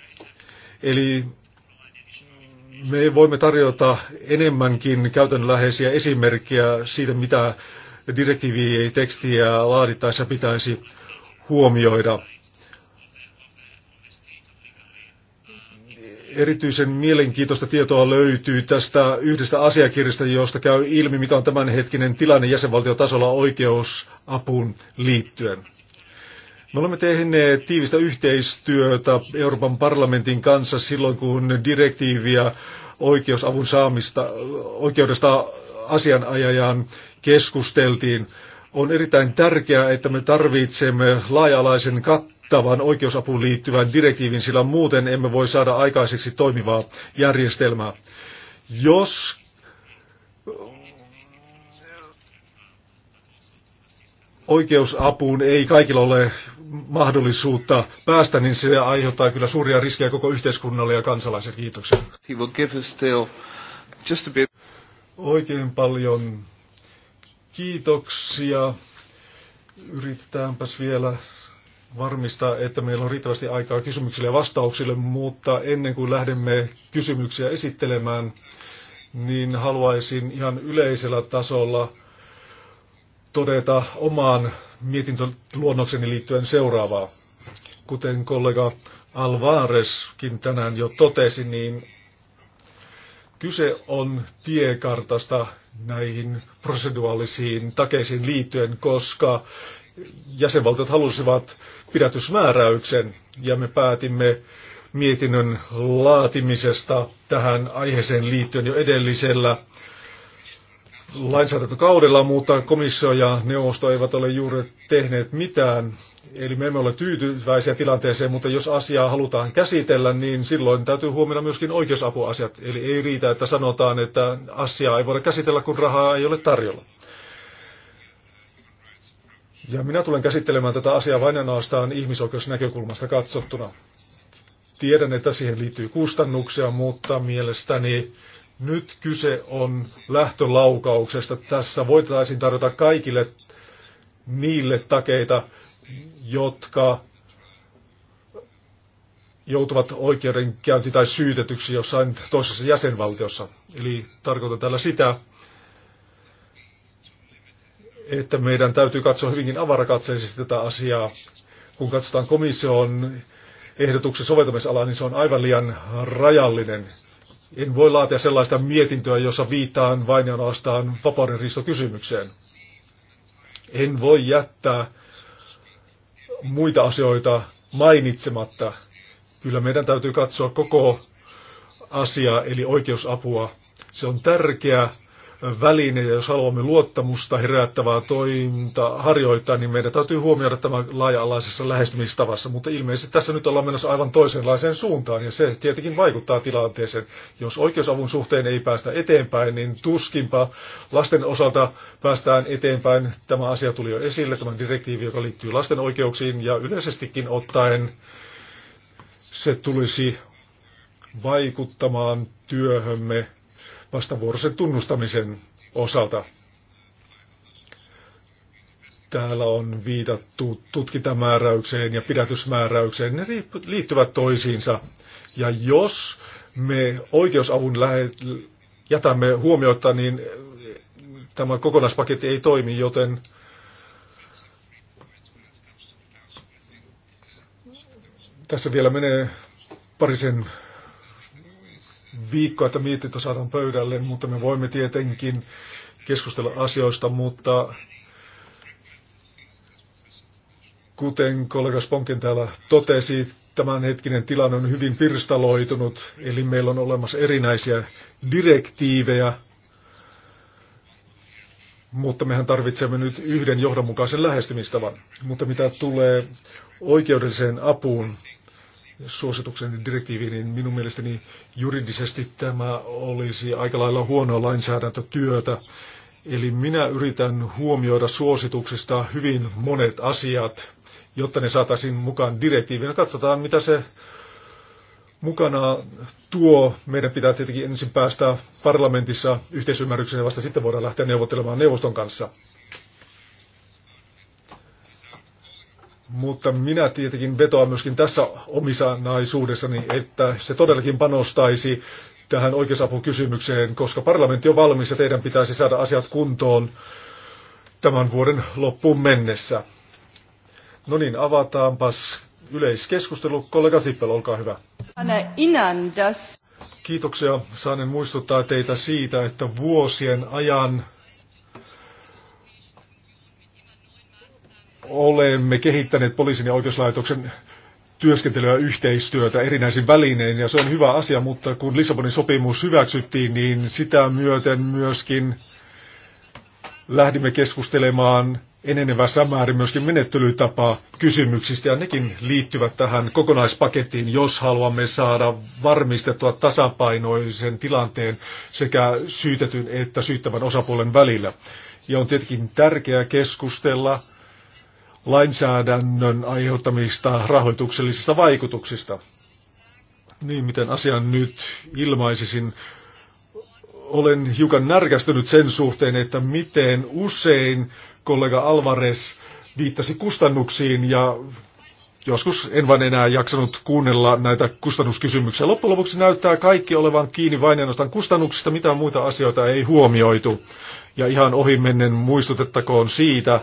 Eli me voimme tarjota enemmänkin käytännönläheisiä esimerkkejä siitä, mitä direktiivitekstiä laadittaessa pitäisi huomioida. erityisen mielenkiintoista tietoa löytyy tästä yhdestä asiakirjasta, josta käy ilmi, mikä on tämänhetkinen tilanne jäsenvaltiotasolla oikeusapuun liittyen. Me olemme tehneet tiivistä yhteistyötä Euroopan parlamentin kanssa silloin, kun direktiiviä oikeusavun saamista, oikeudesta asianajajan keskusteltiin. On erittäin tärkeää, että me tarvitsemme laaja-alaisen kat- mittavan oikeusapuun liittyvän direktiivin, sillä muuten emme voi saada aikaiseksi toimivaa järjestelmää. Jos äh, oikeusapuun ei kaikilla ole mahdollisuutta päästä, niin se aiheuttaa kyllä suuria riskejä koko yhteiskunnalle ja kansalaisille. Kiitoksia. Oikein paljon kiitoksia. Yritetäänpäs vielä varmistaa, että meillä on riittävästi aikaa kysymyksille ja vastauksille, mutta ennen kuin lähdemme kysymyksiä esittelemään, niin haluaisin ihan yleisellä tasolla todeta omaan mietintöluonnokseni liittyen seuraavaa. Kuten kollega Alvarezkin tänään jo totesi, niin kyse on tiekartasta näihin proseduaalisiin takeisiin liittyen, koska jäsenvaltiot halusivat pidätysmääräyksen ja me päätimme mietinnön laatimisesta tähän aiheeseen liittyen jo edellisellä lainsäädäntökaudella, mutta komissio ja neuvosto eivät ole juuri tehneet mitään. Eli me emme ole tyytyväisiä tilanteeseen, mutta jos asiaa halutaan käsitellä, niin silloin täytyy huomioida myöskin oikeusapuasiat. Eli ei riitä, että sanotaan, että asiaa ei voida käsitellä, kun rahaa ei ole tarjolla. Ja minä tulen käsittelemään tätä asiaa vain ainoastaan ihmisoikeusnäkökulmasta katsottuna. Tiedän, että siihen liittyy kustannuksia, mutta mielestäni nyt kyse on lähtölaukauksesta. Tässä voitaisiin tarjota kaikille niille takeita, jotka joutuvat oikeudenkäynti tai syytetyksi jossain toisessa jäsenvaltiossa. Eli tarkoitan tällä sitä, että meidän täytyy katsoa hyvinkin avarakatseisesti tätä asiaa. Kun katsotaan komission ehdotuksen soveltamisalaa, niin se on aivan liian rajallinen. En voi laatia sellaista mietintöä, jossa viittaan vain ja ainoastaan kysymykseen. En voi jättää muita asioita mainitsematta. Kyllä meidän täytyy katsoa koko asia, eli oikeusapua. Se on tärkeä väline, ja jos haluamme luottamusta herättävää toimintaa harjoittaa, niin meidän täytyy huomioida tämä laaja-alaisessa lähestymistavassa, mutta ilmeisesti tässä nyt ollaan menossa aivan toisenlaiseen suuntaan, ja se tietenkin vaikuttaa tilanteeseen. Jos oikeusavun suhteen ei päästä eteenpäin, niin tuskinpa lasten osalta päästään eteenpäin. Tämä asia tuli jo esille, tämä direktiivi, joka liittyy lasten oikeuksiin, ja yleisestikin ottaen se tulisi vaikuttamaan työhömme vastavuoroisen tunnustamisen osalta. Täällä on viitattu tutkintamääräykseen ja pidätysmääräykseen. Ne liittyvät toisiinsa. Ja jos me oikeusavun lähet jätämme huomiota, niin tämä kokonaispaketti ei toimi, joten tässä vielä menee parisen Viikkoa että mietintö saadaan pöydälle, mutta me voimme tietenkin keskustella asioista, mutta kuten kollega Sponkin täällä totesi, tämänhetkinen tilanne on hyvin pirstaloitunut, eli meillä on olemassa erinäisiä direktiivejä, mutta mehän tarvitsemme nyt yhden johdonmukaisen lähestymistavan. Mutta mitä tulee oikeudelliseen apuun, suosituksen direktiiviin, niin minun mielestäni juridisesti tämä olisi aika lailla huonoa lainsäädäntötyötä. Eli minä yritän huomioida suosituksista hyvin monet asiat, jotta ne saataisiin mukaan direktiiviin. Katsotaan, mitä se mukana tuo. Meidän pitää tietenkin ensin päästä parlamentissa yhteisymmärrykseen ja vasta sitten voidaan lähteä neuvottelemaan neuvoston kanssa. Mutta minä tietenkin vetoan myöskin tässä omisanaisuudessani, että se todellakin panostaisi tähän oikeusapukysymykseen, koska parlamentti on valmis ja teidän pitäisi saada asiat kuntoon tämän vuoden loppuun mennessä. No niin, avataanpas yleiskeskustelu. Kollega Sippel, olkaa hyvä. Kiitoksia. Saanen muistuttaa teitä siitä, että vuosien ajan olemme kehittäneet poliisin ja oikeuslaitoksen työskentelyä yhteistyötä erinäisin välinein ja se on hyvä asia, mutta kun Lissabonin sopimus hyväksyttiin, niin sitä myöten myöskin lähdimme keskustelemaan enenevässä määrin myöskin menettelytapa kysymyksistä ja nekin liittyvät tähän kokonaispakettiin, jos haluamme saada varmistettua tasapainoisen tilanteen sekä syytetyn että syyttävän osapuolen välillä. Ja on tietenkin tärkeää keskustella lainsäädännön aiheuttamista rahoituksellisista vaikutuksista. Niin, miten asian nyt ilmaisisin. Olen hiukan närkästynyt sen suhteen, että miten usein kollega Alvarez viittasi kustannuksiin ja joskus en vain enää jaksanut kuunnella näitä kustannuskysymyksiä. Loppujen lopuksi näyttää kaikki olevan kiinni vain ainoastaan kustannuksista, mitä muita asioita ei huomioitu. Ja ihan ohimennen muistutettakoon siitä,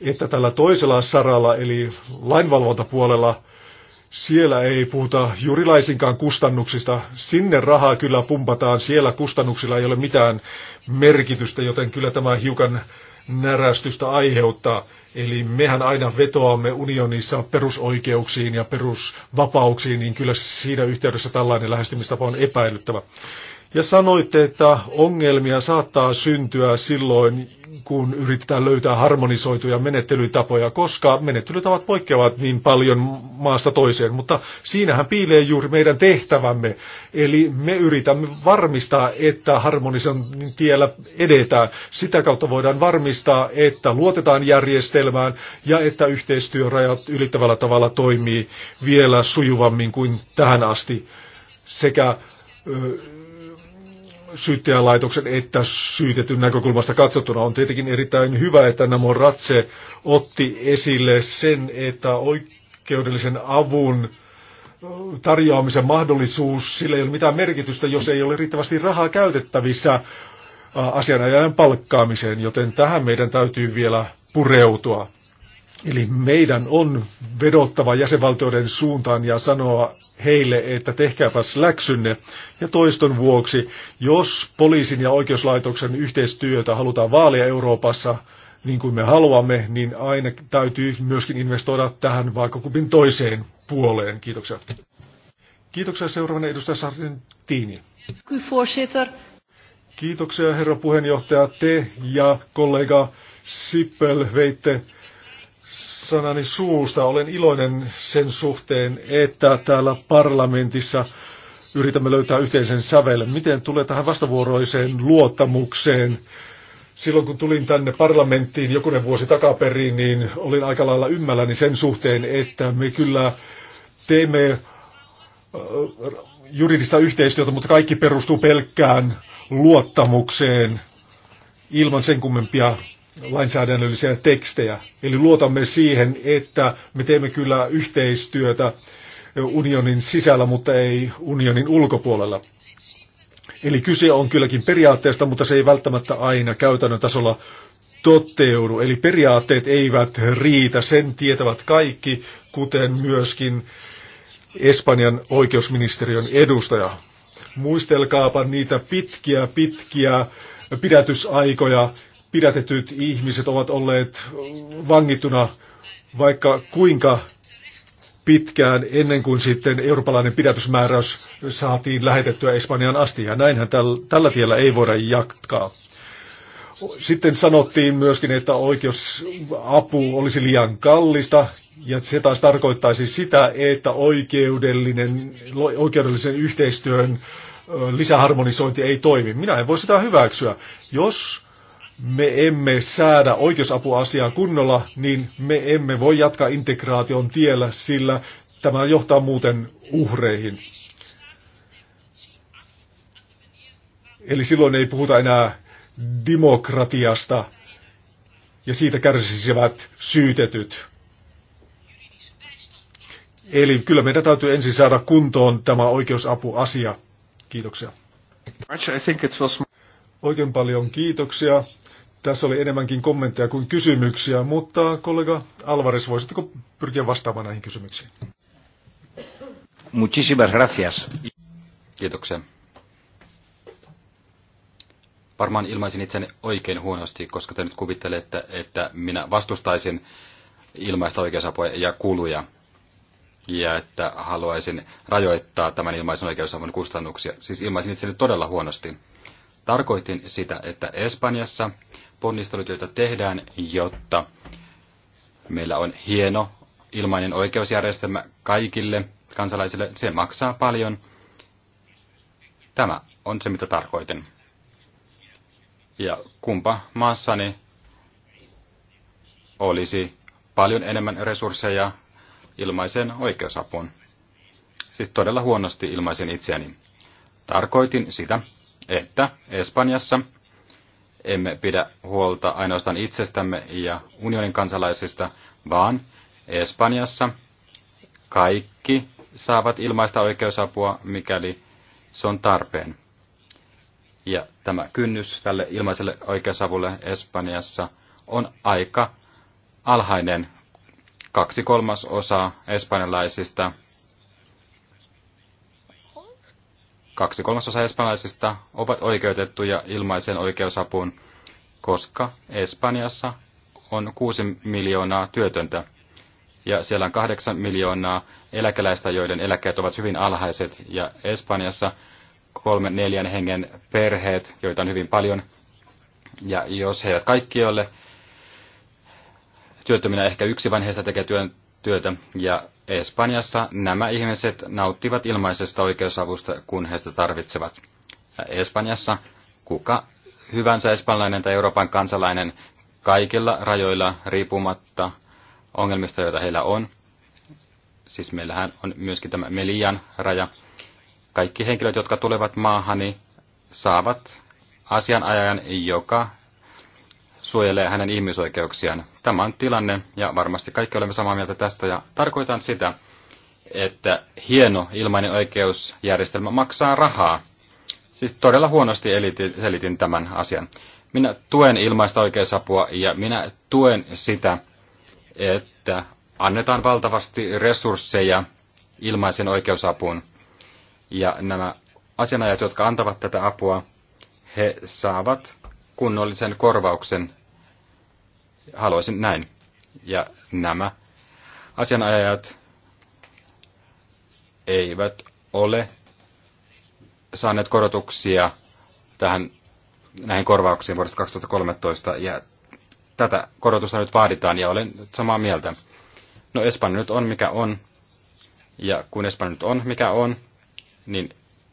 että tällä toisella saralla, eli lainvalvontapuolella, siellä ei puhuta jurilaisinkaan kustannuksista. Sinne rahaa kyllä pumpataan, siellä kustannuksilla ei ole mitään merkitystä, joten kyllä tämä hiukan närästystä aiheuttaa. Eli mehän aina vetoamme unionissa perusoikeuksiin ja perusvapauksiin, niin kyllä siinä yhteydessä tällainen lähestymistapa on epäilyttävä. Ja sanoitte, että ongelmia saattaa syntyä silloin, kun yritetään löytää harmonisoituja menettelytapoja, koska menettelytavat poikkeavat niin paljon maasta toiseen, mutta siinähän piilee juuri meidän tehtävämme. Eli me yritämme varmistaa, että harmonisen tiellä edetään. Sitä kautta voidaan varmistaa, että luotetaan järjestelmään ja että yhteistyörajat ylittävällä tavalla toimii vielä sujuvammin kuin tähän asti. Sekä syyttäjälaitoksen että syytetyn näkökulmasta katsottuna. On tietenkin erittäin hyvä, että Namo Ratse otti esille sen, että oikeudellisen avun tarjoamisen mahdollisuus, sillä ei ole mitään merkitystä, jos ei ole riittävästi rahaa käytettävissä asianajajan palkkaamiseen, joten tähän meidän täytyy vielä pureutua. Eli meidän on vedottava jäsenvaltioiden suuntaan ja sanoa heille, että tehkääpäs läksynne. Ja toiston vuoksi, jos poliisin ja oikeuslaitoksen yhteistyötä halutaan vaalia Euroopassa, niin kuin me haluamme, niin aina täytyy myöskin investoida tähän kupin toiseen puoleen. Kiitoksia. Kiitoksia seuraavana edustaja Sargentini. Kiitoksia herra puheenjohtaja, te ja kollega Sippel veitte sanani suusta. Olen iloinen sen suhteen, että täällä parlamentissa yritämme löytää yhteisen sävelen. Miten tulee tähän vastavuoroiseen luottamukseen? Silloin kun tulin tänne parlamenttiin jokunen vuosi takaperin, niin olin aika lailla ymmälläni sen suhteen, että me kyllä teemme juridista yhteistyötä, mutta kaikki perustuu pelkkään luottamukseen ilman sen kummempia lainsäädännöllisiä tekstejä. Eli luotamme siihen, että me teemme kyllä yhteistyötä unionin sisällä, mutta ei unionin ulkopuolella. Eli kyse on kylläkin periaatteesta, mutta se ei välttämättä aina käytännön tasolla toteudu. Eli periaatteet eivät riitä, sen tietävät kaikki, kuten myöskin Espanjan oikeusministeriön edustaja. Muistelkaapa niitä pitkiä, pitkiä pidätysaikoja, pidätetyt ihmiset ovat olleet vangittuna vaikka kuinka pitkään ennen kuin sitten eurooppalainen pidätysmääräys saatiin lähetettyä Espanjaan asti. Ja näinhän täl, tällä tiellä ei voida jatkaa. Sitten sanottiin myöskin, että oikeusapu olisi liian kallista, ja se taas tarkoittaisi sitä, että oikeudellinen, oikeudellisen yhteistyön lisäharmonisointi ei toimi. Minä en voi sitä hyväksyä. Jos me emme säädä oikeusapuasiaa kunnolla, niin me emme voi jatkaa integraation tiellä, sillä tämä johtaa muuten uhreihin. Eli silloin ei puhuta enää demokratiasta ja siitä kärsisivät syytetyt. Eli kyllä meidän täytyy ensin saada kuntoon tämä oikeusapuasia. Kiitoksia. Oikein paljon kiitoksia. Tässä oli enemmänkin kommentteja kuin kysymyksiä, mutta kollega Alvaris, voisitteko pyrkiä vastaamaan näihin kysymyksiin? Muchísimas gracias. Kiitoksia. Varmaan ilmaisin itseni oikein huonosti, koska te nyt kuvittelette, että minä vastustaisin ilmaista oikeusapua ja kuluja ja että haluaisin rajoittaa tämän ilmaisen oikeusavun kustannuksia. Siis ilmaisin itseni todella huonosti. Tarkoitin sitä, että Espanjassa ponnistelut, joita tehdään, jotta meillä on hieno ilmainen oikeusjärjestelmä kaikille kansalaisille. Se maksaa paljon. Tämä on se, mitä tarkoitin. Ja kumpa maassani olisi paljon enemmän resursseja ilmaiseen oikeusapuun. Siis todella huonosti ilmaisen itseäni. Tarkoitin sitä, että Espanjassa – emme pidä huolta ainoastaan itsestämme ja unionin kansalaisista, vaan Espanjassa kaikki saavat ilmaista oikeusapua, mikäli se on tarpeen. Ja tämä kynnys tälle ilmaiselle oikeusavulle Espanjassa on aika alhainen. Kaksi kolmasosaa espanjalaisista kaksi kolmasosa espanjalaisista ovat oikeutettuja ilmaiseen oikeusapuun, koska Espanjassa on 6 miljoonaa työtöntä ja siellä on 8 miljoonaa eläkeläistä, joiden eläkkeet ovat hyvin alhaiset ja Espanjassa kolme neljän hengen perheet, joita on hyvin paljon, ja jos he eivät kaikki ole työttöminä, ehkä yksi vanheista tekee työn, työtä, ja Espanjassa nämä ihmiset nauttivat ilmaisesta oikeusavusta, kun heistä tarvitsevat. Ja Espanjassa kuka hyvänsä espanjalainen tai Euroopan kansalainen kaikilla rajoilla riippumatta ongelmista, joita heillä on. Siis meillähän on myöskin tämä Melian raja. Kaikki henkilöt, jotka tulevat maahani, saavat asianajajan, joka suojelee hänen ihmisoikeuksiaan. Tämä on tilanne, ja varmasti kaikki olemme samaa mieltä tästä, ja tarkoitan sitä, että hieno ilmainen oikeusjärjestelmä maksaa rahaa. Siis todella huonosti selitin tämän asian. Minä tuen ilmaista oikeusapua ja minä tuen sitä, että annetaan valtavasti resursseja ilmaisen oikeusapuun. Ja nämä asianajat, jotka antavat tätä apua, he saavat kunnollisen korvauksen. Haluaisin näin. Ja nämä asianajajat eivät ole saaneet korotuksia tähän, näihin korvauksiin vuodesta 2013, ja tätä korotusta nyt vaaditaan, ja olen samaa mieltä. No Espanja nyt on mikä on, ja kun Espanja nyt on mikä on, niin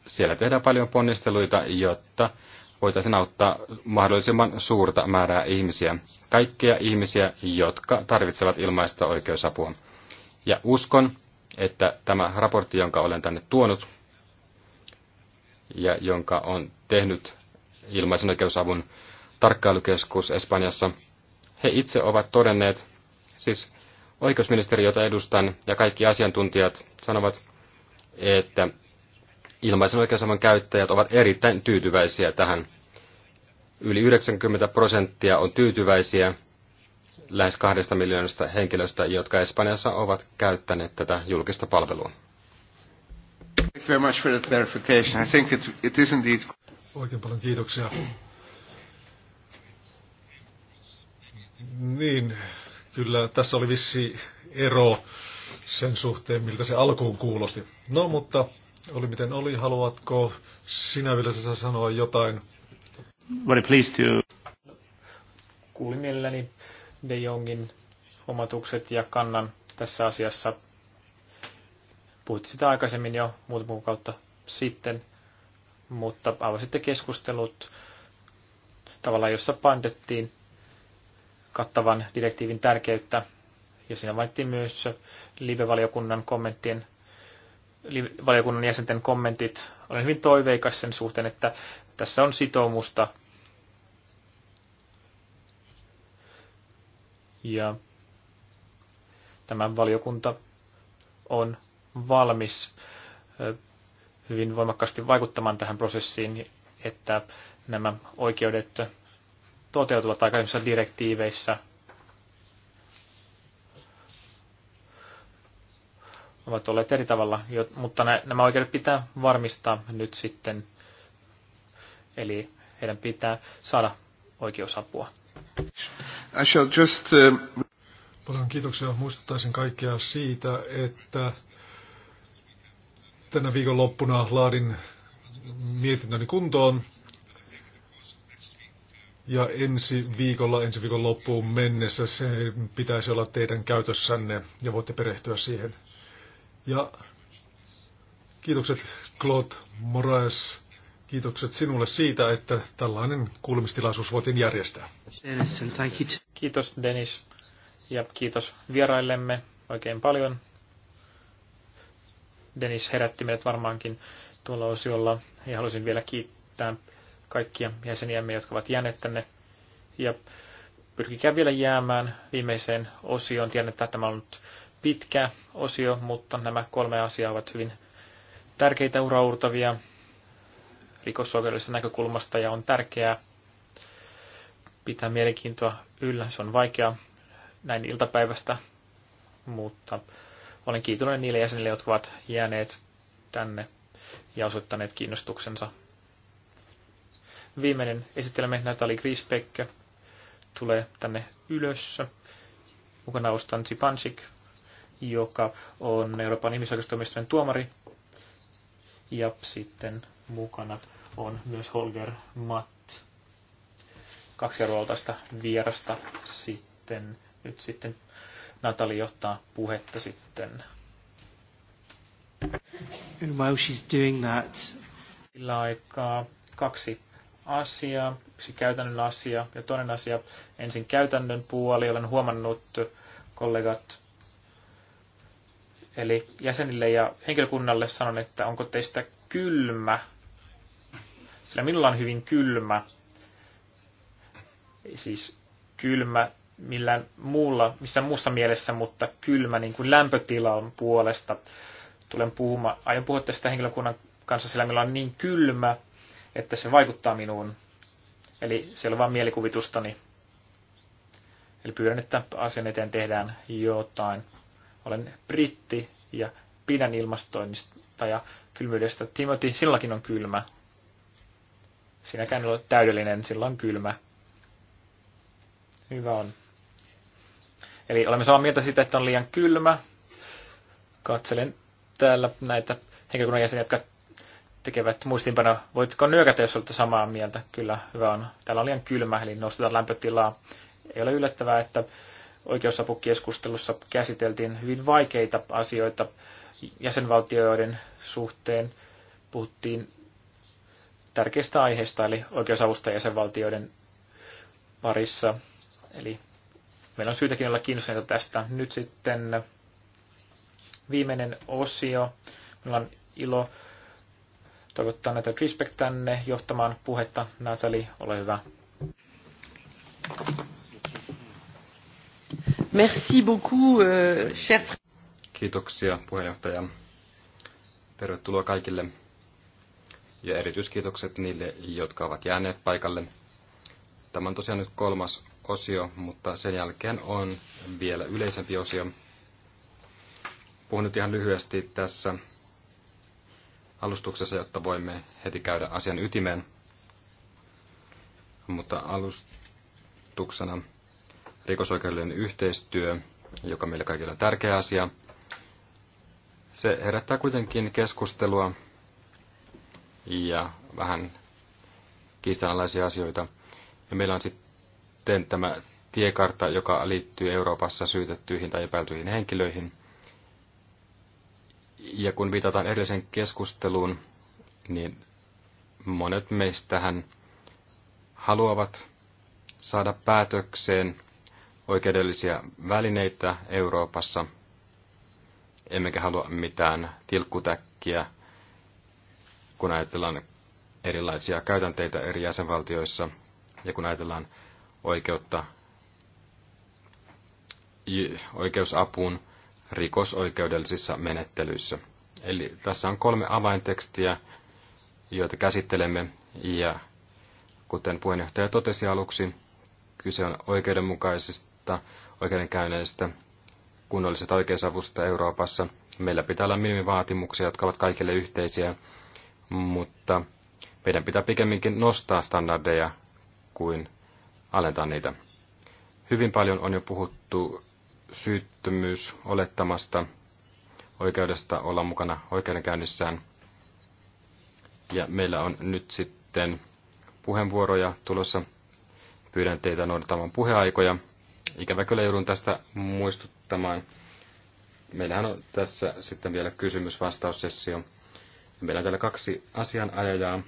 siellä tehdään paljon ponnisteluita, jotta voitaisiin auttaa mahdollisimman suurta määrää ihmisiä, kaikkia ihmisiä, jotka tarvitsevat ilmaista oikeusapua. Ja uskon, että tämä raportti, jonka olen tänne tuonut ja jonka on tehnyt ilmaisen oikeusavun tarkkailukeskus Espanjassa, he itse ovat todenneet, siis oikeusministeri, jota edustan, ja kaikki asiantuntijat sanovat, että ilmaisen oikeusavan käyttäjät ovat erittäin tyytyväisiä tähän. Yli 90 prosenttia on tyytyväisiä lähes kahdesta miljoonasta henkilöstä, jotka Espanjassa ovat käyttäneet tätä julkista palvelua. Oikein paljon kiitoksia. Niin, kyllä tässä oli vissi ero sen suhteen, miltä se alkuun kuulosti. No, mutta oli miten oli, haluatko sinä vielä sanoa jotain? Very pleased to... Kuulin mielelläni De Jongin omatukset ja kannan tässä asiassa. Puhutti sitä aikaisemmin jo muutaman kautta sitten, mutta avasitte keskustelut tavallaan, jossa pandettiin kattavan direktiivin tärkeyttä. Ja siinä mainittiin myös live kommenttien valiokunnan jäsenten kommentit. Olen hyvin toiveikas sen suhteen, että tässä on sitoumusta. Ja tämä valiokunta on valmis hyvin voimakkaasti vaikuttamaan tähän prosessiin, että nämä oikeudet toteutuvat aikaisemmissa direktiiveissä – ovat olleet eri tavalla, mutta nämä oikeudet pitää varmistaa nyt sitten. Eli heidän pitää saada oikeusapua. I shall just, uh... Paljon kiitoksia. Muistuttaisin kaikkia siitä, että tänä viikon loppuna laadin mietintöni kuntoon. Ja ensi viikolla, ensi viikon loppuun mennessä se pitäisi olla teidän käytössänne ja voitte perehtyä siihen. Ja kiitokset Claude Moraes, kiitokset sinulle siitä, että tällainen kuulemistilaisuus voitiin järjestää. Kiitos Dennis ja kiitos vieraillemme oikein paljon. Dennis herätti meidät varmaankin tuolla osiolla ja haluaisin vielä kiittää kaikkia jäseniämme, jotka ovat jääneet tänne ja pyrkikää vielä jäämään viimeiseen osioon. Tiedän, että tämä on ollut pitkä osio, mutta nämä kolme asiaa ovat hyvin tärkeitä uraurtavia rikosoikeudellisesta näkökulmasta ja on tärkeää pitää mielenkiintoa yllä. Se on vaikea näin iltapäivästä, mutta olen kiitollinen niille jäsenille, jotka ovat jääneet tänne ja osoittaneet kiinnostuksensa. Viimeinen esittelemme Natalie Grisbeck tulee tänne ylös. Mukana ostan Stansi joka on Euroopan ihmisoikeustuomioistuimen tuomari. Ja sitten mukana on myös Holger Matt, kaksi arvoltaista vierasta. Sitten, nyt sitten Natali johtaa puhetta sitten. And while she's doing that... Sillä aikaa kaksi asiaa. yksi käytännön asia ja toinen asia, ensin käytännön puoli. Olen huomannut kollegat, Eli jäsenille ja henkilökunnalle sanon, että onko teistä kylmä, sillä minulla on hyvin kylmä. Siis kylmä millään muulla, missään muussa mielessä, mutta kylmä niin kuin lämpötilan puolesta. Tulen puhumaan, aion puhua tästä henkilökunnan kanssa, sillä minulla on niin kylmä, että se vaikuttaa minuun. Eli se on vain mielikuvitustani. Eli pyydän, että asian eteen tehdään jotain. Olen britti ja pidän ilmastoinnista ja kylmyydestä. Timothy, silläkin on kylmä. Sinäkään ole täydellinen, sillä on kylmä. Hyvä on. Eli olemme samaa mieltä siitä, että on liian kylmä. Katselen täällä näitä henkilökunnan jäseniä, jotka tekevät muistiinpano. Voitko nyökätä, jos olette samaa mieltä? Kyllä, hyvä on. Täällä on liian kylmä, eli nostetaan lämpötilaa. Ei ole yllättävää, että oikeusapukeskustelussa käsiteltiin hyvin vaikeita asioita jäsenvaltioiden suhteen. Puhuttiin tärkeistä aiheista, eli oikeusavusta jäsenvaltioiden parissa. Eli meillä on syytäkin olla kiinnostuneita tästä. Nyt sitten viimeinen osio. Meillä on ilo toivottaa näitä Respect tänne johtamaan puhetta. Natalie, ole hyvä. Merci beaucoup, euh, cher... Kiitoksia puheenjohtaja. Tervetuloa kaikille. Ja erityiskiitokset niille, jotka ovat jääneet paikalle. Tämä on tosiaan nyt kolmas osio, mutta sen jälkeen on vielä yleisempi osio. Puhun nyt ihan lyhyesti tässä alustuksessa, jotta voimme heti käydä asian ytimeen. Mutta alustuksena rikosoikeudellinen yhteistyö, joka meillä kaikilla on tärkeä asia. Se herättää kuitenkin keskustelua ja vähän kiistanalaisia asioita. Ja meillä on sitten tämä tiekartta, joka liittyy Euroopassa syytettyihin tai epäiltyihin henkilöihin. Ja kun viitataan erilliseen keskusteluun, niin monet meistähän haluavat saada päätökseen oikeudellisia välineitä Euroopassa, emmekä halua mitään tilkkutäkkiä, kun ajatellaan erilaisia käytänteitä eri jäsenvaltioissa ja kun ajatellaan oikeutta oikeusapuun rikosoikeudellisissa menettelyissä. Eli tässä on kolme avaintekstiä, joita käsittelemme, ja kuten puheenjohtaja totesi aluksi, kyse on oikeudenmukaisesta tuhatta oikeudenkäynneistä kunnolliset oikeusavusta Euroopassa. Meillä pitää olla minimivaatimuksia, jotka ovat kaikille yhteisiä, mutta meidän pitää pikemminkin nostaa standardeja kuin alentaa niitä. Hyvin paljon on jo puhuttu syyttömyys olettamasta oikeudesta olla mukana oikeudenkäynnissään. Ja meillä on nyt sitten puheenvuoroja tulossa. Pyydän teitä noudattamaan puheaikoja. Ikävä kyllä joudun tästä muistuttamaan. Meillähän on tässä sitten vielä kysymys-vastaussessio. Meillä on täällä kaksi asianajajaa.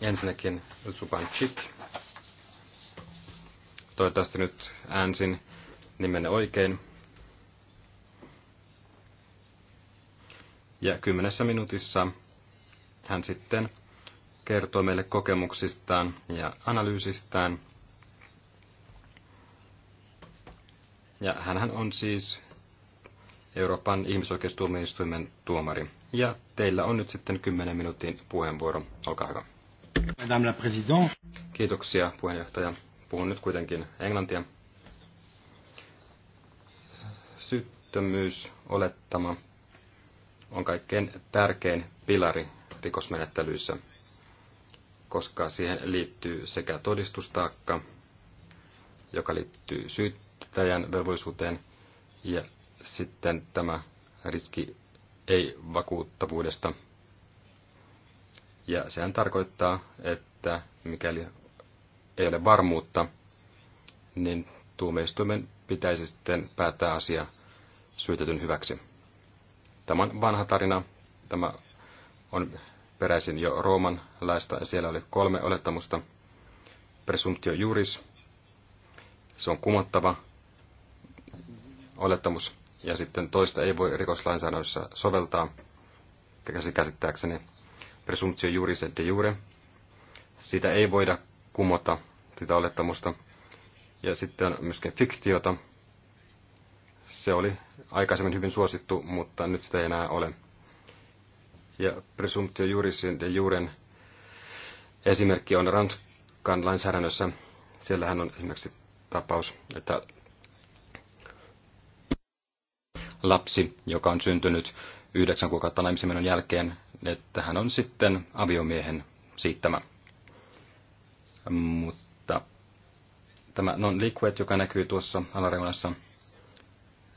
Ensinnäkin Zuban Chik. Toivottavasti nyt äänsin nimenne oikein. Ja kymmenessä minuutissa hän sitten kertoo meille kokemuksistaan ja analyysistään Ja hänhän on siis Euroopan ihmisoikeustuomioistuimen tuomari. Ja teillä on nyt sitten 10 minuutin puheenvuoro. Olkaa hyvä. Madame la Présidente. Kiitoksia puheenjohtaja. Puhun nyt kuitenkin englantia. Syyttömyys olettama on kaikkein tärkein pilari rikosmenettelyissä, koska siihen liittyy sekä todistustaakka, joka liittyy syyt yrittäjän velvollisuuteen ja sitten tämä riski ei-vakuuttavuudesta. Ja sehän tarkoittaa, että mikäli ei ole varmuutta, niin tuomioistuimen pitäisi sitten päättää asia syytetyn hyväksi. Tämä on vanha tarina. Tämä on peräisin jo Rooman laista. Siellä oli kolme olettamusta. Presumptio juris. Se on kumottava olettamus, ja sitten toista ei voi rikoslainsäädännössä soveltaa, käsittääkseni presumptio juris et de jure. Sitä ei voida kumota, sitä olettamusta. Ja sitten myöskin fiktiota. Se oli aikaisemmin hyvin suosittu, mutta nyt sitä ei enää ole. Ja presumptio juris de juren esimerkki on Ranskan lainsäädännössä. Siellähän on esimerkiksi tapaus, että lapsi, joka on syntynyt yhdeksän kuukautta naimisimenon jälkeen, että hän on sitten aviomiehen siittämä. Mutta tämä non-liquid, joka näkyy tuossa alareunassa,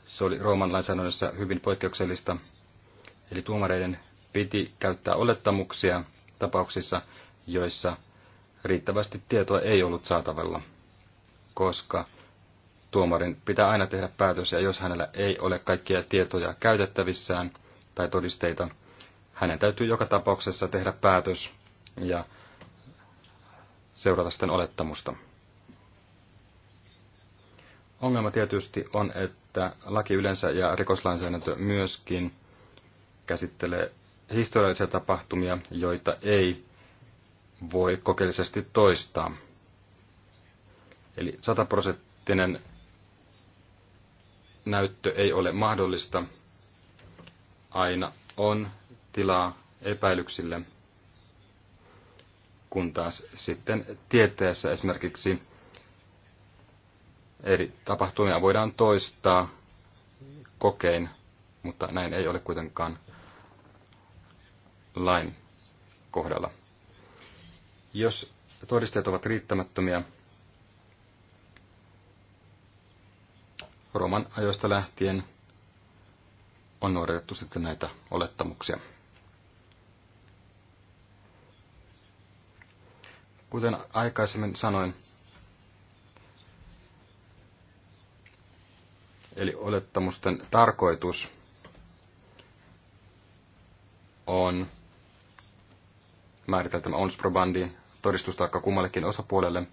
se oli Rooman lainsäädännössä hyvin poikkeuksellista. Eli tuomareiden piti käyttää olettamuksia tapauksissa, joissa riittävästi tietoa ei ollut saatavilla, koska tuomarin pitää aina tehdä päätös, ja jos hänellä ei ole kaikkia tietoja käytettävissään tai todisteita, hänen täytyy joka tapauksessa tehdä päätös ja seurata sitten olettamusta. Ongelma tietysti on, että laki yleensä ja rikoslainsäädäntö myöskin käsittelee historiallisia tapahtumia, joita ei voi kokeellisesti toistaa. Eli sataprosenttinen näyttö ei ole mahdollista, aina on tilaa epäilyksille, kun taas sitten tieteessä esimerkiksi eri tapahtumia voidaan toistaa kokein, mutta näin ei ole kuitenkaan lain kohdalla. Jos todisteet ovat riittämättömiä, Roman ajoista lähtien on noudatettu sitten näitä olettamuksia. Kuten aikaisemmin sanoin, eli olettamusten tarkoitus on määritellä tämä ons probandi todistustaakka kummallekin osapuolelle.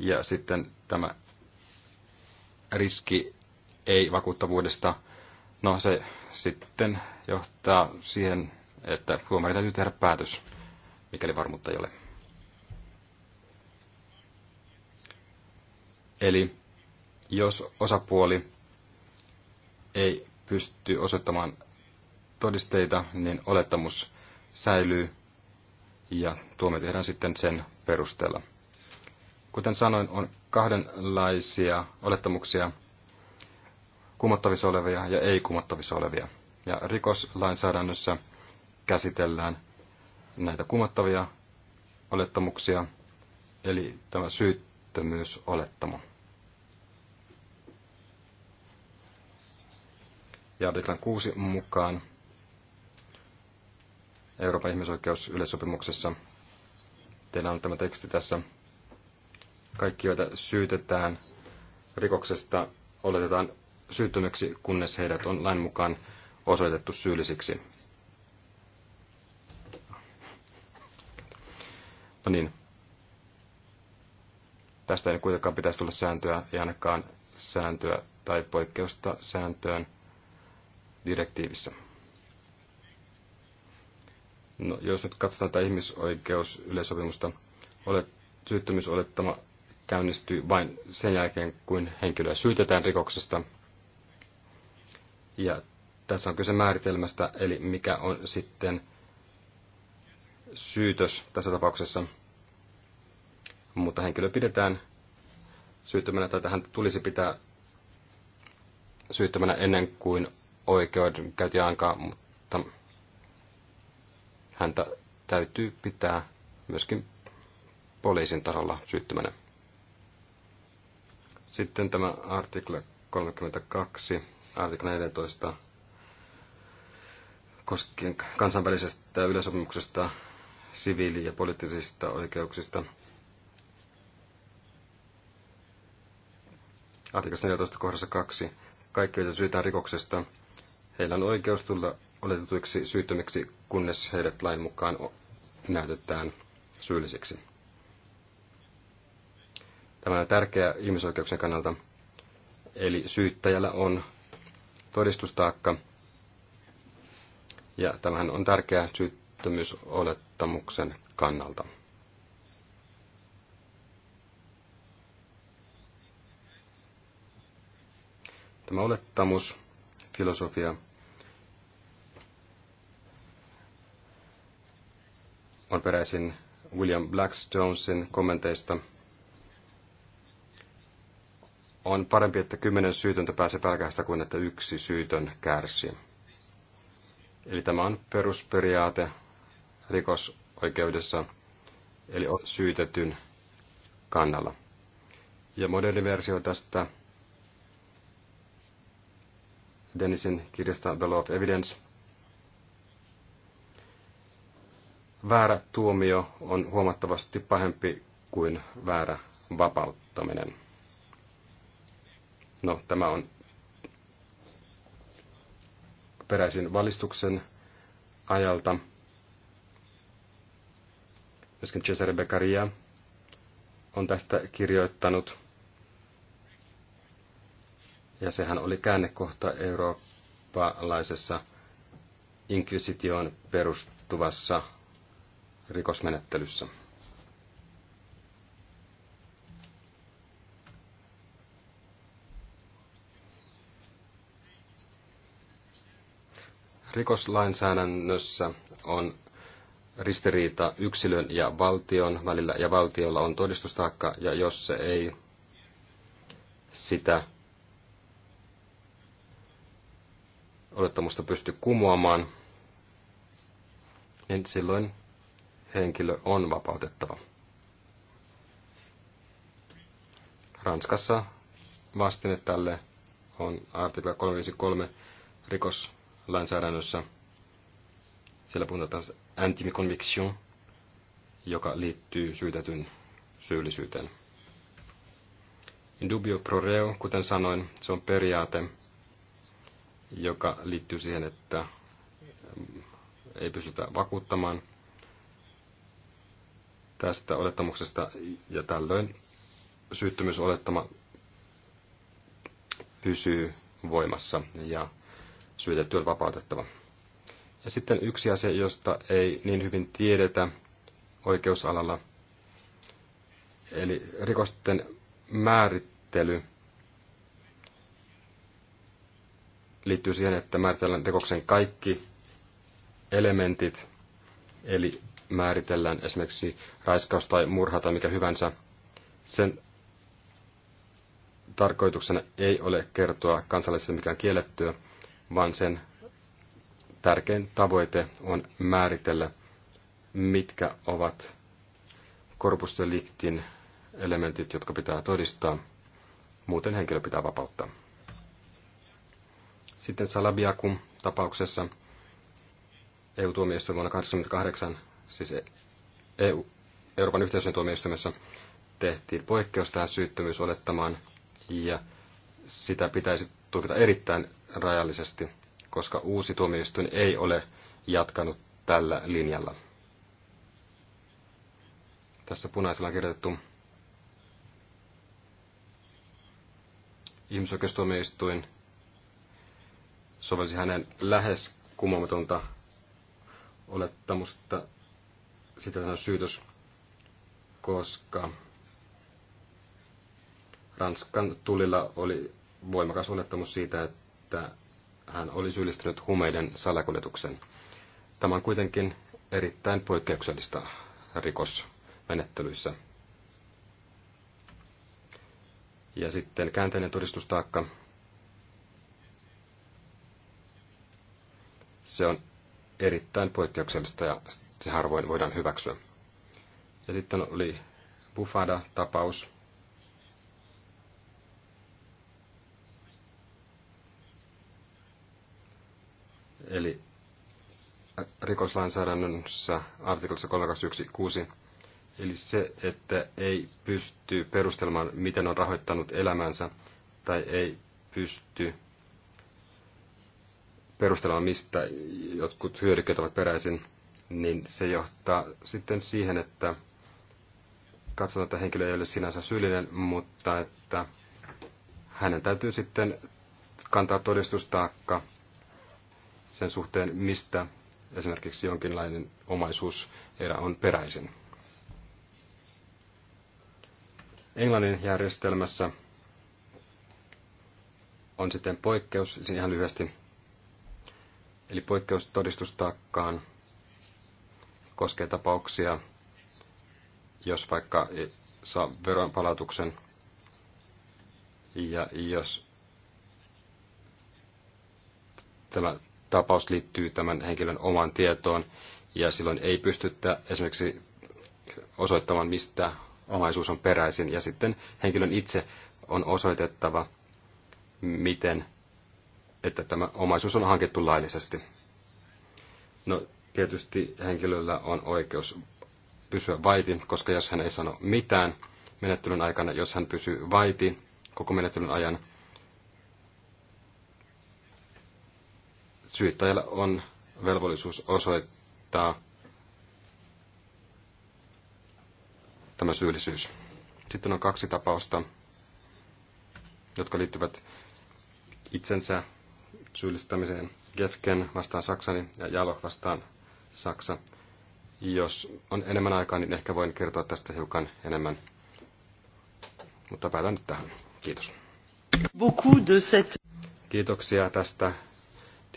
Ja sitten tämä riski ei-vakuuttavuudesta, no se sitten johtaa siihen, että tuomari täytyy tehdä päätös, mikäli varmuutta ei ole. Eli jos osapuoli ei pysty osoittamaan todisteita, niin olettamus säilyy ja tuomio tehdään sitten sen perusteella. Kuten sanoin, on kahdenlaisia olettamuksia, kumottavissa olevia ja ei-kumottavissa olevia. Ja rikoslainsäädännössä käsitellään näitä kumottavia olettamuksia, eli tämä syyttömyysolettamo. Ja artiklan 6 mukaan Euroopan ihmisoikeusyleissopimuksessa, teillä on tämä teksti tässä, kaikki, joita syytetään rikoksesta, oletetaan syyttömyksi, kunnes heidät on lain mukaan osoitettu syyllisiksi. No niin. Tästä ei kuitenkaan pitäisi tulla sääntöä, ei ainakaan sääntöä tai poikkeusta sääntöön direktiivissä. No, jos nyt katsotaan tätä ihmisoikeusyleisopimusta, olet, syyttömyysolettama käynnistyy vain sen jälkeen, kun henkilöä syytetään rikoksesta. Ja tässä on kyse määritelmästä, eli mikä on sitten syytös tässä tapauksessa. Mutta henkilö pidetään syyttömänä, tai hän tulisi pitää syyttömänä ennen kuin oikeudenkäynti alkaa, mutta häntä täytyy pitää myöskin poliisin tasolla syyttömänä. Sitten tämä artikla 32, artikla 14 koskien kansainvälisestä yleisopimuksesta siviili- ja poliittisista oikeuksista. artikla 14 kohdassa 2. Kaikki, joita syytään rikoksesta, heillä on oikeus tulla oletetuiksi syyttömiksi, kunnes heidät lain mukaan näytetään syylliseksi. Tämä on tärkeä ihmisoikeuksien kannalta. Eli syyttäjällä on todistustaakka. Ja tämähän on tärkeä syyttömyysolettamuksen kannalta. Tämä olettamus, filosofia, on peräisin William Blackstonesin kommenteista – on parempi, että kymmenen syytöntä pääsee pälkähästä kuin että yksi syytön kärsii. Eli tämä on perusperiaate rikosoikeudessa, eli on syytetyn kannalla. Ja moderni versio tästä Dennisin kirjasta The Law of Evidence. Väärä tuomio on huomattavasti pahempi kuin väärä vapauttaminen. No, tämä on peräisin valistuksen ajalta. Myöskin Cesare Beccaria on tästä kirjoittanut. Ja sehän oli käännekohta eurooppalaisessa inkvisitioon perustuvassa rikosmenettelyssä. Rikoslainsäädännössä on ristiriita yksilön ja valtion välillä, ja valtiolla on todistustaakka, ja jos se ei sitä olettamusta pysty kumoamaan, niin silloin henkilö on vapautettava. Ranskassa vastine tälle on artikla 353 rikos lainsäädännössä. Siellä puhutaan antimikon joka liittyy syytetyn syyllisyyteen. Indubio pro reo, kuten sanoin, se on periaate, joka liittyy siihen, että ei pystytä vakuuttamaan tästä olettamuksesta, ja tällöin syyttömyysolettama pysyy voimassa, ja syytetty on vapautettava. Ja sitten yksi asia, josta ei niin hyvin tiedetä oikeusalalla, eli rikosten määrittely liittyy siihen, että määritellään rikoksen kaikki elementit, eli määritellään esimerkiksi raiskaus tai murha tai mikä hyvänsä. Sen tarkoituksena ei ole kertoa kansalaisille mikään kiellettyä, vaan sen tärkein tavoite on määritellä, mitkä ovat korpusteliktin elementit, jotka pitää todistaa. Muuten henkilö pitää vapauttaa. Sitten Salabiakun tapauksessa EU-tuomioistuin vuonna 1988, siis EU, e Euroopan yhteisön tuomioistuimessa, tehtiin poikkeus tähän syyttömyysolettamaan ja sitä pitäisi tulkita erittäin rajallisesti, koska uusi tuomioistuin ei ole jatkanut tällä linjalla. Tässä punaisella on kirjoitettu ihmisoikeustuomioistuin sovelsi hänen lähes kumomatonta olettamusta, sitä on syytös, koska Ranskan tulilla oli voimakas onnettomuus siitä, että hän oli syyllistynyt humeiden salakuljetuksen. Tämä on kuitenkin erittäin poikkeuksellista rikosmenettelyissä. Ja sitten käänteinen todistustaakka. Se on erittäin poikkeuksellista ja se harvoin voidaan hyväksyä. Ja sitten oli Bufada-tapaus, Eli rikoslainsäädännössä artiklassa 321.6, eli se, että ei pysty perustelemaan, miten on rahoittanut elämänsä, tai ei pysty perustelemaan, mistä jotkut hyödykkeet ovat peräisin, niin se johtaa sitten siihen, että katsotaan, että henkilö ei ole sinänsä syyllinen, mutta että hänen täytyy sitten kantaa todistustaakka sen suhteen, mistä esimerkiksi jonkinlainen omaisuus on peräisin. Englannin järjestelmässä on sitten poikkeus, siis ihan lyhyesti, eli poikkeus todistustaakkaan koskee tapauksia, jos vaikka saa veronpalautuksen ja jos tämä tapaus liittyy tämän henkilön omaan tietoon, ja silloin ei pystytä esimerkiksi osoittamaan, mistä omaisuus on peräisin, ja sitten henkilön itse on osoitettava, miten, että tämä omaisuus on hankittu laillisesti. No, tietysti henkilöllä on oikeus pysyä vaiti, koska jos hän ei sano mitään menettelyn aikana, jos hän pysyy vaiti koko menettelyn ajan, syyttäjällä on velvollisuus osoittaa tämä syyllisyys. Sitten on kaksi tapausta, jotka liittyvät itsensä syyllistämiseen. Gefken vastaan Saksani ja Jalo vastaan Saksa. Jos on enemmän aikaa, niin ehkä voin kertoa tästä hiukan enemmän. Mutta päätän nyt tähän. Kiitos. Kiitoksia tästä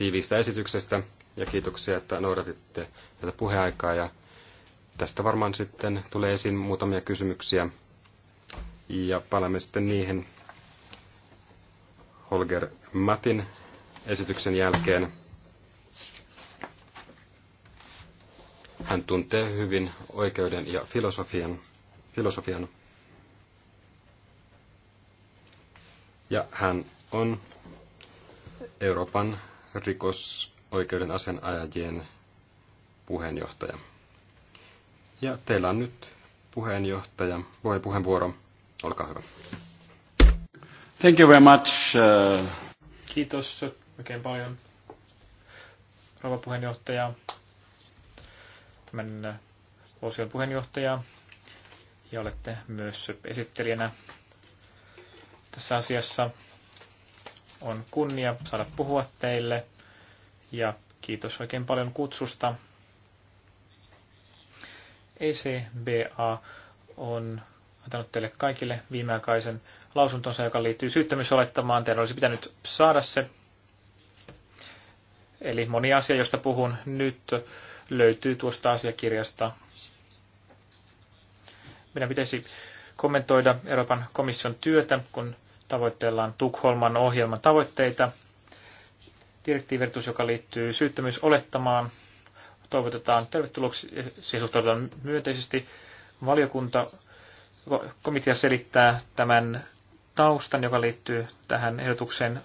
tiiviistä esityksestä ja kiitoksia, että noudatitte tätä puheaikaa ja tästä varmaan sitten tulee esiin muutamia kysymyksiä ja palaamme sitten niihin Holger Matin esityksen jälkeen. Hän tuntee hyvin oikeuden ja filosofian. filosofian. Ja hän on Euroopan rikosoikeuden asianajajien puheenjohtaja. Ja teillä on nyt puheenjohtaja, voi puheenvuoro, olkaa hyvä. Thank you very much. Uh, Kiitos oikein paljon, rouva puheenjohtaja, tämän uh, osion puheenjohtaja, ja olette myös esittelijänä tässä asiassa. On kunnia saada puhua teille ja kiitos oikein paljon kutsusta. ECBA on antanut teille kaikille viimeaikaisen lausuntonsa, joka liittyy syyttämysolettamaan. Teidän olisi pitänyt saada se. Eli moni asia, josta puhun nyt, löytyy tuosta asiakirjasta. Meidän pitäisi kommentoida Euroopan komission työtä, kun Tavoitteellaan Tukholman ohjelman tavoitteita. Direktiivertus, joka liittyy syyttämyysolettamaan, toivotetaan tervetulleeksi ja suhtaudutaan myönteisesti. Valiokunta, komitea selittää tämän taustan, joka liittyy tähän ehdotukseen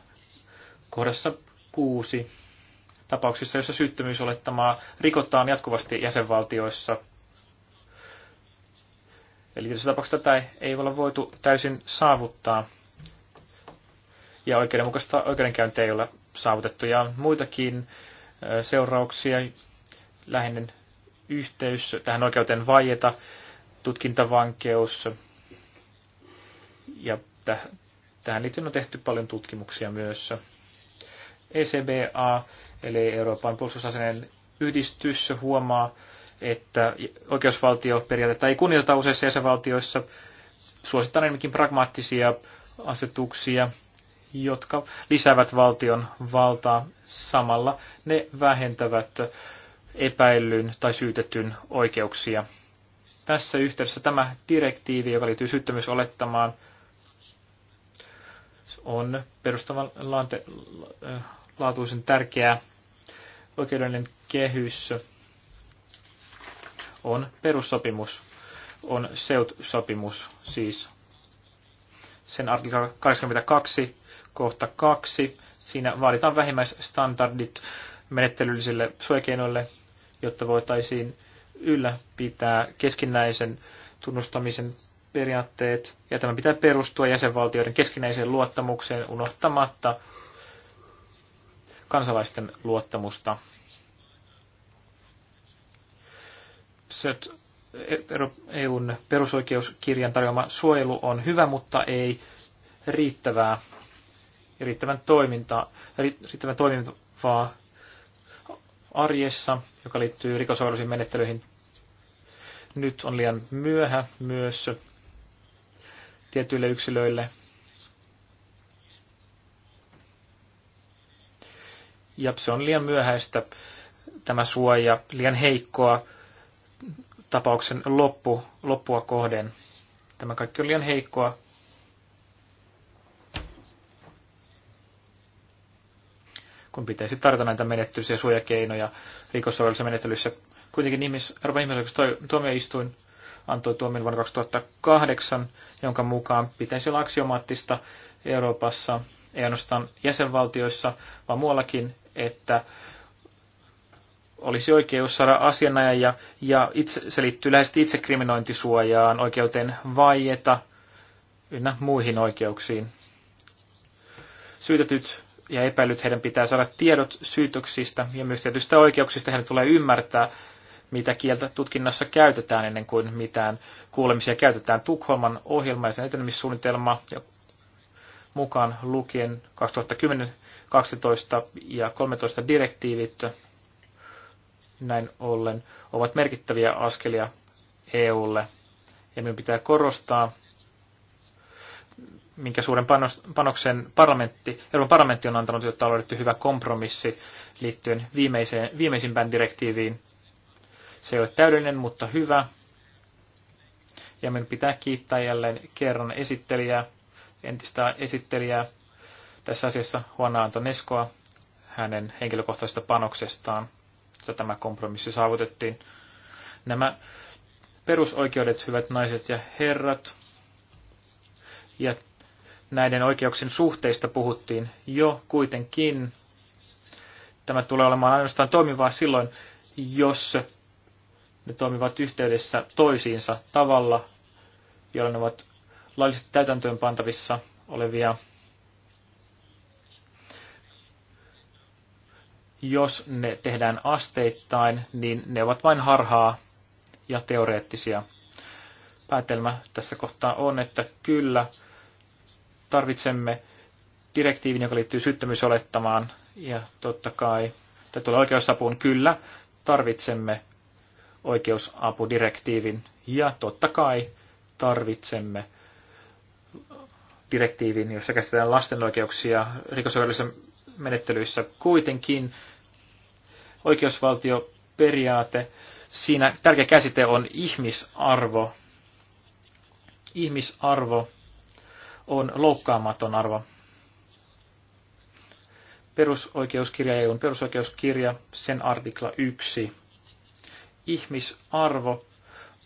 kohdassa kuusi tapauksissa, jossa syyttömyysolettamaa rikotaan jatkuvasti jäsenvaltioissa. Eli tässä tapauksessa tätä ei, ei olla voitu täysin saavuttaa ja oikeudenmukaista oikeudenkäyntiä ei ole saavutettu. Ja on muitakin seurauksia, läheinen yhteys tähän oikeuteen vaieta, tutkintavankeus ja täh- tähän liittyen on tehty paljon tutkimuksia myös. ECBA, eli Euroopan puolustusaseneen yhdistys, huomaa, että oikeusvaltioperiaatetta ei kunnioiteta useissa jäsenvaltioissa. Suositaan enemmänkin pragmaattisia asetuksia, jotka lisäävät valtion valtaa samalla. Ne vähentävät epäillyn tai syytetyn oikeuksia. Tässä yhteydessä tämä direktiivi, joka liittyy syyttömyysolettamaan, on perustavanlaatuisen tärkeä oikeudellinen kehys on perussopimus, on SEUT-sopimus siis. Sen artikla 82 kohta kaksi. Siinä vaaditaan vähimmäisstandardit menettelyllisille suojakeinoille, jotta voitaisiin ylläpitää keskinäisen tunnustamisen periaatteet, ja tämä pitää perustua jäsenvaltioiden keskinäiseen luottamukseen unohtamatta kansalaisten luottamusta. EUn perusoikeuskirjan tarjoama suojelu on hyvä, mutta ei riittävää ja riittävän, toimintaa, riittävän toimivaa arjessa, joka liittyy rikosoikeudellisiin menettelyihin. Nyt on liian myöhä myös tietyille yksilöille. Ja se on liian myöhäistä, tämä suoja, liian heikkoa tapauksen loppu, loppua kohden. Tämä kaikki on liian heikkoa kun pitäisi tarjota näitä menettelyisiä suojakeinoja rikossovellisessa menettelyssä. Kuitenkin ihmis, Euroopan ihmisoikeustuomioistuin antoi tuomion vuonna 2008, jonka mukaan pitäisi olla aksiomaattista Euroopassa, ei ainoastaan jäsenvaltioissa, vaan muuallakin, että olisi oikeus saada asianajaja ja itse, se liittyy lähes itsekriminointisuojaan, oikeuteen vaieta ynnä muihin oikeuksiin. Syytetyt ja epäilyt, heidän pitää saada tiedot syytöksistä ja myös tietystä oikeuksista. Heidän tulee ymmärtää, mitä kieltä tutkinnassa käytetään ennen kuin mitään kuulemisia käytetään. Tukholman ohjelma ja sen etenemissuunnitelma ja mukaan lukien 2010, 12 ja 13 direktiivit näin ollen ovat merkittäviä askelia EUlle. Ja minun pitää korostaa, minkä suuren panoksen parlamentti, Euroopan parlamentti on antanut, jotta on löydetty hyvä kompromissi liittyen viimeiseen, viimeisimpään direktiiviin. Se ei ole täydellinen, mutta hyvä. Ja meidän pitää kiittää jälleen kerran esittelijää, entistä esittelijää tässä asiassa Juana Antoneskoa hänen henkilökohtaisesta panoksestaan, että tämä kompromissi saavutettiin. Nämä perusoikeudet, hyvät naiset ja herrat, ja näiden oikeuksien suhteista puhuttiin jo kuitenkin. Tämä tulee olemaan ainoastaan toimivaa silloin, jos ne toimivat yhteydessä toisiinsa tavalla, jolloin ne ovat laillisesti täytäntöön pantavissa olevia. Jos ne tehdään asteittain, niin ne ovat vain harhaa ja teoreettisia. Päätelmä tässä kohtaa on, että kyllä tarvitsemme direktiivin, joka liittyy syyttömyysolettamaan, ja totta kai, tai tulee oikeusapuun, kyllä, tarvitsemme oikeusapudirektiivin, ja totta kai tarvitsemme direktiivin, jossa käsitellään lasten oikeuksia rikosoikeudellisissa menettelyissä. Kuitenkin oikeusvaltioperiaate, siinä tärkeä käsite on ihmisarvo. Ihmisarvo on loukkaamaton arvo. Perusoikeuskirja, EUn perusoikeuskirja, sen artikla 1. Ihmisarvo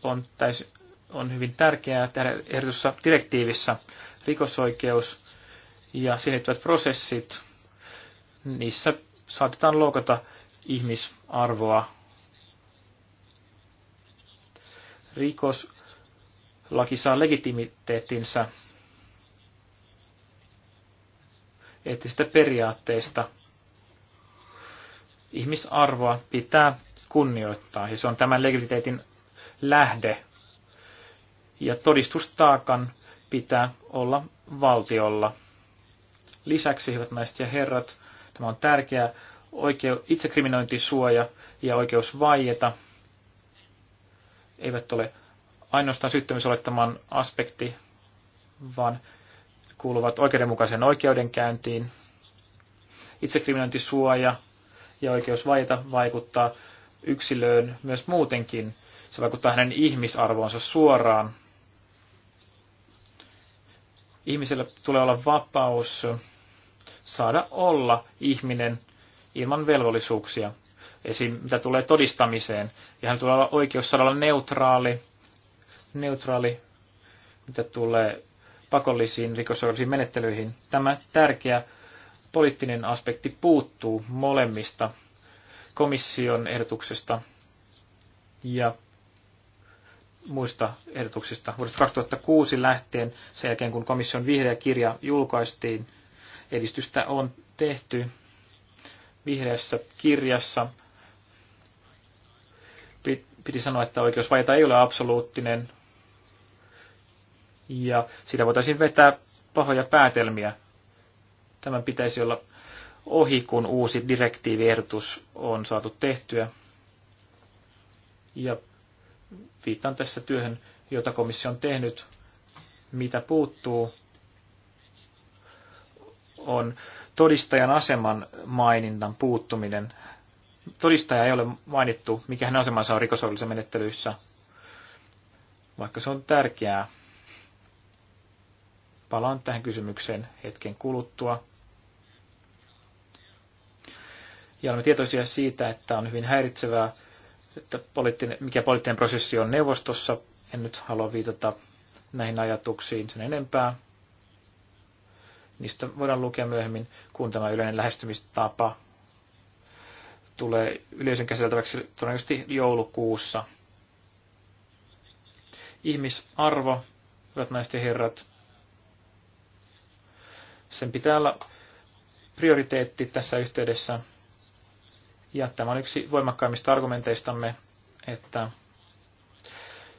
on, täys, on hyvin tärkeää tehdä ehdotussa direktiivissä. Rikosoikeus ja siihen liittyvät prosessit, niissä saatetaan loukata ihmisarvoa. Rikoslaki saa legitimiteettinsä eettisistä periaatteista. Ihmisarvoa pitää kunnioittaa ja se on tämän legitimiteetin lähde. Ja todistustaakan pitää olla valtiolla. Lisäksi, hyvät naiset ja herrat, tämä on tärkeä oikeu, itsekriminointisuoja ja oikeus vaieta eivät ole ainoastaan syyttämisolettaman aspekti, vaan kuuluvat oikeudenmukaisen oikeudenkäyntiin. Itsekriminointisuoja ja oikeus vaieta vaikuttaa yksilöön myös muutenkin. Se vaikuttaa hänen ihmisarvoonsa suoraan. Ihmisellä tulee olla vapaus saada olla ihminen ilman velvollisuuksia, esim. mitä tulee todistamiseen. Ja hän tulee olla oikeus saada olla neutraali, neutraali mitä tulee pakollisiin rikosoikeudellisiin menettelyihin. Tämä tärkeä poliittinen aspekti puuttuu molemmista komission ehdotuksesta ja muista ehdotuksista. Vuodesta 2006 lähtien, sen jälkeen kun komission vihreä kirja julkaistiin, edistystä on tehty vihreässä kirjassa. Piti sanoa, että oikeusvajata ei ole absoluuttinen, ja siitä voitaisiin vetää pahoja päätelmiä. Tämän pitäisi olla ohi, kun uusi direktiiviehdotus on saatu tehtyä. Ja viittaan tässä työhön, jota komissio on tehnyt. Mitä puuttuu, on todistajan aseman mainintan puuttuminen. Todistaja ei ole mainittu, mikä hänen asemansa on rikosoikeudellisen menettelyissä, vaikka se on tärkeää Palaan tähän kysymykseen hetken kuluttua. Ja olemme tietoisia siitä, että on hyvin häiritsevää, että poliittinen, mikä poliittinen prosessi on neuvostossa. En nyt halua viitata näihin ajatuksiin sen enempää. Niistä voidaan lukea myöhemmin, kun tämä yleinen lähestymistapa tulee yleisön käsiteltäväksi todennäköisesti joulukuussa. Ihmisarvo, hyvät naiset ja herrat, sen pitää olla prioriteetti tässä yhteydessä. Ja tämä on yksi voimakkaimmista argumenteistamme, että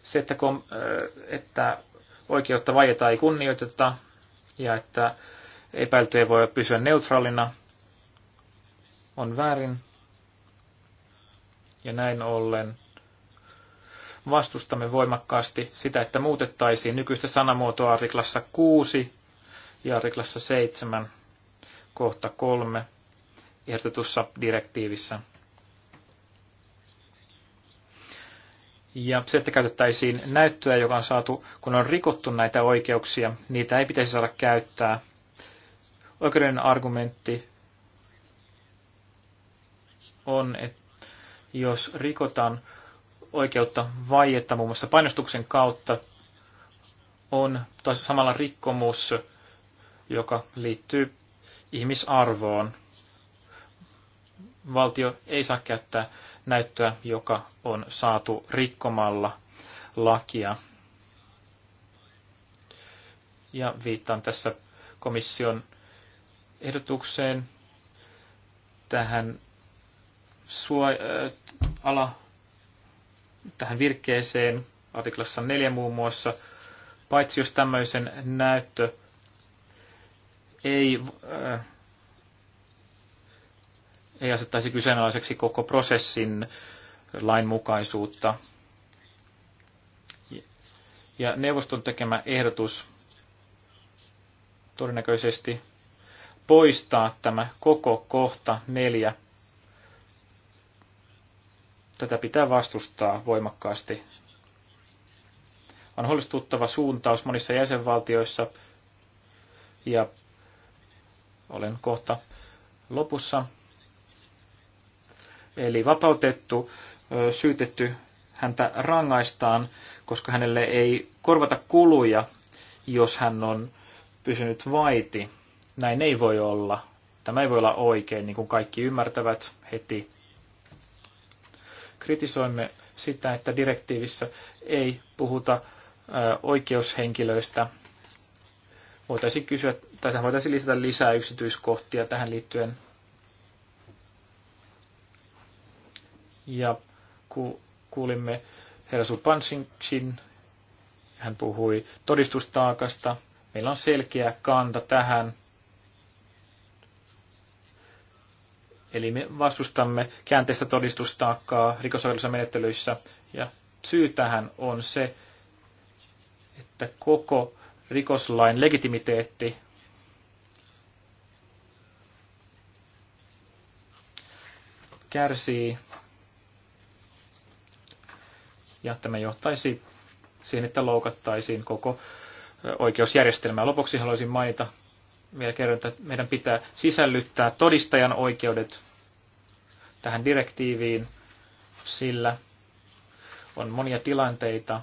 se, että, kom, äh, että oikeutta vaieta ei kunnioiteta ja että epäilty ei voi pysyä neutraalina, on väärin. Ja näin ollen vastustamme voimakkaasti sitä, että muutettaisiin nykyistä sanamuotoa artiklassa 6 ja artiklassa 7 kohta 3 ehdotetussa direktiivissä. Ja se, että käytettäisiin näyttöä, joka on saatu, kun on rikottu näitä oikeuksia, niitä ei pitäisi saada käyttää. Oikeuden argumentti on, että jos rikotaan oikeutta vaietta muun muassa painostuksen kautta, on samalla rikkomus joka liittyy ihmisarvoon. Valtio ei saa käyttää näyttöä, joka on saatu rikkomalla lakia. Ja viittaan tässä komission ehdotukseen tähän suoja- äh, ala tähän virkkeeseen artiklassa 4 muun muassa, paitsi jos tämmöisen näyttö ei, äh, ei asettaisi kyseenalaiseksi koko prosessin lainmukaisuutta. Ja neuvoston tekemä ehdotus todennäköisesti poistaa tämä koko kohta neljä. Tätä pitää vastustaa voimakkaasti. On huolestuttava suuntaus monissa jäsenvaltioissa ja olen kohta lopussa. Eli vapautettu, syytetty, häntä rangaistaan, koska hänelle ei korvata kuluja, jos hän on pysynyt vaiti. Näin ei voi olla. Tämä ei voi olla oikein, niin kuin kaikki ymmärtävät heti. Kritisoimme sitä, että direktiivissä ei puhuta oikeushenkilöistä voitaisiin kysyä, tai voitaisiin lisätä lisää yksityiskohtia tähän liittyen. Ja ku, kuulimme Hersu Pansinkin, hän puhui todistustaakasta. Meillä on selkeä kanta tähän. Eli me vastustamme käänteistä todistustaakkaa rikosoikeudellisissa menettelyissä. Ja syy tähän on se, että koko rikoslain legitimiteetti. kärsii ja tämä johtaisi siihen, että loukattaisiin koko oikeusjärjestelmää. Lopuksi haluaisin mainita vielä kerran, että meidän pitää sisällyttää todistajan oikeudet tähän direktiiviin, sillä on monia tilanteita,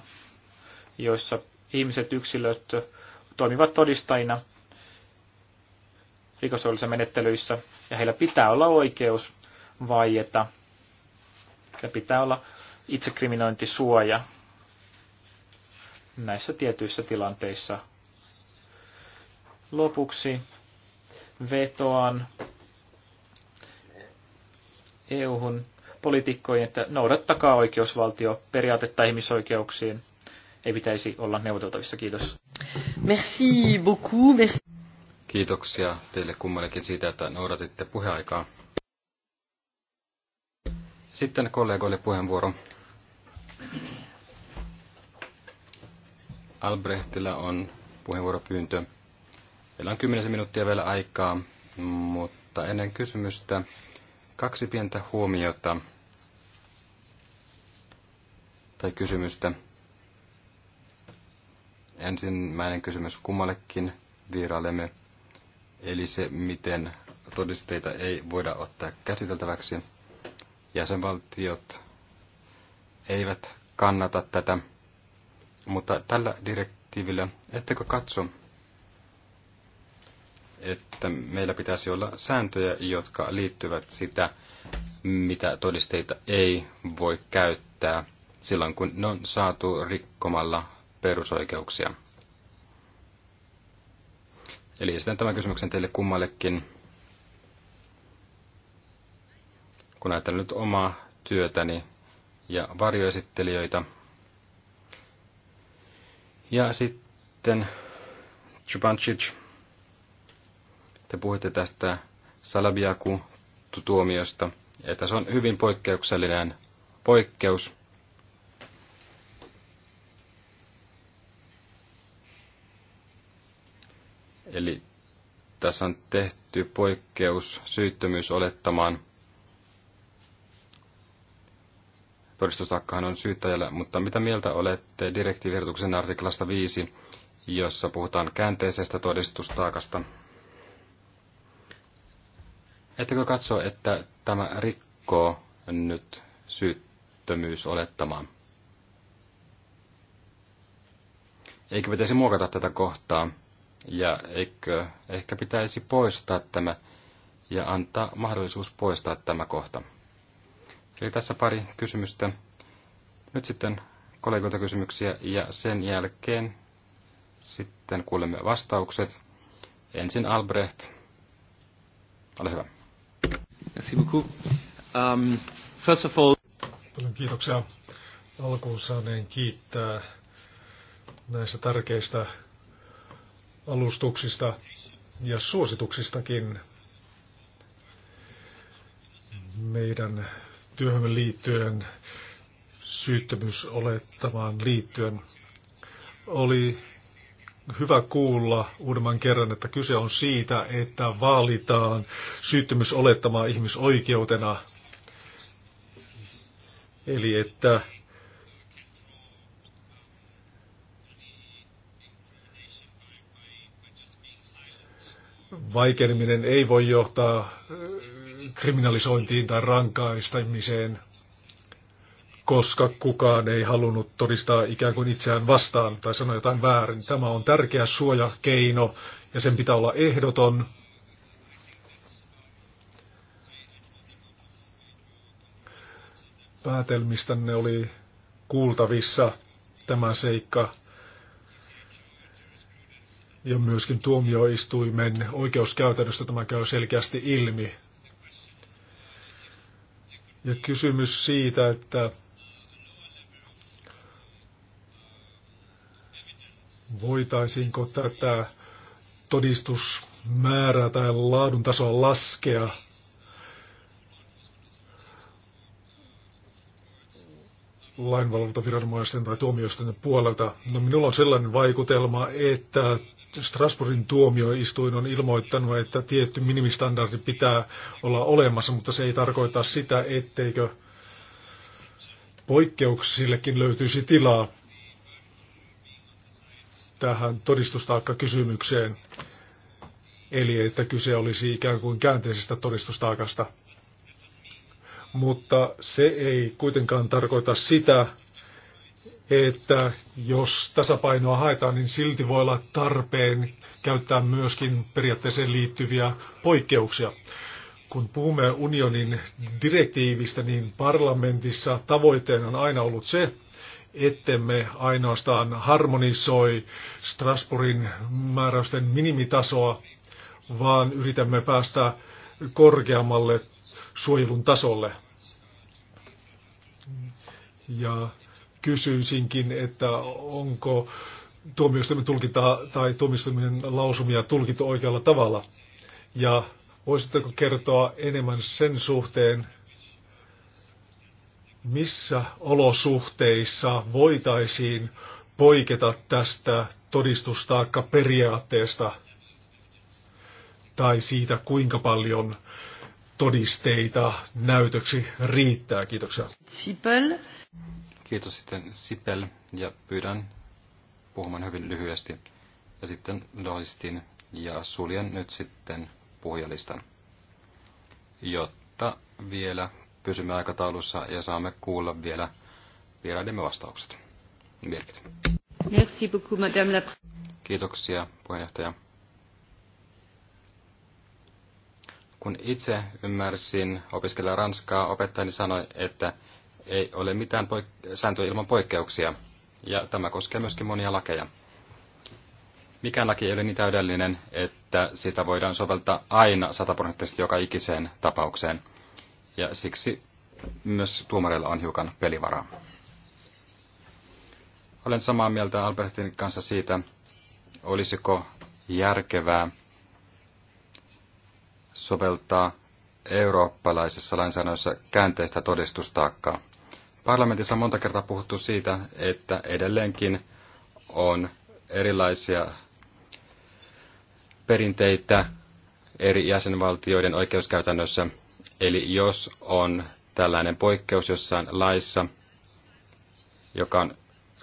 joissa ihmiset, yksilöt toimivat todistajina rikosollisissa menettelyissä, ja heillä pitää olla oikeus vaieta, ja pitää olla itsekriminointisuoja näissä tietyissä tilanteissa. Lopuksi vetoan EU-hun politiikkoihin, että noudattakaa periaatetta ihmisoikeuksiin. Ei pitäisi olla neuvoteltavissa. Kiitos. Merci beaucoup. Merci. Kiitoksia teille kummallekin siitä, että noudatitte puheaikaa. Sitten kollegoille puheenvuoro. Albrehtillä on puheenvuoropyyntö. Meillä on 10 minuuttia vielä aikaa, mutta ennen kysymystä kaksi pientä huomiota tai kysymystä. Ensimmäinen kysymys kummallekin vierailemme, eli se, miten todisteita ei voida ottaa käsiteltäväksi. Jäsenvaltiot eivät kannata tätä, mutta tällä direktiivillä, ettekö katso, että meillä pitäisi olla sääntöjä, jotka liittyvät sitä, mitä todisteita ei voi käyttää silloin, kun ne on saatu rikkomalla perusoikeuksia. Eli esitän tämän kysymyksen teille kummallekin. Kun ajattelen nyt omaa työtäni ja varjoesittelijöitä. Ja sitten Chupancic, te puhuitte tästä Salabiaku-tuomiosta, että se on hyvin poikkeuksellinen poikkeus. Eli tässä on tehty poikkeus syyttömyysolettamaan. Todistustakkahan on syyttäjällä, mutta mitä mieltä olette direktiivirtuksen artiklasta 5, jossa puhutaan käänteisestä todistustaakasta? Ettekö katso, että tämä rikkoo nyt syyttömyysolettamaan? Eikö pitäisi muokata tätä kohtaa ja eikö ehkä pitäisi poistaa tämä ja antaa mahdollisuus poistaa tämä kohta. Eli tässä pari kysymystä. Nyt sitten kollegoilta kysymyksiä ja sen jälkeen sitten kuulemme vastaukset. Ensin Albrecht. Ole hyvä. Merci beaucoup. Um, first of all... Paljon kiitoksia. Alkuun saaneen kiittää näistä tärkeistä alustuksista ja suosituksistakin meidän työhömme liittyen, syyttömyysolettamaan liittyen. Oli hyvä kuulla uudemman kerran, että kyse on siitä, että vaalitaan syyttömyysolettamaa ihmisoikeutena. Eli että vaikeneminen ei voi johtaa äh, kriminalisointiin tai rankaistamiseen, koska kukaan ei halunnut todistaa ikään kuin itseään vastaan tai sanoa jotain väärin. Tämä on tärkeä suojakeino ja sen pitää olla ehdoton. Päätelmistänne oli kuultavissa tämä seikka ja myöskin tuomioistuimen oikeuskäytännöstä tämä käy selkeästi ilmi. Ja kysymys siitä, että voitaisiinko tätä todistusmäärää tai laadun tasoa laskea. lainvalvontaviranomaisten tai tuomioisten puolelta. No minulla on sellainen vaikutelma, että Strasbourgin tuomioistuin on ilmoittanut, että tietty minimistandardi pitää olla olemassa, mutta se ei tarkoita sitä, etteikö poikkeuksillekin löytyisi tilaa tähän todistustaakka kysymykseen. Eli että kyse olisi ikään kuin käänteisestä todistustaakasta. Mutta se ei kuitenkaan tarkoita sitä, että jos tasapainoa haetaan, niin silti voi olla tarpeen käyttää myöskin periaatteeseen liittyviä poikkeuksia. Kun puhumme unionin direktiivistä, niin parlamentissa tavoitteena on aina ollut se, ettemme ainoastaan harmonisoi Strasbourgin määräysten minimitasoa, vaan yritämme päästä korkeammalle suojelun tasolle. Ja kysyisinkin, että onko tuomioistuimen tulkinta tai tuomioistuimen lausumia tulkittu oikealla tavalla. Ja voisitteko kertoa enemmän sen suhteen, missä olosuhteissa voitaisiin poiketa tästä todistustaakka periaatteesta tai siitä, kuinka paljon todisteita näytöksi riittää. Kiitoksia. Sipel. Kiitos sitten Sipel ja pyydän puhumaan hyvin lyhyesti. Ja sitten lohistin ja suljen nyt sitten puhujalistan, jotta vielä pysymme aikataulussa ja saamme kuulla vielä vieraidemme vastaukset. Merkit. Merci beaucoup, madame la... Kiitoksia, puheenjohtaja. Kun itse ymmärsin opiskella ranskaa, opettajani sanoi, että ei ole mitään poik- sääntöjä ilman poikkeuksia, ja tämä koskee myöskin monia lakeja. Mikään laki ei ole niin täydellinen, että sitä voidaan soveltaa aina sataprosenttisesti joka ikiseen tapaukseen, ja siksi myös tuomareilla on hiukan pelivaraa. Olen samaa mieltä Albertin kanssa siitä, olisiko järkevää soveltaa eurooppalaisessa lainsäädännössä käänteistä todistustaakkaa. Parlamentissa on monta kertaa puhuttu siitä, että edelleenkin on erilaisia perinteitä eri jäsenvaltioiden oikeuskäytännössä. Eli jos on tällainen poikkeus jossain laissa, joka on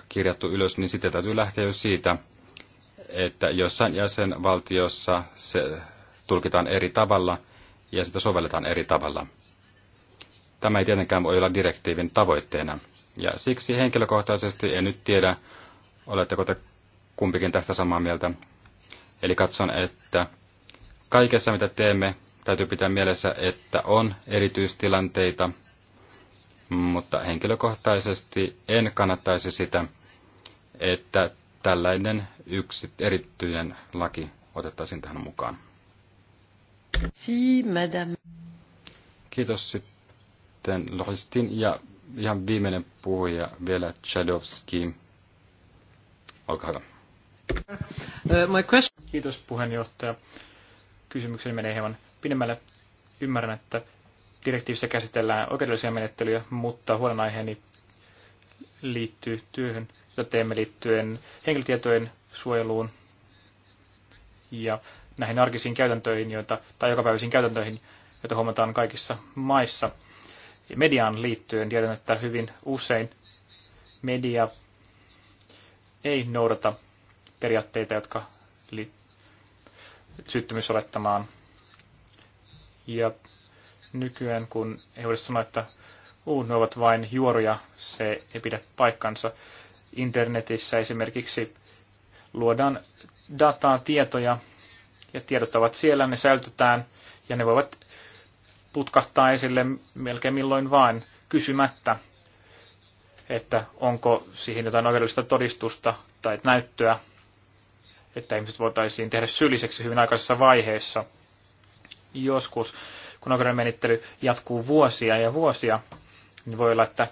kirjattu ylös, niin sitten täytyy lähteä jo siitä, että jossain jäsenvaltiossa se tulkitaan eri tavalla ja sitä sovelletaan eri tavalla. Tämä ei tietenkään voi olla direktiivin tavoitteena. Ja siksi henkilökohtaisesti en nyt tiedä, oletteko te kumpikin tästä samaa mieltä. Eli katson, että kaikessa mitä teemme, täytyy pitää mielessä, että on erityistilanteita, mutta henkilökohtaisesti en kannattaisi sitä, että tällainen yksi erityinen laki otettaisiin tähän mukaan. Si, madame. Kiitos sitten sitten Lohistin ja ihan viimeinen puhuja vielä Chadovski. Olkaa hyvä. Uh, Kiitos puheenjohtaja. Kysymykseni menee hieman pidemmälle. Ymmärrän, että direktiivissä käsitellään oikeudellisia menettelyjä, mutta huolenaiheeni liittyy työhön, jota teemme liittyen henkilötietojen suojeluun ja näihin arkisiin käytäntöihin, joita, tai jokapäiväisiin käytäntöihin, joita huomataan kaikissa maissa mediaan liittyen tiedän, että hyvin usein media ei noudata periaatteita, jotka liittyvät syyttömyysolettamaan. Ja nykyään, kun ei voida sanoa, että uu, ne ovat vain juoruja, se ei pidä paikkansa. Internetissä esimerkiksi luodaan dataa, tietoja, ja tiedot ovat siellä, ne säilytetään, ja ne voivat putkahtaa esille melkein milloin vain kysymättä, että onko siihen jotain oikeudellista todistusta tai näyttöä, että ihmiset voitaisiin tehdä syylliseksi hyvin aikaisessa vaiheessa. Joskus, kun oikeuden menettely jatkuu vuosia ja vuosia, niin voi olla, että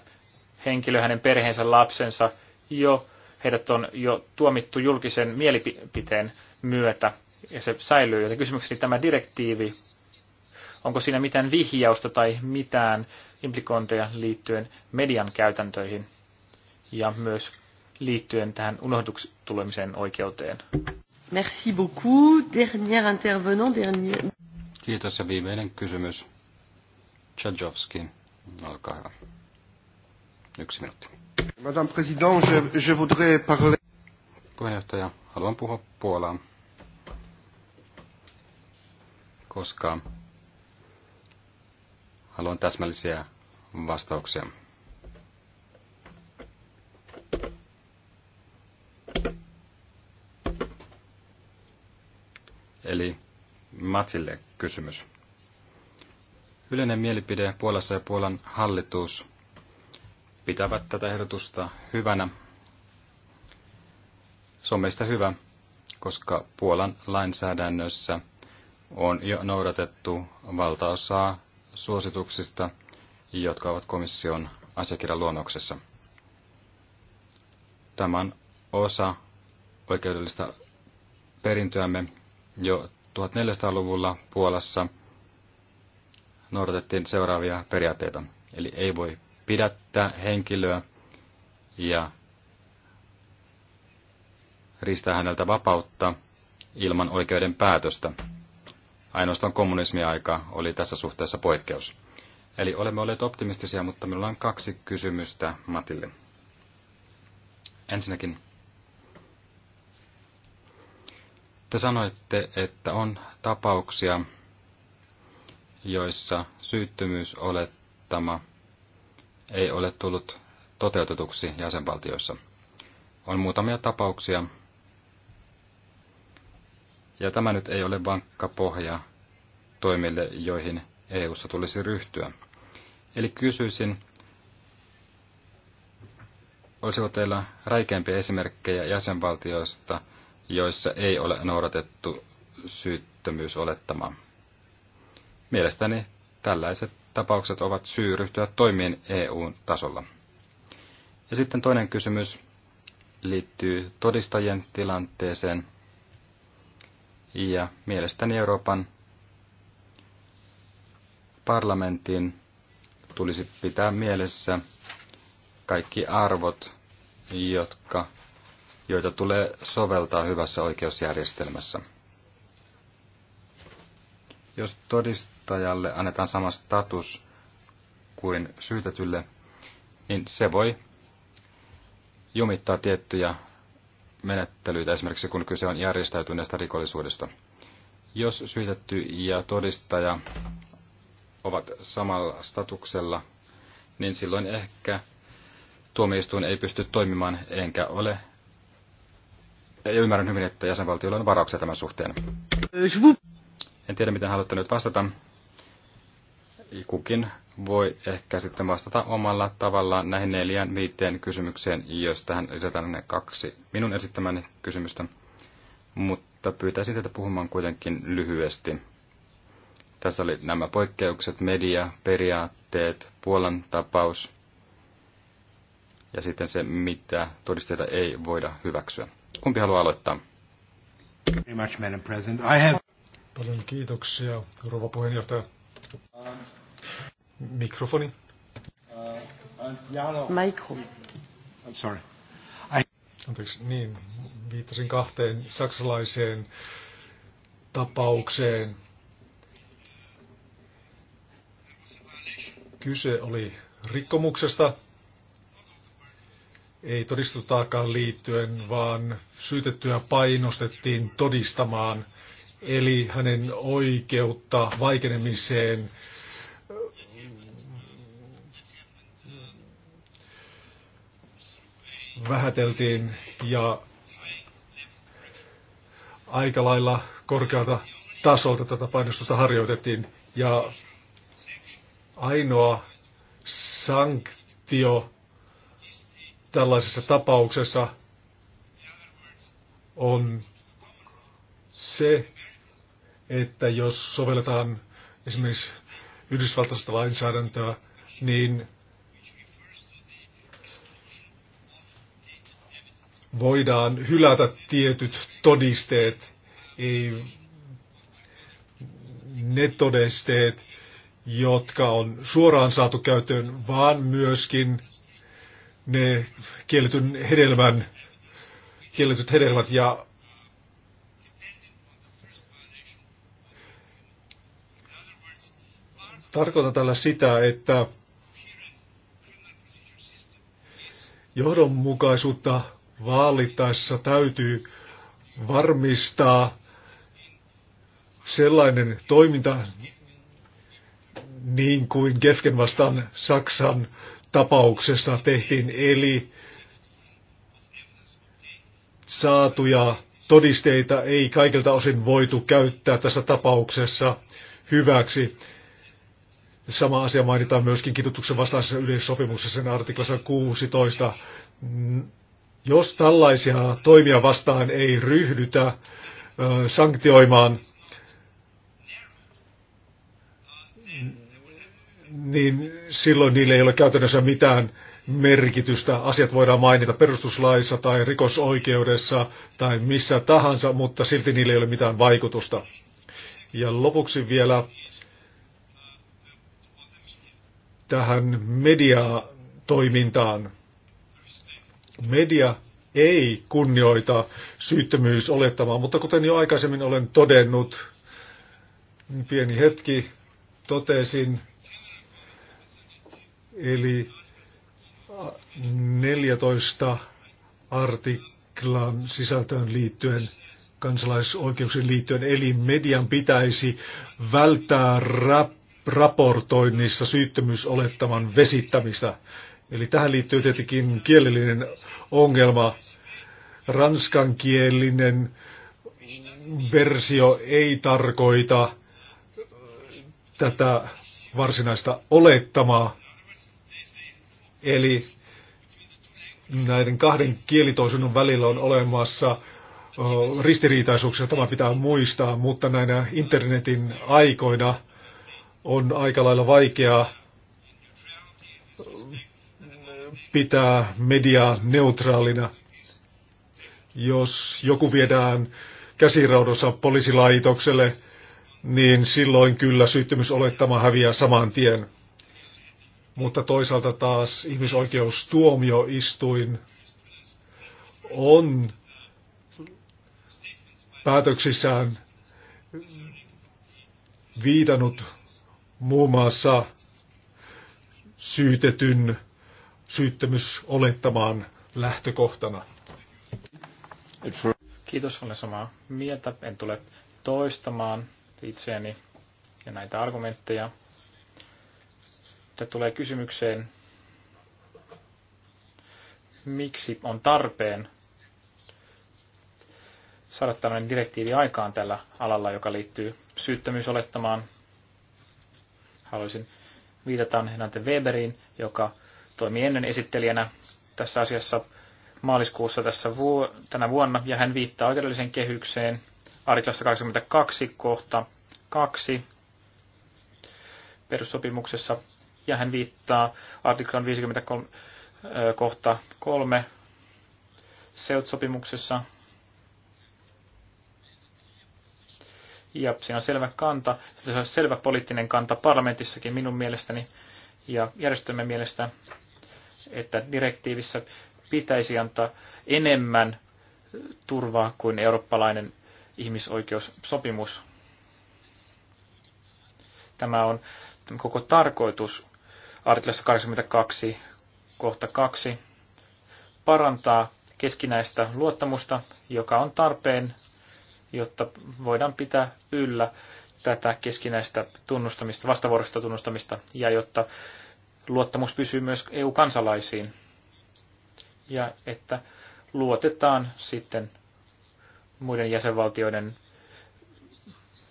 henkilö, hänen perheensä, lapsensa, jo, heidät on jo tuomittu julkisen mielipiteen myötä, ja se säilyy. Joten kysymykseni tämä direktiivi Onko siinä mitään vihjausta tai mitään implikointeja liittyen median käytäntöihin ja myös liittyen tähän unohduksi tulemiseen oikeuteen? Merci beaucoup. Dernier intervenant, dernier. Kiitos ja viimeinen kysymys. Chajovski, olkaa hyvä. Yksi minuutti. Madame president, je, je voudrais parler... Puheenjohtaja, haluan puhua Puolaan. koska Haluan täsmällisiä vastauksia. Eli Matsille kysymys. Yleinen mielipide Puolassa ja Puolan hallitus pitävät tätä ehdotusta hyvänä. Se on meistä hyvä, koska Puolan lainsäädännössä on jo noudatettu valtaosaa suosituksista, jotka ovat komission asiakirjan luonnoksessa. Tämä on osa oikeudellista perintöämme jo 1400-luvulla Puolassa noudatettiin seuraavia periaatteita. Eli ei voi pidättää henkilöä ja riistää häneltä vapautta ilman oikeuden päätöstä. Ainoastaan kommunismiaika oli tässä suhteessa poikkeus. Eli olemme olleet optimistisia, mutta minulla on kaksi kysymystä Matille. Ensinnäkin, te sanoitte, että on tapauksia, joissa syyttömyysolettama ei ole tullut toteutetuksi jäsenvaltioissa. On muutamia tapauksia, ja tämä nyt ei ole vankka pohja toimille, joihin EU-ssa tulisi ryhtyä. Eli kysyisin, olisiko teillä räikeämpiä esimerkkejä jäsenvaltioista, joissa ei ole noudatettu syyttömyysolettamaa? Mielestäni tällaiset tapaukset ovat syy ryhtyä toimiin EU-tasolla. Ja sitten toinen kysymys liittyy todistajien tilanteeseen – ja mielestäni Euroopan parlamentin tulisi pitää mielessä kaikki arvot, jotka, joita tulee soveltaa hyvässä oikeusjärjestelmässä. Jos todistajalle annetaan sama status kuin syytetylle, niin se voi jumittaa tiettyjä menettelyitä, esimerkiksi kun kyse on järjestäytyneestä rikollisuudesta. Jos syytetty ja todistaja ovat samalla statuksella, niin silloin ehkä tuomioistuin ei pysty toimimaan, enkä ole. Ei ymmärrän hyvin, että jäsenvaltioilla on varauksia tämän suhteen. En tiedä, miten haluatte nyt vastata kukin voi ehkä sitten vastata omalla tavallaan näihin neljään viiteen kysymykseen, jos tähän lisätään ne kaksi minun esittämäni kysymystä. Mutta pyytäisin tätä puhumaan kuitenkin lyhyesti. Tässä oli nämä poikkeukset, media, periaatteet, Puolan tapaus ja sitten se, mitä todisteita ei voida hyväksyä. Kumpi haluaa aloittaa? Paljon kiitoksia, rouva puheenjohtaja. Um, Mikrofoni. Mikro. I'm sorry. I... Anteeksi, niin, viittasin kahteen saksalaiseen tapaukseen. Kyse oli rikkomuksesta, ei todistutaakaan liittyen, vaan syytettyä painostettiin todistamaan, eli hänen oikeutta vaikenemiseen vähäteltiin ja aika lailla korkealta tasolta tätä painostusta harjoitettiin. Ja ainoa sanktio tällaisessa tapauksessa on se, että jos sovelletaan esimerkiksi yhdysvaltaista lainsäädäntöä, niin voidaan hylätä tietyt todisteet, ei ne todisteet, jotka on suoraan saatu käyttöön, vaan myöskin ne kielletyn hedelmän, kielletyt hedelmät ja tarkoitan tällä sitä, että johdonmukaisuutta vaalittaessa täytyy varmistaa sellainen toiminta, niin kuin Gefken vastaan Saksan tapauksessa tehtiin, eli saatuja todisteita ei kaikilta osin voitu käyttää tässä tapauksessa hyväksi. Sama asia mainitaan myöskin kidutuksen vastaisessa yleissopimuksessa sen artiklassa 16. Jos tällaisia toimia vastaan ei ryhdytä sanktioimaan, niin silloin niille ei ole käytännössä mitään merkitystä. Asiat voidaan mainita perustuslaissa tai rikosoikeudessa tai missä tahansa, mutta silti niille ei ole mitään vaikutusta. Ja lopuksi vielä tähän mediatoimintaan. Media ei kunnioita syyttömyysolettamaa, mutta kuten jo aikaisemmin olen todennut, niin pieni hetki totesin, eli 14 artiklan sisältöön liittyen, kansalaisoikeuksiin liittyen, eli median pitäisi välttää rap- raportoinnissa syyttömyysolettaman vesittämistä. Eli tähän liittyy tietenkin kielellinen ongelma. Ranskankielinen versio ei tarkoita tätä varsinaista olettamaa. Eli näiden kahden kielitoisunnon välillä on olemassa ristiriitaisuuksia, tämä pitää muistaa, mutta näinä internetin aikoina on aika lailla vaikeaa pitää mediaa neutraalina. Jos joku viedään käsiraudossa poliisilaitokselle, niin silloin kyllä syyttömyysolettama häviää saman tien. Mutta toisaalta taas ihmisoikeustuomioistuin on päätöksissään viitannut muun muassa syytetyn syyttömyys olettamaan lähtökohtana. Kiitos, olen samaa mieltä. En tule toistamaan itseäni ja näitä argumentteja. Tämä tulee kysymykseen, miksi on tarpeen saada tällainen direktiivi aikaan tällä alalla, joka liittyy syyttömyysolettamaan. Haluaisin viitata näiden Weberiin, joka toimi ennen esittelijänä tässä asiassa maaliskuussa tässä vuo, tänä vuonna, ja hän viittaa oikeudelliseen kehykseen artiklassa 82 kohta 2 perussopimuksessa, ja hän viittaa artiklan 53 kohta 3 SEUT-sopimuksessa, ja siinä on selvä kanta, se on selvä poliittinen kanta parlamentissakin minun mielestäni ja järjestömme mielestä että direktiivissä pitäisi antaa enemmän turvaa kuin eurooppalainen ihmisoikeussopimus. Tämä on koko tarkoitus artiklassa 82 kohta 2 parantaa keskinäistä luottamusta, joka on tarpeen, jotta voidaan pitää yllä tätä keskinäistä tunnustamista, vastavuoroista tunnustamista ja jotta luottamus pysyy myös EU-kansalaisiin ja että luotetaan sitten muiden jäsenvaltioiden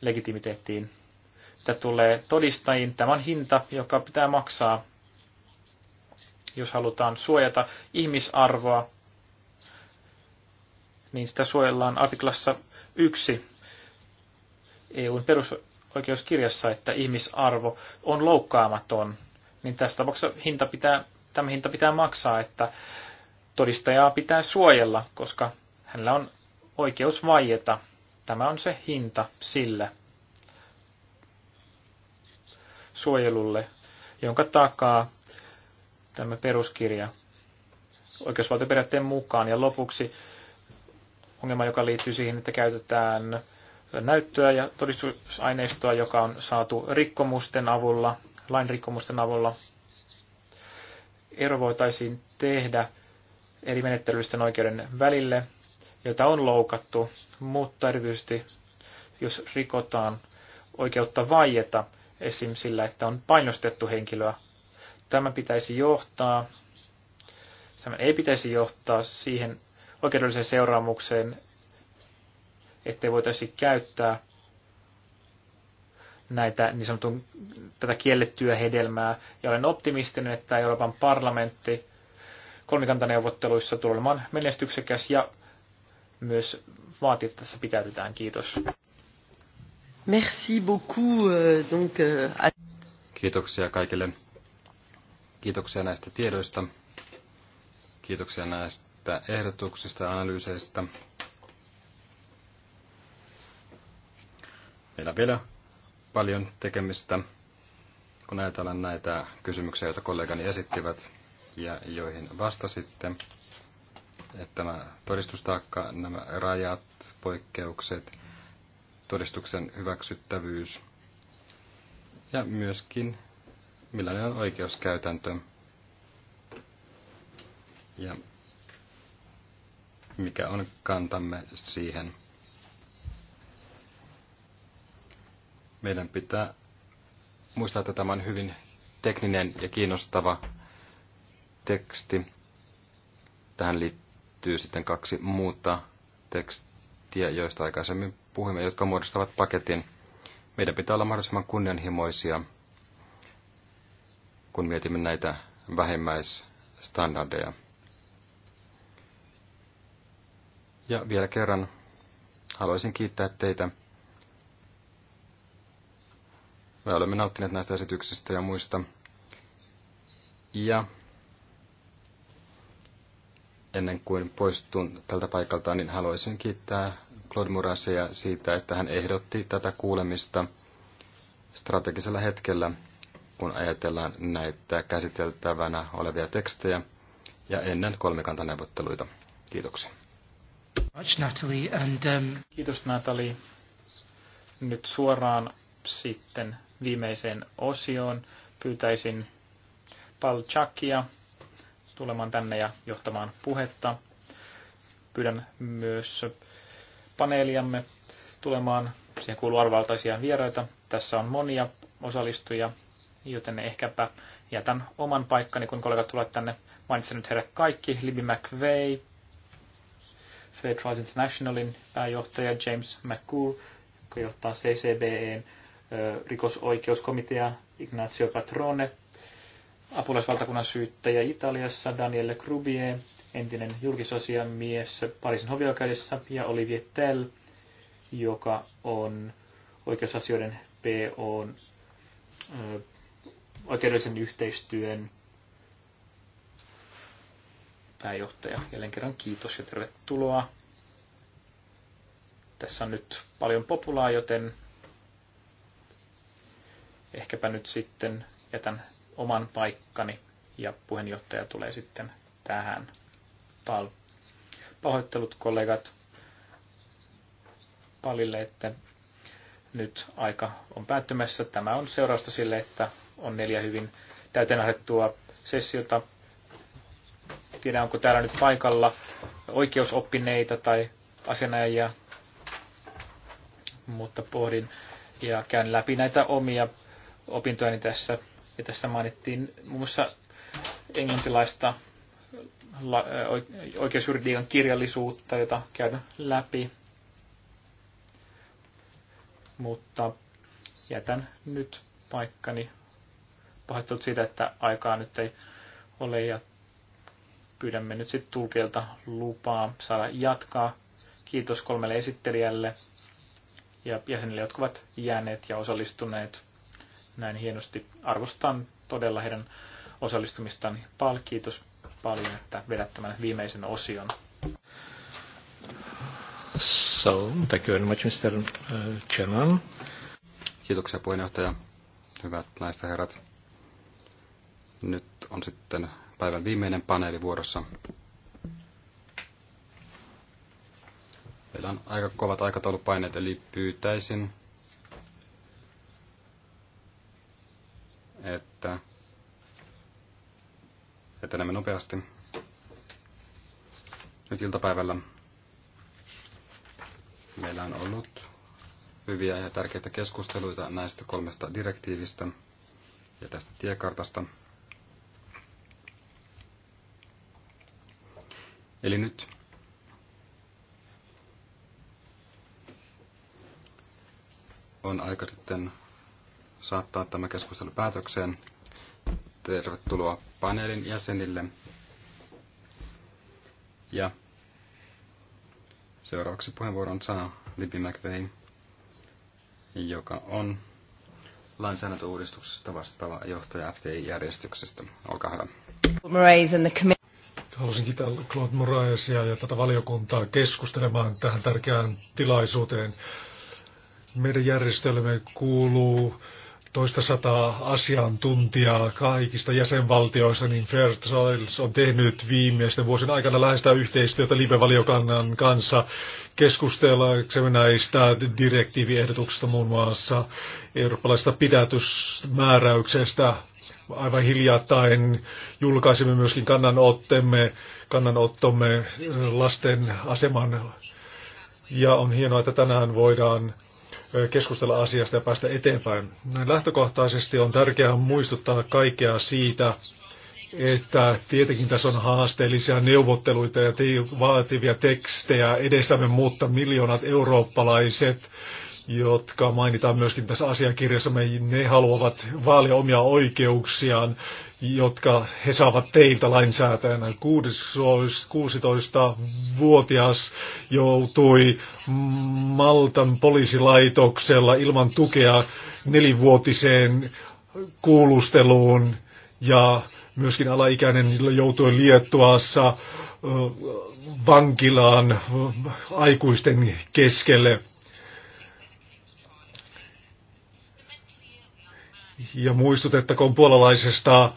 legitimiteettiin. Mitä tulee todistajiin, tämän hinta, joka pitää maksaa, jos halutaan suojata ihmisarvoa, niin sitä suojellaan artiklassa 1 EUn perusoikeuskirjassa, että ihmisarvo on loukkaamaton niin tässä tapauksessa hinta pitää, tämä hinta pitää maksaa, että todistajaa pitää suojella, koska hänellä on oikeus vaieta. Tämä on se hinta sille suojelulle, jonka takaa tämä peruskirja oikeusvaltioperiaatteen mukaan. Ja lopuksi ongelma, joka liittyy siihen, että käytetään näyttöä ja todistusaineistoa, joka on saatu rikkomusten avulla – lainrikkomusten avulla. Ero voitaisiin tehdä eri menettelyisten oikeuden välille, joita on loukattu, mutta erityisesti jos rikotaan oikeutta vaieta esim. sillä, että on painostettu henkilöä. Tämä pitäisi johtaa, tämä ei pitäisi johtaa siihen oikeudelliseen seuraamukseen, ettei voitaisi käyttää näitä niin sanotun, tätä kiellettyä hedelmää. Ja olen optimistinen, että Euroopan parlamentti kolmikantaneuvotteluissa tulee olemaan menestyksekäs ja myös vaatii, että tässä pitäydytään. Kiitos. Merci beaucoup. Euh, donc, euh, à... Kiitoksia kaikille. Kiitoksia näistä tiedoista. Kiitoksia näistä ehdotuksista ja analyyseistä. Meillä on vielä paljon tekemistä, kun ajatellaan näitä kysymyksiä, joita kollegani esittivät ja joihin vastasitte. Että tämä todistustaakka, nämä rajat, poikkeukset, todistuksen hyväksyttävyys ja myöskin millainen on oikeuskäytäntö ja mikä on kantamme siihen. Meidän pitää muistaa, että tämä on hyvin tekninen ja kiinnostava teksti. Tähän liittyy sitten kaksi muuta tekstiä, joista aikaisemmin puhuimme, jotka muodostavat paketin. Meidän pitää olla mahdollisimman kunnianhimoisia, kun mietimme näitä vähimmäisstandardeja. Ja vielä kerran haluaisin kiittää teitä me olemme nauttineet näistä esityksistä ja muista. Ja ennen kuin poistun tältä paikalta, niin haluaisin kiittää Claude Murasia siitä, että hän ehdotti tätä kuulemista strategisella hetkellä, kun ajatellaan näitä käsiteltävänä olevia tekstejä ja ennen kolmikantaneuvotteluita. Kiitoksia. Um, Kiitos Natalie. Nyt suoraan sitten viimeiseen osioon. Pyytäisin Paul Chakia tulemaan tänne ja johtamaan puhetta. Pyydän myös paneeliamme tulemaan. Siihen kuuluu arvaltaisia vieraita. Tässä on monia osallistujia, joten ehkäpä jätän oman paikkani, kun kollegat tulevat tänne. Mainitsen nyt heidät kaikki. Libby McVeigh, Fairtrade Internationalin pääjohtaja James McCool, joka johtaa CCBEn rikosoikeuskomitea Ignazio Patrone, apulaisvaltakunnan syyttäjä Italiassa Daniele Grubie, entinen mies Pariisin hovioikeudessa ja Olivier Tell, joka on oikeusasioiden PO oikeudellisen yhteistyön pääjohtaja. Jälleen kerran kiitos ja tervetuloa. Tässä on nyt paljon populaa, joten ehkäpä nyt sitten jätän oman paikkani ja puheenjohtaja tulee sitten tähän. Pal. Pahoittelut kollegat Palille, että nyt aika on päättymässä. Tämä on seurausta sille, että on neljä hyvin täyteen asettua sessiota. Tiedä, onko täällä nyt paikalla oikeusoppineita tai asianajajia, mutta pohdin ja käyn läpi näitä omia opintojani tässä. Ja tässä mainittiin muun muassa englantilaista oikeusjuridiikan kirjallisuutta, jota käydään läpi. Mutta jätän nyt paikkani. Pahoittelut siitä, että aikaa nyt ei ole ja pyydämme nyt sitten tulkilta lupaa saada jatkaa. Kiitos kolmelle esittelijälle ja jäsenille, jotka ovat jääneet ja osallistuneet näin hienosti. Arvostan todella heidän osallistumistaan. Paul, kiitos paljon, että vedät tämän viimeisen osion. So, thank you very much, Mr. Uh, chairman. Kiitoksia puheenjohtaja. Hyvät naiset ja herrat. Nyt on sitten päivän viimeinen paneeli vuorossa. Meillä on aika kovat aikataulupaineet, eli pyytäisin että etenemme nopeasti nyt iltapäivällä. Meillä on ollut hyviä ja tärkeitä keskusteluita näistä kolmesta direktiivistä ja tästä tiekartasta. Eli nyt on aika sitten saattaa tämä keskustelu päätökseen. Tervetuloa paneelin jäsenille. Ja seuraavaksi puheenvuoron saa Libby McVeigh, joka on lainsäädäntöuudistuksesta vastaava johtaja FTI-järjestyksestä. Olkaa hyvä. Haluaisin kiittää Claude Moraesia ja tätä valiokuntaa keskustelemaan tähän tärkeään tilaisuuteen. Meidän järjestelmämme kuuluu toista sataa asiantuntijaa kaikista jäsenvaltioista, niin Fair Trials on tehnyt viimeisten vuosien aikana lähestää yhteistyötä Libevaliokannan kanssa keskustellaan näistä direktiiviehdotuksista muun muassa eurooppalaisesta pidätysmääräyksestä. Aivan hiljattain julkaisimme myöskin kannanottomme, kannanottomme lasten aseman ja on hienoa, että tänään voidaan keskustella asiasta ja päästä eteenpäin. Näin lähtökohtaisesti on tärkeää muistuttaa kaikkea siitä, että tietenkin tässä on haasteellisia neuvotteluita ja vaativia tekstejä edessämme, mutta miljoonat eurooppalaiset jotka mainitaan myöskin tässä asiakirjassa. Me ne haluavat vaalia omia oikeuksiaan, jotka he saavat teiltä lainsäätäjänä. 16-vuotias joutui Maltan poliisilaitoksella ilman tukea nelivuotiseen kuulusteluun ja myöskin alaikäinen joutui Liettuassa vankilaan aikuisten keskelle. Ja muistutettakoon puolalaisesta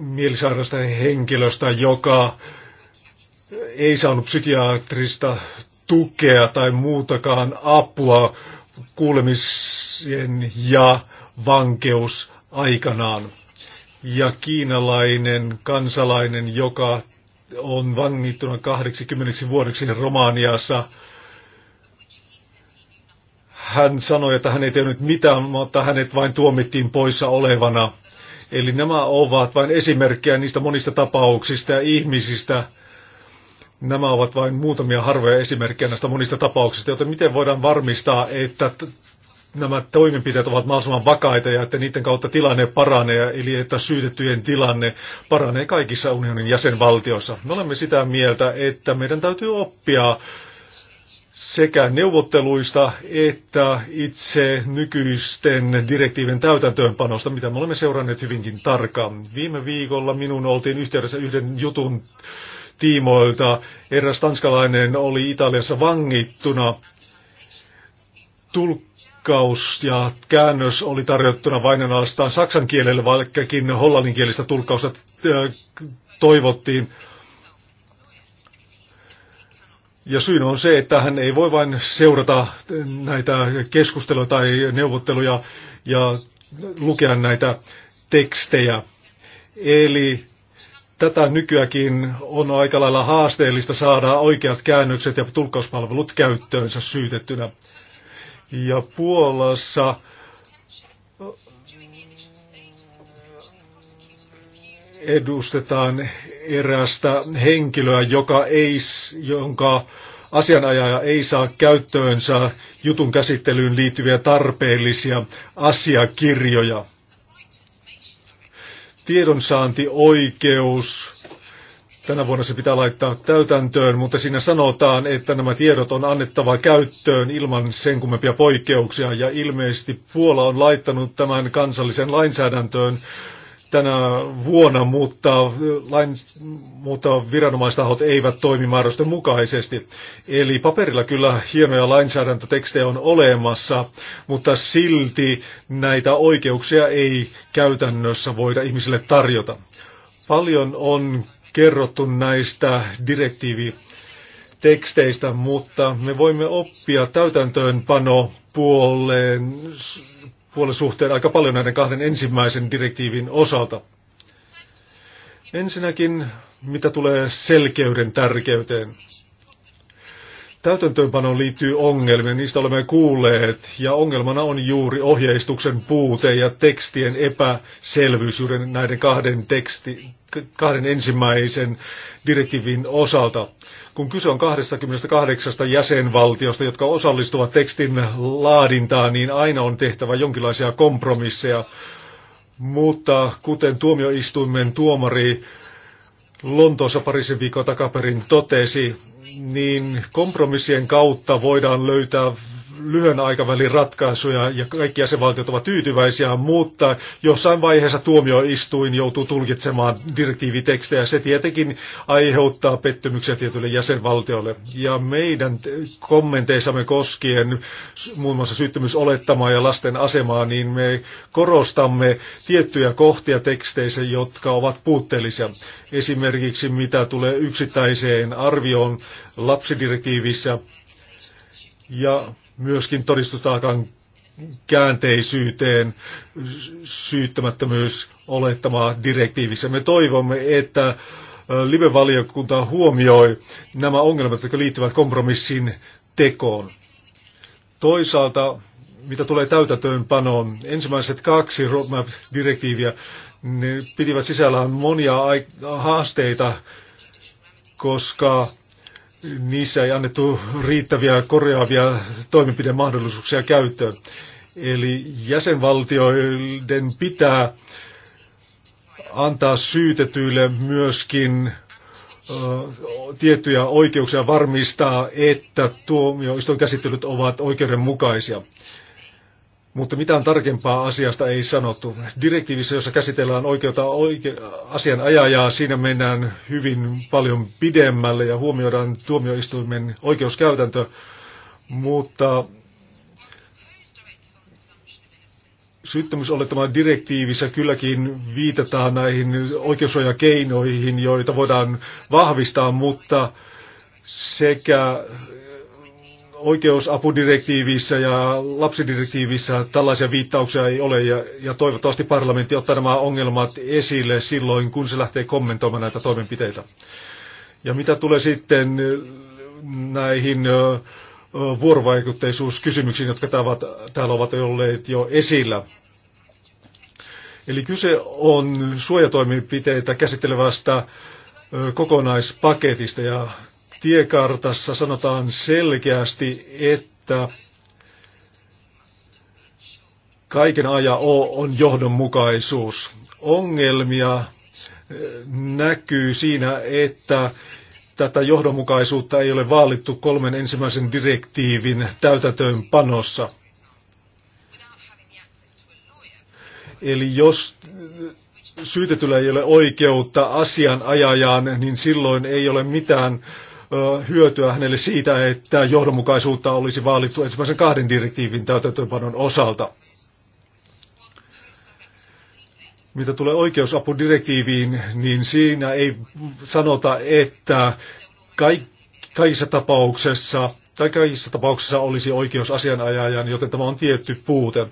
mielisairaasta henkilöstä, joka ei saanut psykiatrista tukea tai muutakaan apua kuulemisen ja vankeus aikanaan. Ja kiinalainen kansalainen, joka on vangittuna 80 vuodeksi Romaniassa, hän sanoi, että hän ei tehnyt mitään, mutta hänet vain tuomittiin poissa olevana. Eli nämä ovat vain esimerkkejä niistä monista tapauksista ja ihmisistä. Nämä ovat vain muutamia harvoja esimerkkejä näistä monista tapauksista, joten miten voidaan varmistaa, että nämä toimenpiteet ovat mahdollisimman vakaita ja että niiden kautta tilanne paranee, eli että syytettyjen tilanne paranee kaikissa unionin jäsenvaltioissa. Me olemme sitä mieltä, että meidän täytyy oppia sekä neuvotteluista että itse nykyisten direktiivin täytäntöönpanosta, mitä me olemme seuranneet hyvinkin tarkkaan. Viime viikolla minun oltiin yhteydessä yhden jutun tiimoilta. Eräs tanskalainen oli Italiassa vangittuna. Tulkkaus ja käännös oli tarjottuna vain ainoastaan saksan kielelle, vaikkakin hollanninkielistä tulkkausta äh, toivottiin. Ja syynä on se, että hän ei voi vain seurata näitä keskusteluja tai neuvotteluja ja lukea näitä tekstejä. Eli tätä nykyäkin on aika lailla haasteellista saada oikeat käännökset ja tulkkauspalvelut käyttöönsä syytettynä. Ja Puolassa edustetaan erästä henkilöä, joka ei, jonka asianajaja ei saa käyttöönsä jutun käsittelyyn liittyviä tarpeellisia asiakirjoja. Tiedonsaantioikeus, tänä vuonna se pitää laittaa täytäntöön, mutta siinä sanotaan, että nämä tiedot on annettava käyttöön ilman sen kummempia poikkeuksia, ja ilmeisesti Puola on laittanut tämän kansallisen lainsäädäntöön tänä vuonna, mutta, lain, mutta viranomaistahot eivät toimi määräysten mukaisesti. Eli paperilla kyllä hienoja lainsäädäntötekstejä on olemassa, mutta silti näitä oikeuksia ei käytännössä voida ihmisille tarjota. Paljon on kerrottu näistä direktiivi teksteistä, mutta me voimme oppia täytäntöönpano puoleen, puolen suhteen aika paljon näiden kahden ensimmäisen direktiivin osalta. Ensinnäkin, mitä tulee selkeyden tärkeyteen. Täytäntöönpanoon liittyy ongelmia, niistä olemme kuulleet, ja ongelmana on juuri ohjeistuksen puute ja tekstien epäselvyys juuri näiden kahden, teksti, kahden ensimmäisen direktiivin osalta kun kyse on 28 jäsenvaltiosta, jotka osallistuvat tekstin laadintaan, niin aina on tehtävä jonkinlaisia kompromisseja. Mutta kuten tuomioistuimen tuomari Lontoossa parisen viikon takaperin totesi, niin kompromissien kautta voidaan löytää lyhyen aikavälin ratkaisuja ja kaikki jäsenvaltiot ovat tyytyväisiä, mutta jossain vaiheessa tuomioistuin joutuu tulkitsemaan direktiivitekstejä ja se tietenkin aiheuttaa pettymyksiä tietyille jäsenvaltioille. Ja meidän kommenteissamme koskien muun muassa syyttömyysolettamaa ja lasten asemaa, niin me korostamme tiettyjä kohtia teksteissä, jotka ovat puutteellisia. Esimerkiksi mitä tulee yksittäiseen arvioon lapsidirektiivissä, ja myöskin todistustaakan käänteisyyteen, syyttämättömyys olettamaa direktiivissä. Me toivomme, että live-valiokunta huomioi nämä ongelmat, jotka liittyvät kompromissin tekoon. Toisaalta, mitä tulee täytäntöönpanoon, ensimmäiset kaksi roadmap-direktiiviä ne pitivät sisällään monia haasteita, koska niissä ei annettu riittäviä korjaavia toimenpidemahdollisuuksia käyttöön. Eli jäsenvaltioiden pitää antaa syytetyille myöskin tiettyjä oikeuksia varmistaa, että tuomioistuinkäsittelyt ovat oikeudenmukaisia mutta mitään tarkempaa asiasta ei sanottu. Direktiivissä, jossa käsitellään oikeutta oike- asianajajaa, siinä mennään hyvin paljon pidemmälle ja huomioidaan tuomioistuimen oikeuskäytäntö, mutta syyttämysolettaman direktiivissä kylläkin viitataan näihin oikeussuojakeinoihin, joita voidaan vahvistaa, mutta sekä oikeusapudirektiivissä ja lapsidirektiivissä tällaisia viittauksia ei ole ja, ja toivottavasti parlamentti ottaa nämä ongelmat esille silloin, kun se lähtee kommentoimaan näitä toimenpiteitä. Ja mitä tulee sitten näihin vuorovaikutteisuuskysymyksiin, jotka täällä ovat olleet jo esillä. Eli kyse on suojatoimenpiteitä käsittelevästä kokonaispaketista ja tiekartassa sanotaan selkeästi, että kaiken aja O on johdonmukaisuus. Ongelmia eh, näkyy siinä, että tätä johdonmukaisuutta ei ole vaalittu kolmen ensimmäisen direktiivin täytätöön panossa. Eli jos syytetyllä ei ole oikeutta asianajajaan, niin silloin ei ole mitään hyötyä hänelle siitä, että johdonmukaisuutta olisi vaalittu ensimmäisen kahden direktiivin täytäntöönpanon osalta. Mitä tulee oikeusapudirektiiviin, niin siinä ei sanota, että kaikissa tapauksessa tai kaikissa tapauksissa olisi oikeus asianajajan, joten tämä on tietty puute.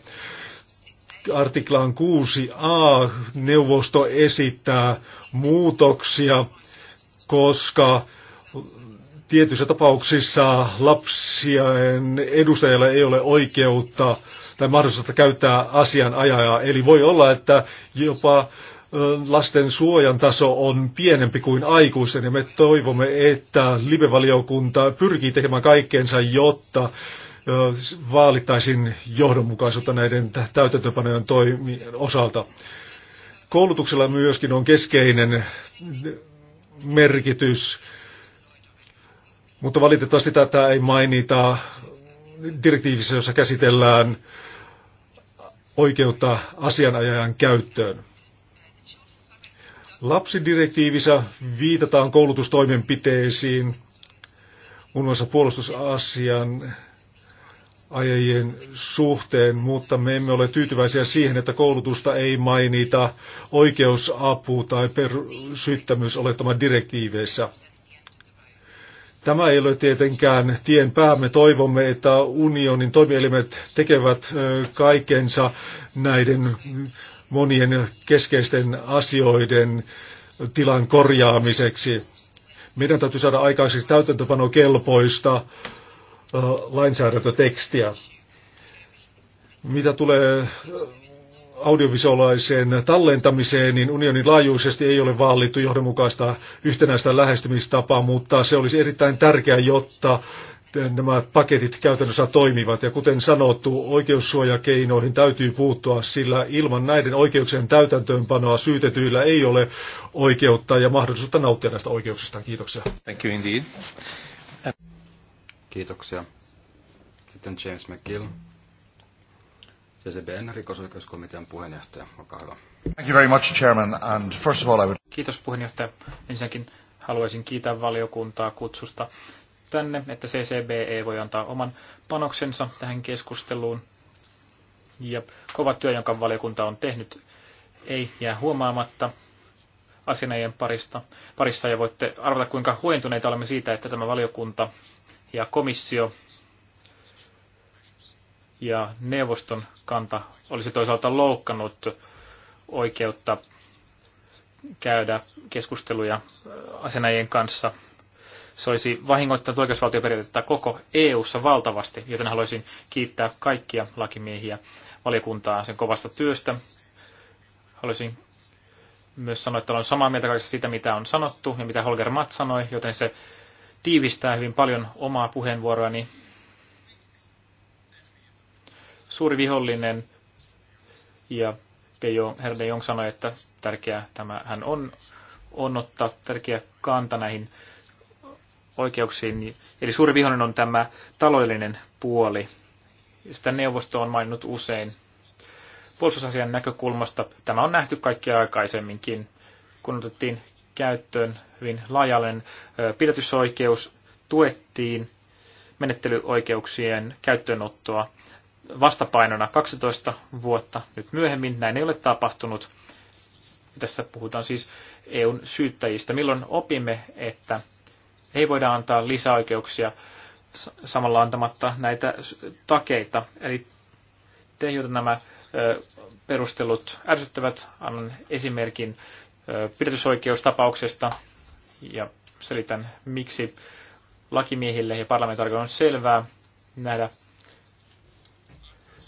Artiklaan 6a neuvosto esittää muutoksia, koska tietyissä tapauksissa lapsien edustajalla ei ole oikeutta tai mahdollisuutta käyttää asianajajaa. Eli voi olla, että jopa lasten suojan taso on pienempi kuin aikuisen ja me toivomme, että libevaliokunta pyrkii tekemään kaikkeensa, jotta vaalittaisin johdonmukaisuutta näiden täytäntöpanojen toimien osalta. Koulutuksella myöskin on keskeinen merkitys mutta valitettavasti tätä ei mainita direktiivissä, jossa käsitellään oikeutta asianajajan käyttöön. Lapsidirektiivissä viitataan koulutustoimenpiteisiin, muun muassa puolustusasian ajajien suhteen, mutta me emme ole tyytyväisiä siihen, että koulutusta ei mainita oikeusapu tai per- syyttämyysolettama direktiiveissä. Tämä ei ole tietenkään tien päämme. Toivomme, että unionin toimielimet tekevät kaikensa näiden monien keskeisten asioiden tilan korjaamiseksi. Meidän täytyy saada aikaiseksi täytäntöpanokelpoista lainsäädäntötekstiä. Mitä tulee audiovisuaaliseen tallentamiseen, niin unionin laajuisesti ei ole vaalittu johdonmukaista yhtenäistä lähestymistapaa, mutta se olisi erittäin tärkeää, jotta nämä paketit käytännössä toimivat. Ja kuten sanottu, oikeussuojakeinoihin täytyy puuttua, sillä ilman näiden oikeuksien täytäntöönpanoa syytetyillä ei ole oikeutta ja mahdollisuutta nauttia näistä oikeuksista. Kiitoksia. Thank you indeed. Kiitoksia. Sitten James McGill. CCBn rikosoikeuskomitean puheenjohtaja. Olkaa hyvä. Thank you very much, Chairman. And first of all, I would... Kiitos puheenjohtaja. Ensinnäkin haluaisin kiittää valiokuntaa kutsusta tänne, että CCBE voi antaa oman panoksensa tähän keskusteluun. Ja kova työ, jonka valiokunta on tehnyt, ei jää huomaamatta asianajien parista, parissa ja voitte arvata, kuinka huentuneita olemme siitä, että tämä valiokunta ja komissio ja neuvoston kanta olisi toisaalta loukkanut oikeutta käydä keskusteluja äh, asenajien kanssa. Se olisi vahingoittanut oikeusvaltioperiaatetta koko EU-ssa valtavasti, joten haluaisin kiittää kaikkia lakimiehiä valiokuntaa sen kovasta työstä. Haluaisin myös sanoa, että olen samaa mieltä kaikista siitä, mitä on sanottu ja mitä Holger Matt sanoi, joten se tiivistää hyvin paljon omaa puheenvuoroani suuri vihollinen. Ja Herr de Jong sanoi, että tärkeää tämä hän on, on ottaa tärkeä kanta näihin oikeuksiin. Eli suuri vihollinen on tämä taloudellinen puoli. Sitä neuvosto on maininnut usein puolustusasian näkökulmasta. Tämä on nähty kaikki aikaisemminkin, kun otettiin käyttöön hyvin laajallinen pidätysoikeus, tuettiin menettelyoikeuksien käyttöönottoa vastapainona 12 vuotta nyt myöhemmin. Näin ei ole tapahtunut. Tässä puhutaan siis EUn syyttäjistä. Milloin opimme, että ei voida antaa lisäoikeuksia samalla antamatta näitä takeita. Eli te, joita nämä perustelut ärsyttävät, annan esimerkin pidätysoikeustapauksesta ja selitän, miksi lakimiehille ja parlamentaarikoille on selvää nähdä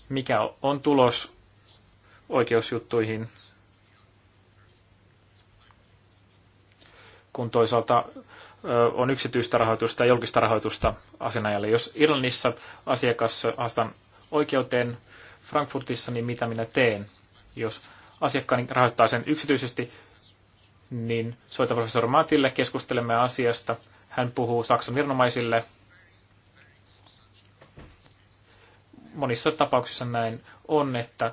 mikä on tulos oikeusjuttuihin, kun toisaalta on yksityistä rahoitusta ja julkista rahoitusta asianajalle. Jos Irlannissa asiakas haastan oikeuteen Frankfurtissa, niin mitä minä teen? Jos asiakkaani rahoittaa sen yksityisesti, niin soita professori Matille, keskustelemme asiasta. Hän puhuu Saksan viranomaisille monissa tapauksissa näin on, että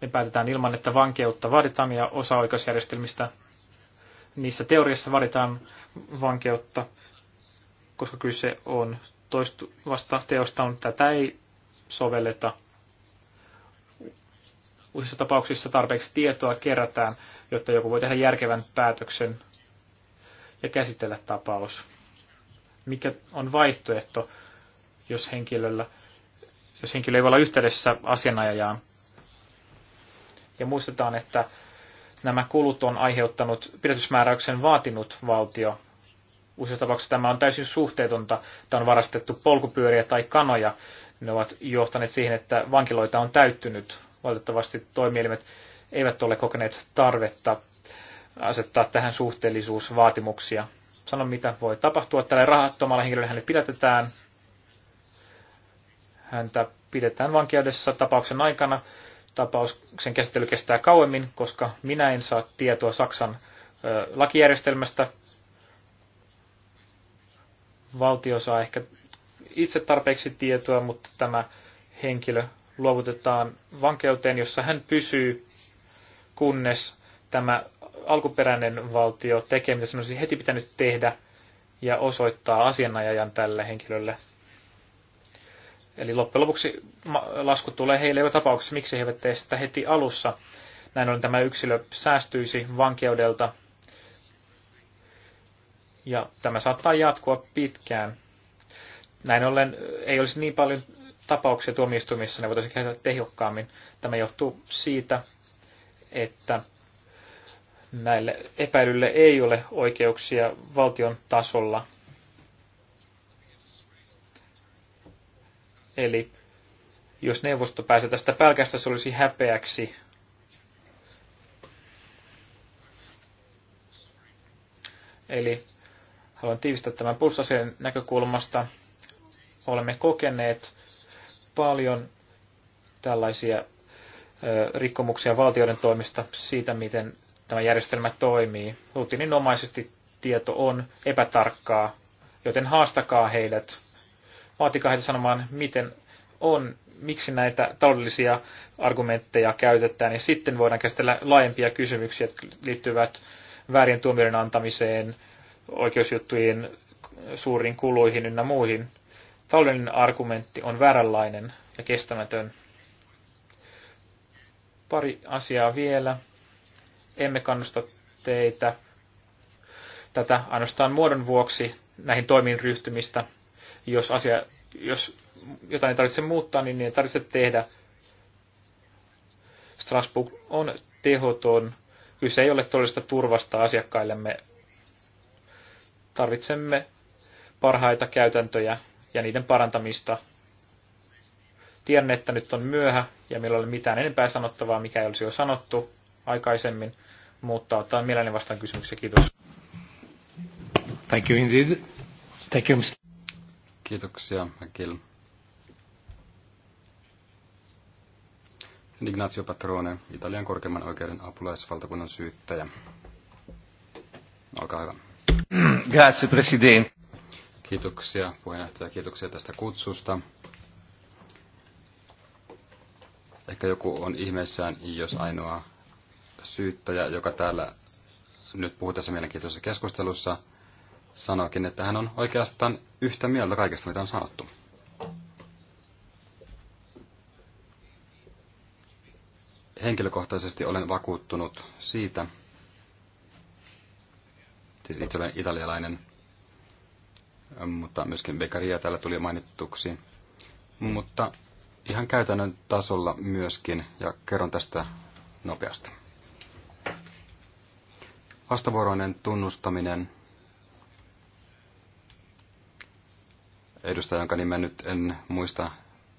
ne päätetään ilman, että vankeutta vaaditaan ja osa oikeusjärjestelmistä niissä teoriassa vaaditaan vankeutta, koska kyse on toistuvasta teosta, mutta tätä ei sovelleta. Useissa tapauksissa tarpeeksi tietoa kerätään, jotta joku voi tehdä järkevän päätöksen ja käsitellä tapaus. Mikä on vaihtoehto, jos henkilöllä jos henkilö ei voi olla yhteydessä asianajajaan. Ja muistetaan, että nämä kulut on aiheuttanut pidätysmääräyksen vaatinut valtio. Useissa tapauksissa tämä on täysin suhteetonta, tämä on varastettu polkupyöriä tai kanoja. Ne ovat johtaneet siihen, että vankiloita on täyttynyt. Valitettavasti toimielimet eivät ole kokeneet tarvetta asettaa tähän suhteellisuusvaatimuksia. Sano, mitä voi tapahtua. Tällä rahattomalla henkilöllä hänet pidätetään Häntä pidetään vankeudessa tapauksen aikana. Tapauksen käsittely kestää kauemmin, koska minä en saa tietoa Saksan ö, lakijärjestelmästä. Valtio saa ehkä itse tarpeeksi tietoa, mutta tämä henkilö luovutetaan vankeuteen, jossa hän pysyy, kunnes tämä alkuperäinen valtio tekee, mitä se olisi heti pitänyt tehdä, ja osoittaa asianajajan tälle henkilölle – Eli loppujen lopuksi lasku tulee heille joka tapauksessa, miksi he eivät tee sitä heti alussa. Näin ollen tämä yksilö säästyisi vankeudelta ja tämä saattaa jatkua pitkään. Näin ollen ei olisi niin paljon tapauksia tuomioistuimissa, ne voitaisiin käydä tehokkaammin. Tämä johtuu siitä, että näille epäilylle ei ole oikeuksia valtion tasolla – Eli jos neuvosto pääsee tästä pälkästä, se olisi häpeäksi. Eli haluan tiivistää tämän pussasien näkökulmasta. Olemme kokeneet paljon tällaisia rikkomuksia valtioiden toimista siitä, miten tämä järjestelmä toimii. Rutiininomaisesti tieto on epätarkkaa, joten haastakaa heidät Vaatikaa heitä sanomaan, miten on, miksi näitä taloudellisia argumentteja käytetään, ja sitten voidaan käsitellä laajempia kysymyksiä, jotka liittyvät väärien tuomioiden antamiseen, oikeusjuttujen suuriin kuluihin ynnä muihin. Taloudellinen argumentti on vääränlainen ja kestämätön. Pari asiaa vielä. Emme kannusta teitä tätä ainoastaan muodon vuoksi näihin toimiin ryhtymistä jos, asia, jos jotain tarvitsee muuttaa, niin ei tarvitse tehdä. Strasbourg on tehoton. Kyse ei ole todellista turvasta asiakkaillemme. Tarvitsemme parhaita käytäntöjä ja niiden parantamista. Tiedän, että nyt on myöhä ja meillä ei ole mitään enempää sanottavaa, mikä ei olisi jo sanottu aikaisemmin, mutta otan mielelläni vastaan kysymyksiä. Kiitos. Thank you indeed. Thank you, Mr. Kiitoksia, Akil. Ignazio Patrone, Italian korkeimman oikeuden apulaisvaltakunnan syyttäjä. Olkaa hyvä. Grazie, Presidente. Kiitoksia puheenjohtaja, kiitoksia tästä kutsusta. Ehkä joku on ihmeissään, jos ainoa syyttäjä, joka täällä nyt puhuu tässä mielenkiintoisessa keskustelussa, sanoikin, että hän on oikeastaan yhtä mieltä kaikesta, mitä on sanottu. Henkilökohtaisesti olen vakuuttunut siitä, siis itse olen italialainen, mutta myöskin Beccaria täällä tuli mainittuksi. Mutta ihan käytännön tasolla myöskin, ja kerron tästä nopeasti. Vastavuoroinen tunnustaminen edustaja, jonka nimen nyt en muista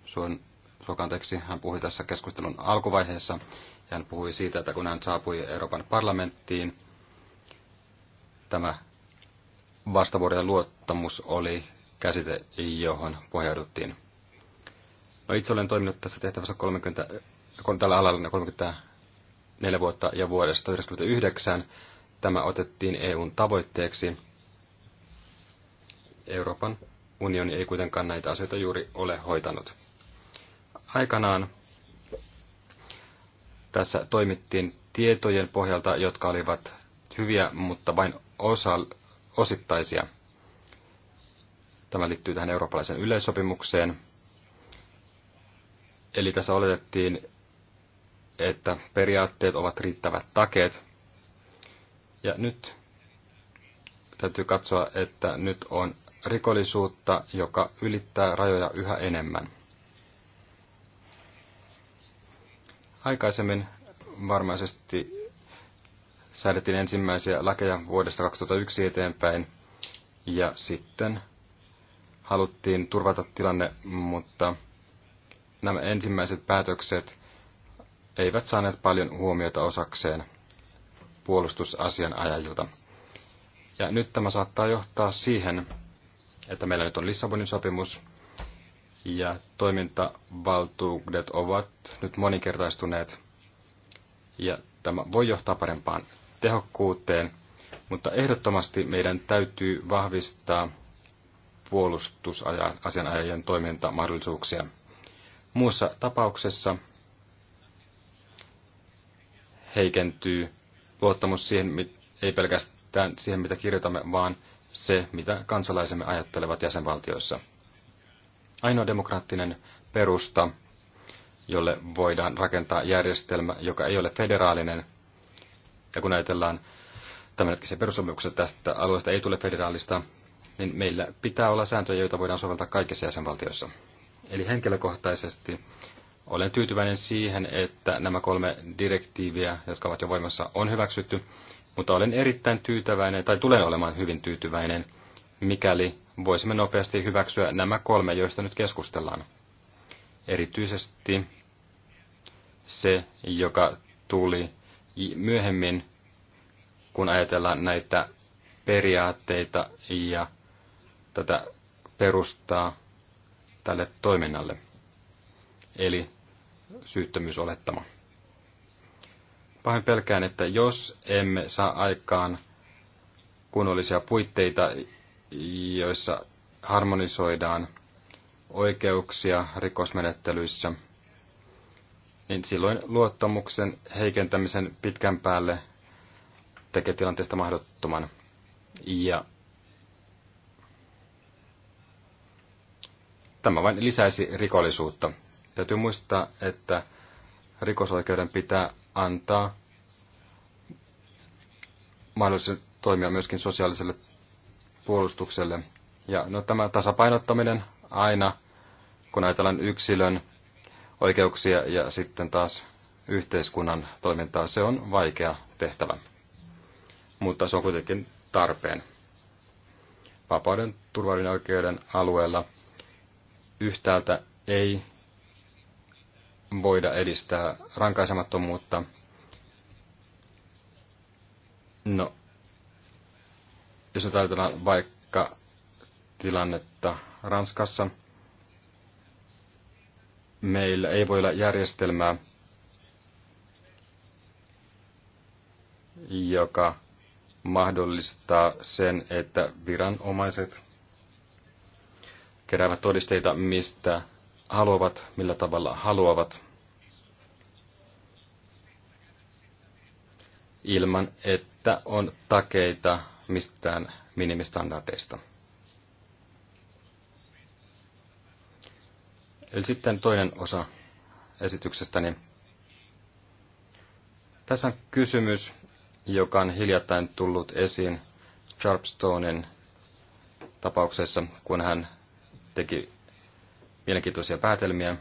suon, suokanteeksi, hän puhui tässä keskustelun alkuvaiheessa. Ja hän puhui siitä, että kun hän saapui Euroopan parlamenttiin, tämä vastavuoroinen luottamus oli käsite, johon pohjauduttiin. No itse olen toiminut tässä tehtävässä 30, tällä alalla 34 vuotta ja vuodesta 1999 tämä otettiin EUn tavoitteeksi Euroopan unioni ei kuitenkaan näitä asioita juuri ole hoitanut. Aikanaan tässä toimittiin tietojen pohjalta, jotka olivat hyviä, mutta vain osa, osittaisia. Tämä liittyy tähän eurooppalaiseen yleissopimukseen. Eli tässä oletettiin, että periaatteet ovat riittävät takeet. Ja nyt täytyy katsoa, että nyt on rikollisuutta, joka ylittää rajoja yhä enemmän. Aikaisemmin varmaisesti säädettiin ensimmäisiä lakeja vuodesta 2001 eteenpäin, ja sitten haluttiin turvata tilanne, mutta nämä ensimmäiset päätökset eivät saaneet paljon huomiota osakseen puolustusasianajajilta. ajajilta. Ja nyt tämä saattaa johtaa siihen, että meillä nyt on Lissabonin sopimus ja toimintavaltuudet ovat nyt moninkertaistuneet. Ja tämä voi johtaa parempaan tehokkuuteen, mutta ehdottomasti meidän täytyy vahvistaa puolustusasianajajien toimintamahdollisuuksia. Muussa tapauksessa heikentyy luottamus siihen, ei pelkästään tämän, siihen, mitä kirjoitamme, vaan se, mitä kansalaisemme ajattelevat jäsenvaltioissa. Ainoa demokraattinen perusta, jolle voidaan rakentaa järjestelmä, joka ei ole federaalinen, ja kun ajatellaan tämänhetkisen perussopimuksen tästä alueesta ei tule federaalista, niin meillä pitää olla sääntöjä, joita voidaan soveltaa kaikissa jäsenvaltioissa. Eli henkilökohtaisesti olen tyytyväinen siihen, että nämä kolme direktiiviä, jotka ovat jo voimassa, on hyväksytty. Mutta olen erittäin tyytyväinen, tai tulen olemaan hyvin tyytyväinen, mikäli voisimme nopeasti hyväksyä nämä kolme, joista nyt keskustellaan. Erityisesti se, joka tuli myöhemmin, kun ajatellaan näitä periaatteita ja tätä perustaa tälle toiminnalle, eli syyttömyysolettama. Pahoin pelkään, että jos emme saa aikaan kunnollisia puitteita, joissa harmonisoidaan oikeuksia rikosmenettelyissä, niin silloin luottamuksen heikentämisen pitkän päälle tekee tilanteesta mahdottoman. Ja tämä vain lisäisi rikollisuutta. Täytyy muistaa, että rikosoikeuden pitää antaa mahdollisuus toimia myöskin sosiaaliselle puolustukselle. Ja no, tämä tasapainottaminen aina, kun ajatellaan yksilön oikeuksia ja sitten taas yhteiskunnan toimintaa, se on vaikea tehtävä. Mutta se on kuitenkin tarpeen. Vapauden, turvallinen oikeuden alueella yhtäältä ei voida edistää rankaisemattomuutta. No, jos nyt ajatellaan vaikka tilannetta Ranskassa, meillä ei voi olla järjestelmää, joka mahdollistaa sen, että viranomaiset keräävät todisteita mistä haluavat, millä tavalla haluavat, ilman että on takeita mistään minimistandardeista. Eli sitten toinen osa esityksestäni. Tässä on kysymys, joka on hiljattain tullut esiin Sharpstonen tapauksessa, kun hän teki mielenkiintoisia päätelmiä.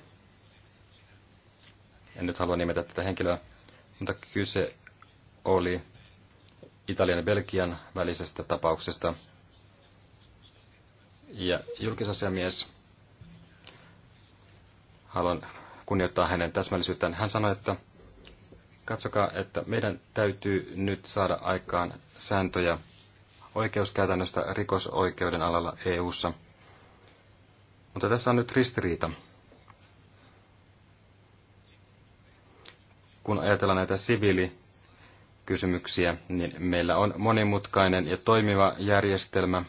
En nyt halua nimetä tätä henkilöä, mutta kyse oli Italian ja Belgian välisestä tapauksesta. Ja julkisasiamies, haluan kunnioittaa hänen täsmällisyyttään, hän sanoi, että katsokaa, että meidän täytyy nyt saada aikaan sääntöjä oikeuskäytännöstä rikosoikeuden alalla EU:ssa. ssa mutta tässä on nyt ristiriita. Kun ajatellaan näitä siviilikysymyksiä, niin meillä on monimutkainen ja toimiva järjestelmä,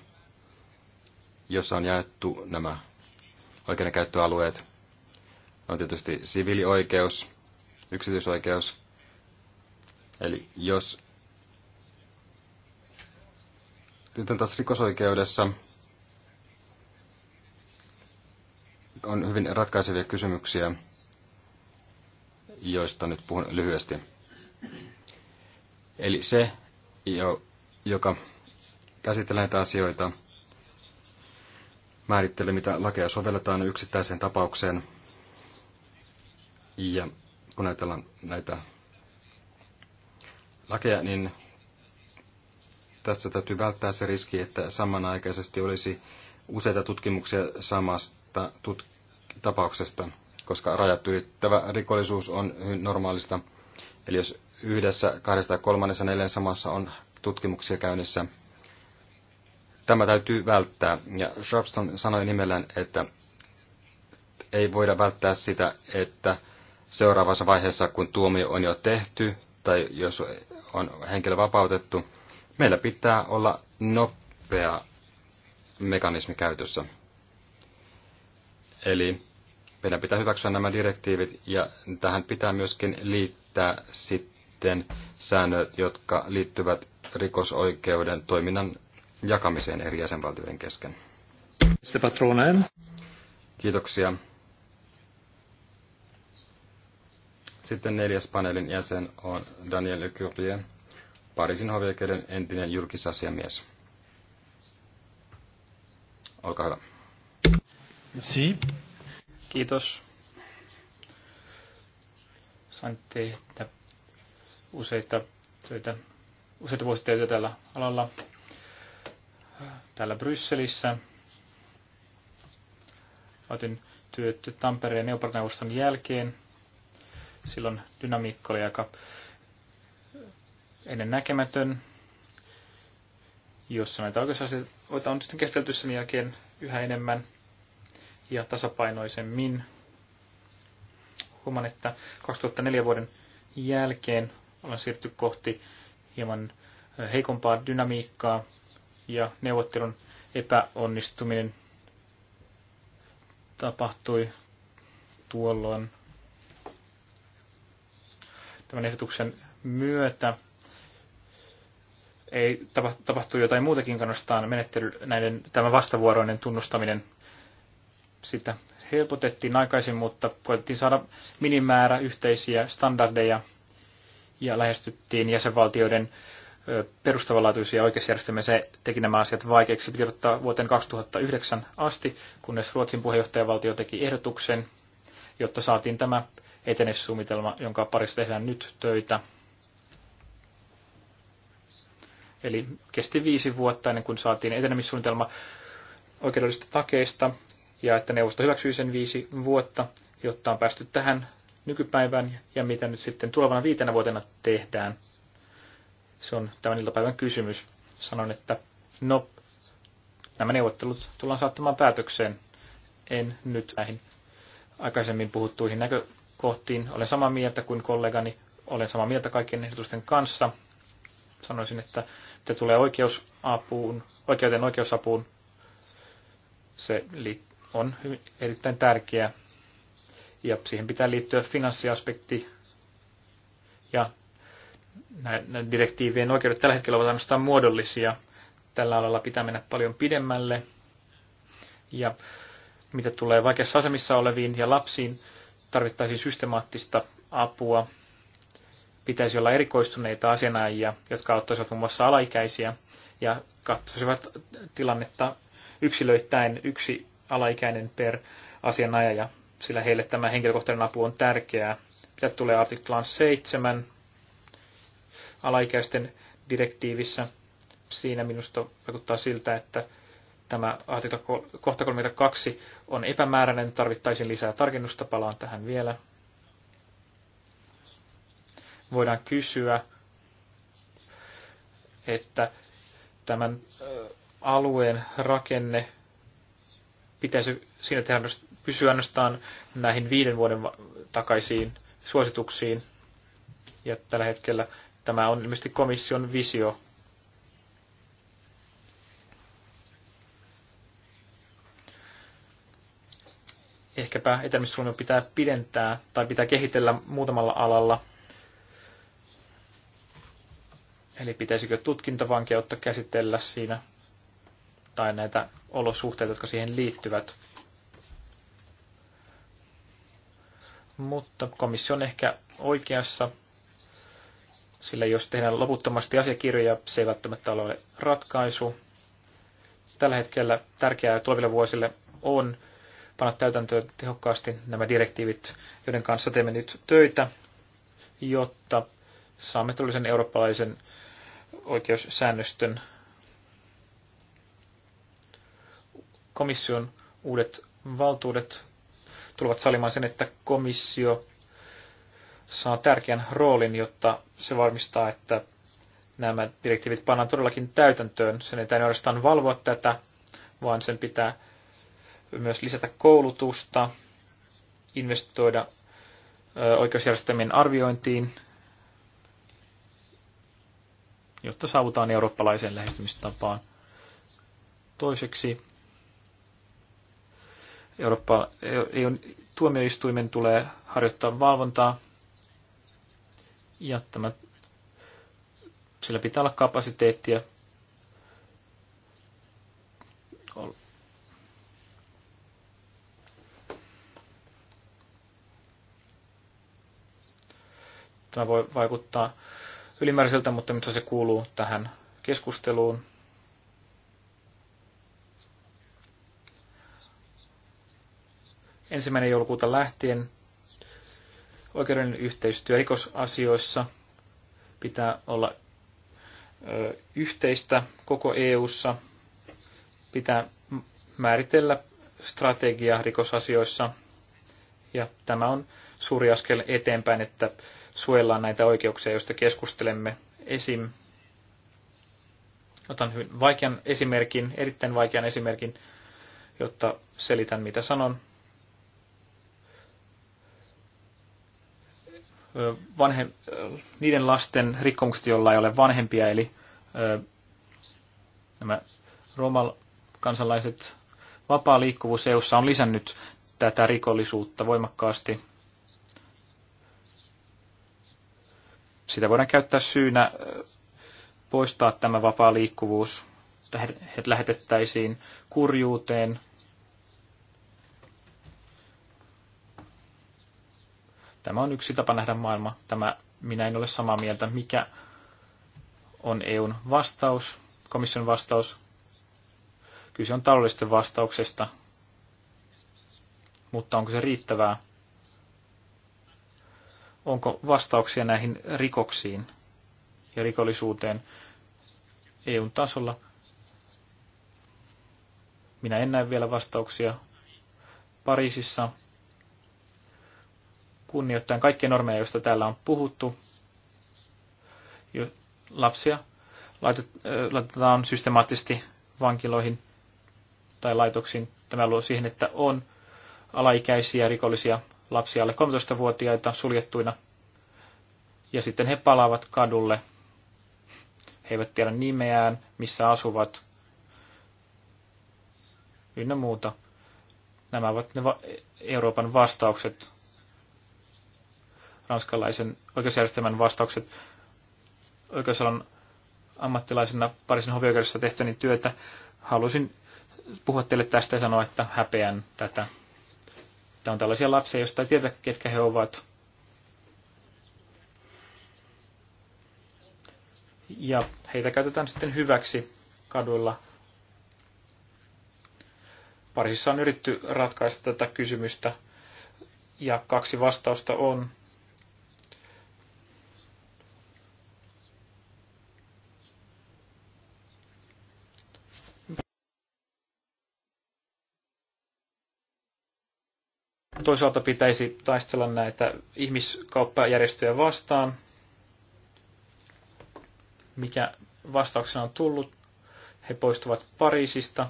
jossa on jaettu nämä oikeudenkäyttöalueet. On tietysti siviilioikeus, yksityisoikeus. Eli jos sitten taas rikosoikeudessa on hyvin ratkaisevia kysymyksiä, joista nyt puhun lyhyesti. Eli se, joka käsittelee näitä asioita, määrittelee, mitä lakeja sovelletaan yksittäiseen tapaukseen. Ja kun ajatellaan näitä lakeja, niin tässä täytyy välttää se riski, että samanaikaisesti olisi useita tutkimuksia samasta tuhatta tutk- tapauksesta, koska rajat ylittävä rikollisuus on normaalista. Eli jos yhdessä, kahdessa tai kolmannessa, neljännessä maassa on tutkimuksia käynnissä, tämä täytyy välttää. Ja Sharpston sanoi nimellään, että ei voida välttää sitä, että seuraavassa vaiheessa, kun tuomio on jo tehty tai jos on henkilö vapautettu, meillä pitää olla nopea mekanismi käytössä. Eli meidän pitää hyväksyä nämä direktiivit ja tähän pitää myöskin liittää sitten säännöt, jotka liittyvät rikosoikeuden toiminnan jakamiseen eri jäsenvaltioiden kesken. Kiitoksia. Sitten neljäs paneelin jäsen on Daniel Le Curie, Pariisin hovioikeuden entinen julkisasiamies. Olkaa hyvä. Merci. Kiitos. Sain tehdä useita töitä, useita vuositöitä tällä alalla täällä Brysselissä. Otin työt Tampereen neuvostoneuvoston jälkeen. Silloin dynamiikka oli aika ennen näkemätön. Jos näitä oikeusasioita on sitten käsitelty sen jälkeen yhä enemmän – ja tasapainoisemmin. Huomaan, että 2004 vuoden jälkeen ollaan siirtynyt kohti hieman heikompaa dynamiikkaa ja neuvottelun epäonnistuminen tapahtui tuolloin tämän ehdotuksen myötä. Ei tapahtu jotain muutakin kannastaan menettely, näiden, tämä vastavuoroinen tunnustaminen sitä helpotettiin aikaisin, mutta koettiin saada minimäärä yhteisiä standardeja ja lähestyttiin jäsenvaltioiden perustavanlaatuisia oikeusjärjestelmiä. Se teki nämä asiat vaikeiksi. Piti odottaa vuoteen 2009 asti, kunnes Ruotsin puheenjohtajavaltio teki ehdotuksen, jotta saatiin tämä etenessuunnitelma, jonka parissa tehdään nyt töitä. Eli kesti viisi vuotta ennen kuin saatiin etenemissuunnitelma oikeudellisista takeista ja että neuvosto hyväksyi sen viisi vuotta, jotta on päästy tähän nykypäivään ja mitä nyt sitten tulevana viitenä vuotena tehdään. Se on tämän iltapäivän kysymys. Sanon, että no, nämä neuvottelut tullaan saattamaan päätökseen. En nyt näihin aikaisemmin puhuttuihin näkökohtiin. Olen samaa mieltä kuin kollegani. Olen samaa mieltä kaikkien ehdotusten kanssa. Sanoisin, että mitä tulee oikeusapuun, oikeuden oikeusapuun, se liittyy on erittäin tärkeä ja siihen pitää liittyä finanssiaspekti ja näiden direktiivien oikeudet tällä hetkellä ovat ainoastaan muodollisia. Tällä alalla pitää mennä paljon pidemmälle. Ja mitä tulee vaikeassa asemissa oleviin ja lapsiin, tarvittaisiin systemaattista apua. Pitäisi olla erikoistuneita asianajia, jotka auttaisivat muun muassa alaikäisiä ja katsoisivat tilannetta yksilöittäin. Yksi alaikäinen per asianajaja, sillä heille tämä henkilökohtainen apu on tärkeää. Mitä tulee artiklaan 7 alaikäisten direktiivissä, siinä minusta vaikuttaa siltä, että tämä artikla kohta 32 on epämääräinen, tarvittaisiin lisää tarkennusta, palaan tähän vielä. Voidaan kysyä, että tämän alueen rakenne pitäisi siinä tehdä pysyä ainoastaan näihin viiden vuoden takaisiin suosituksiin. Ja tällä hetkellä tämä on ilmeisesti komission visio. Ehkäpä etämyssuunnitelma pitää pidentää tai pitää kehitellä muutamalla alalla. Eli pitäisikö tutkintavankeutta käsitellä siinä tai näitä olosuhteita, jotka siihen liittyvät. Mutta komissio on ehkä oikeassa, sillä jos tehdään loputtomasti asiakirjoja, se ei välttämättä ole ratkaisu. Tällä hetkellä tärkeää tuleville vuosille on panna täytäntöön tehokkaasti nämä direktiivit, joiden kanssa teemme nyt töitä, jotta saamme tällaisen eurooppalaisen oikeussäännöstön komission uudet valtuudet tulevat salimaan sen, että komissio saa tärkeän roolin, jotta se varmistaa, että nämä direktiivit pannaan todellakin täytäntöön. Sen ei ainoastaan valvoa tätä, vaan sen pitää myös lisätä koulutusta, investoida oikeusjärjestelmien arviointiin, jotta saavutaan eurooppalaiseen lähestymistapaan. Toiseksi Eurooppa, EU, tuomioistuimen tulee harjoittaa valvontaa ja tämä, sillä pitää olla kapasiteettia Tämä voi vaikuttaa ylimääräiseltä, mutta nyt se kuuluu tähän keskusteluun. ensimmäinen joulukuuta lähtien oikeuden yhteistyö rikosasioissa pitää olla ö, yhteistä koko EU:ssa. Pitää määritellä strategia rikosasioissa ja tämä on suuri askel eteenpäin, että suojellaan näitä oikeuksia, joista keskustelemme. Esim. Otan hyvin vaikean esimerkin, erittäin vaikean esimerkin, jotta selitän mitä sanon. vanhem, niiden lasten rikkomukset, joilla ei ole vanhempia, eli nämä romal-kansalaiset, vapaa liikkuvuus EU:ssa on lisännyt tätä rikollisuutta voimakkaasti. Sitä voidaan käyttää syynä poistaa tämä vapaa liikkuvuus, että heidät lähetettäisiin kurjuuteen, Tämä on yksi tapa nähdä maailma. Tämä minä en ole samaa mieltä, mikä on EUn vastaus, komission vastaus. Kyse on taloudellisten vastauksesta, mutta onko se riittävää? Onko vastauksia näihin rikoksiin ja rikollisuuteen EUn tasolla? Minä en näe vielä vastauksia. Pariisissa kunnioittain kaikkia normeja, joista täällä on puhuttu. Lapsia laitetaan systemaattisesti vankiloihin tai laitoksiin. Tämä luo siihen, että on alaikäisiä rikollisia lapsia alle 13-vuotiaita suljettuina. Ja sitten he palaavat kadulle. He eivät tiedä nimeään, missä asuvat, ynnä muuta. Nämä ovat ne va- Euroopan vastaukset ranskalaisen oikeusjärjestelmän vastaukset oikeusalan ammattilaisena Pariisin hovioikeudessa tehtäni työtä. Halusin puhua teille tästä ja sanoa, että häpeän tätä. Tämä on tällaisia lapsia, joista ei tiedä, ketkä he ovat. Ja heitä käytetään sitten hyväksi kaduilla. Pariisissa on yritetty ratkaista tätä kysymystä ja kaksi vastausta on Toisaalta pitäisi taistella näitä ihmiskauppajärjestöjä vastaan, mikä vastauksena on tullut. He poistuvat Pariisista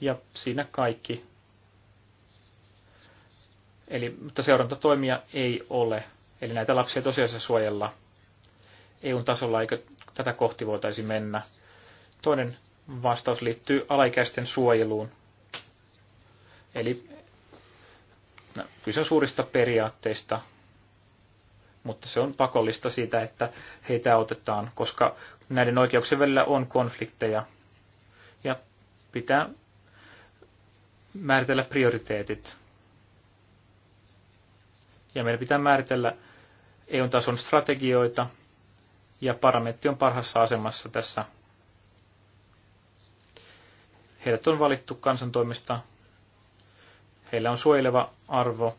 ja siinä kaikki. Eli, mutta seurantatoimia ei ole. Eli näitä lapsia tosiasiassa suojella eu tasolla, eikö tätä kohti voitaisi mennä. Toinen vastaus liittyy alaikäisten suojeluun. Eli No, kyse on suurista periaatteista, mutta se on pakollista siitä, että heitä otetaan, koska näiden oikeuksien välillä on konflikteja ja pitää määritellä prioriteetit. Ja meidän pitää määritellä EU-tason strategioita, ja parametti on parhassa asemassa tässä. Heidät on valittu kansantoimista Heillä on suojeleva arvo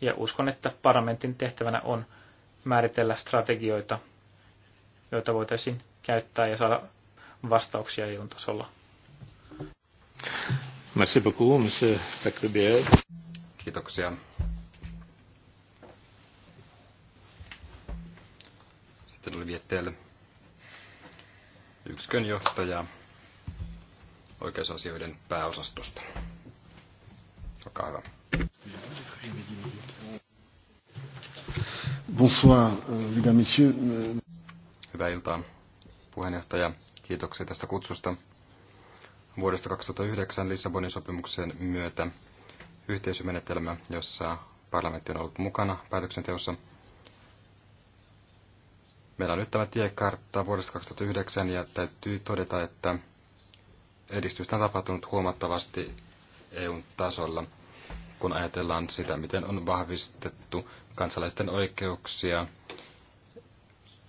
ja uskon, että parlamentin tehtävänä on määritellä strategioita, joita voitaisiin käyttää ja saada vastauksia EUn tasolla. Merci beaucoup, monsieur Kiitoksia. Sitten oli vietteellä yksikön johtaja oikeusasioiden pääosastosta. Olkaa hyvä. Bonsoir, euh, mesdames, messieurs. Hyvää iltaa, puheenjohtaja. Kiitoksia tästä kutsusta. Vuodesta 2009 Lissabonin sopimuksen myötä yhteisömenetelmä, jossa parlamentti on ollut mukana päätöksenteossa. Meillä on nyt tämä tiekartta vuodesta 2009 ja täytyy todeta, että edistystä on tapahtunut huomattavasti eu tasolla, kun ajatellaan sitä, miten on vahvistettu kansalaisten oikeuksia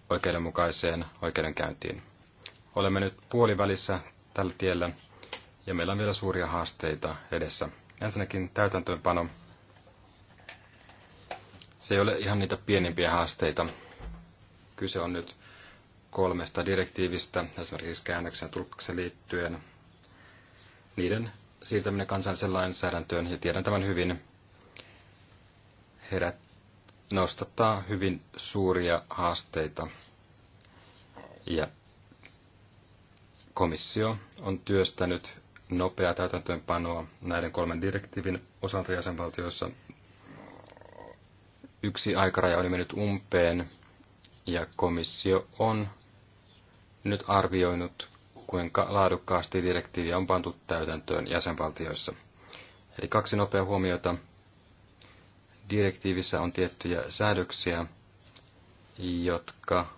oikeudenmukaiseen oikeudenkäyntiin. Olemme nyt puolivälissä tällä tiellä ja meillä on vielä suuria haasteita edessä. Ensinnäkin täytäntöönpano. Se ei ole ihan niitä pienimpiä haasteita. Kyse on nyt kolmesta direktiivistä, esimerkiksi käännöksen ja liittyen. Niiden siirtäminen kansalliseen lainsäädäntöön, ja tiedän tämän hyvin, herät, nostattaa hyvin suuria haasteita. Ja komissio on työstänyt nopeaa täytäntöönpanoa näiden kolmen direktiivin osalta jäsenvaltioissa. Yksi aikaraja oli mennyt umpeen ja komissio on nyt arvioinut kuinka laadukkaasti direktiivi on pantu täytäntöön jäsenvaltioissa. Eli kaksi nopeaa huomiota. Direktiivissä on tiettyjä säädöksiä, jotka,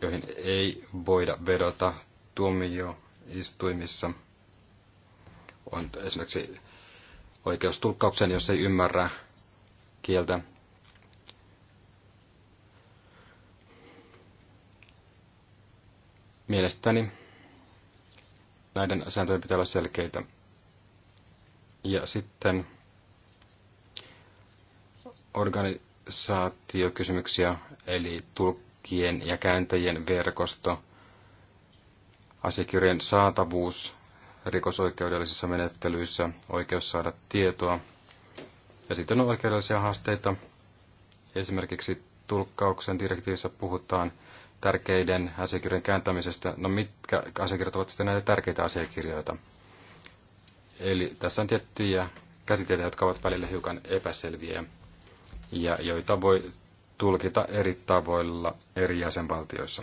joihin ei voida vedota tuomioistuimissa. On esimerkiksi oikeustulkkauksen, jos ei ymmärrä kieltä, Mielestäni näiden sääntöjen pitää olla selkeitä. Ja sitten organisaatiokysymyksiä, eli tulkkien ja kääntäjien verkosto, asiakirjojen saatavuus rikosoikeudellisissa menettelyissä, oikeus saada tietoa. Ja sitten on oikeudellisia haasteita. Esimerkiksi tulkkauksen direktiivissä puhutaan tärkeiden asiakirjojen kääntämisestä. No mitkä asiakirjat ovat sitten näitä tärkeitä asiakirjoita? Eli tässä on tiettyjä käsitteitä, jotka ovat välillä hiukan epäselviä ja joita voi tulkita eri tavoilla eri jäsenvaltioissa.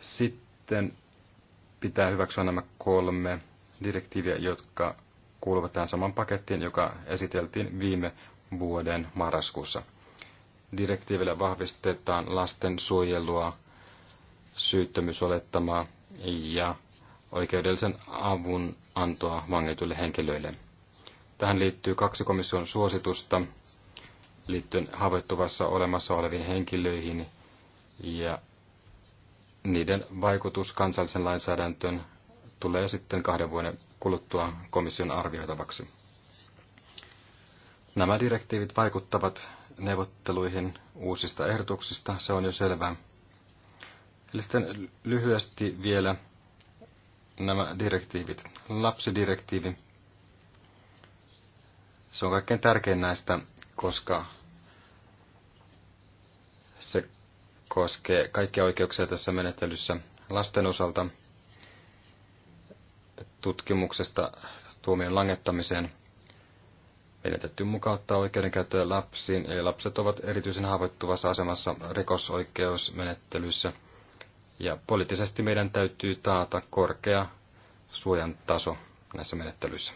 Sitten pitää hyväksyä nämä kolme direktiiviä, jotka kuuluvat tähän saman pakettiin, joka esiteltiin viime vuoden marraskuussa – Direktiivillä vahvistetaan lasten suojelua, syyttömyysolettamaa ja oikeudellisen avun antoa vangituille henkilöille. Tähän liittyy kaksi komission suositusta liittyen haavoittuvassa olemassa oleviin henkilöihin ja niiden vaikutus kansallisen lainsäädäntöön tulee sitten kahden vuoden kuluttua komission arvioitavaksi. Nämä direktiivit vaikuttavat neuvotteluihin uusista ehdotuksista, se on jo selvää. Eli sitten lyhyesti vielä nämä direktiivit. Lapsidirektiivi. Se on kaikkein tärkein näistä, koska se koskee kaikkia oikeuksia tässä menettelyssä lasten osalta tutkimuksesta tuomion langettamiseen – meidän täytyy mukauttaa oikeudenkäyttöä lapsiin, eli lapset ovat erityisen haavoittuvassa asemassa rikosoikeusmenettelyssä. Ja poliittisesti meidän täytyy taata korkea suojan taso näissä menettelyissä.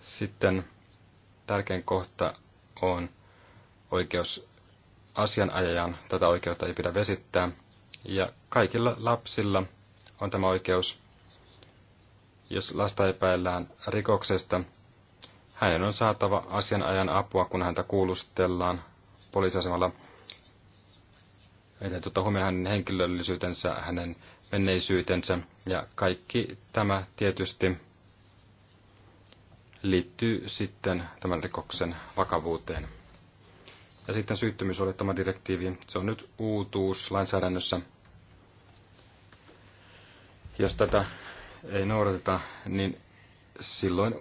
Sitten tärkein kohta on oikeus asianajajan. Tätä oikeutta ei pidä vesittää. Ja kaikilla lapsilla on tämä oikeus, jos lasta epäillään rikoksesta – hänen on saatava asianajan apua, kun häntä kuulustellaan poliisiasemalla. Eli tuota huomioon hänen henkilöllisyytensä, hänen menneisyytensä ja kaikki tämä tietysti liittyy sitten tämän rikoksen vakavuuteen. Ja sitten syyttömyysolettama direktiivi, se on nyt uutuus lainsäädännössä. Jos tätä ei noudateta, niin silloin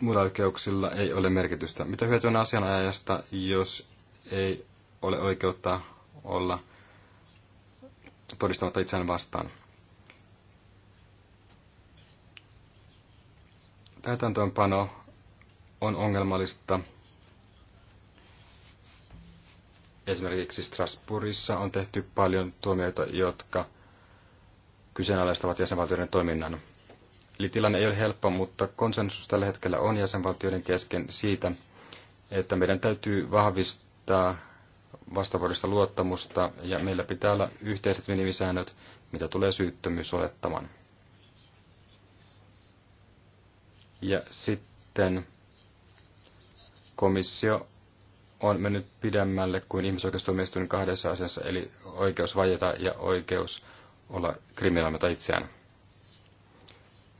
muilla oikeuksilla ei ole merkitystä. Mitä hyötyä on asianajajasta, jos ei ole oikeutta olla todistamatta itseään vastaan? Täytäntöönpano on ongelmallista. Esimerkiksi Strasbourgissa on tehty paljon tuomioita, jotka kyseenalaistavat jäsenvaltioiden toiminnan. Eli tilanne ei ole helppo, mutta konsensus tällä hetkellä on jäsenvaltioiden kesken siitä, että meidän täytyy vahvistaa vastavuodista luottamusta ja meillä pitää olla yhteiset minimisäännöt, mitä tulee olettamaan. Ja sitten komissio on mennyt pidemmälle kuin ihmisoikeustuomioistuin kahdessa asiassa, eli oikeus vajeta ja oikeus olla kriminaalimata itseään.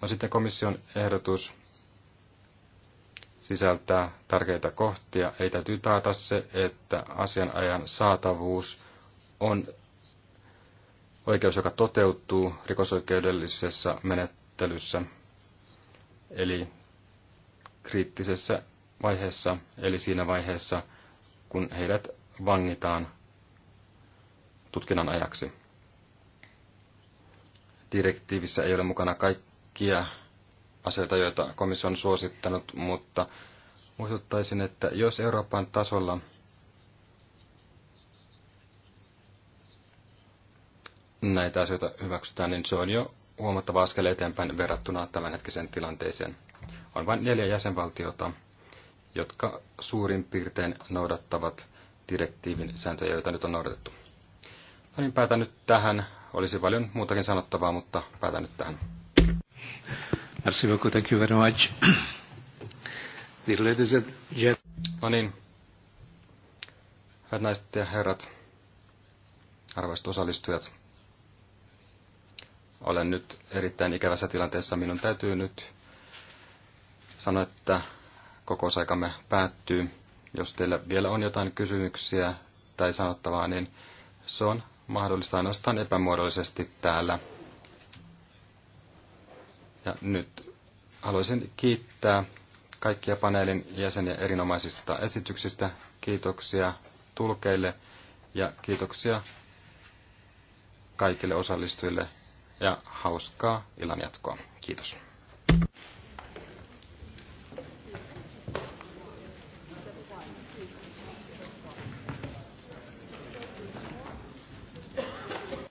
No sitten komission ehdotus sisältää tärkeitä kohtia. ei täytyy taata se, että asianajan saatavuus on oikeus, joka toteutuu rikosoikeudellisessa menettelyssä, eli kriittisessä vaiheessa, eli siinä vaiheessa, kun heidät vangitaan tutkinnan ajaksi. Direktiivissä ei ole mukana kaikki kaikkia asioita, joita komissio on suosittanut, mutta muistuttaisin, että jos Euroopan tasolla näitä asioita hyväksytään, niin se on jo huomattava askel eteenpäin verrattuna tämänhetkiseen tilanteeseen. On vain neljä jäsenvaltiota, jotka suurin piirtein noudattavat direktiivin sääntöjä, joita nyt on noudatettu. No niin, päätän nyt tähän. Olisi paljon muutakin sanottavaa, mutta päätän nyt tähän. Merci beaucoup, thank you very much. Dear ladies and No niin. Hyvät naiset ja herrat, arvoisat osallistujat, olen nyt erittäin ikävässä tilanteessa. Minun täytyy nyt sanoa, että koko aikamme päättyy. Jos teillä vielä on jotain kysymyksiä tai sanottavaa, niin se on mahdollista ainoastaan epämuodollisesti täällä ja nyt haluaisin kiittää kaikkia paneelin jäseniä erinomaisista esityksistä. Kiitoksia tulkeille ja kiitoksia kaikille osallistujille ja hauskaa illanjatkoa. Kiitos.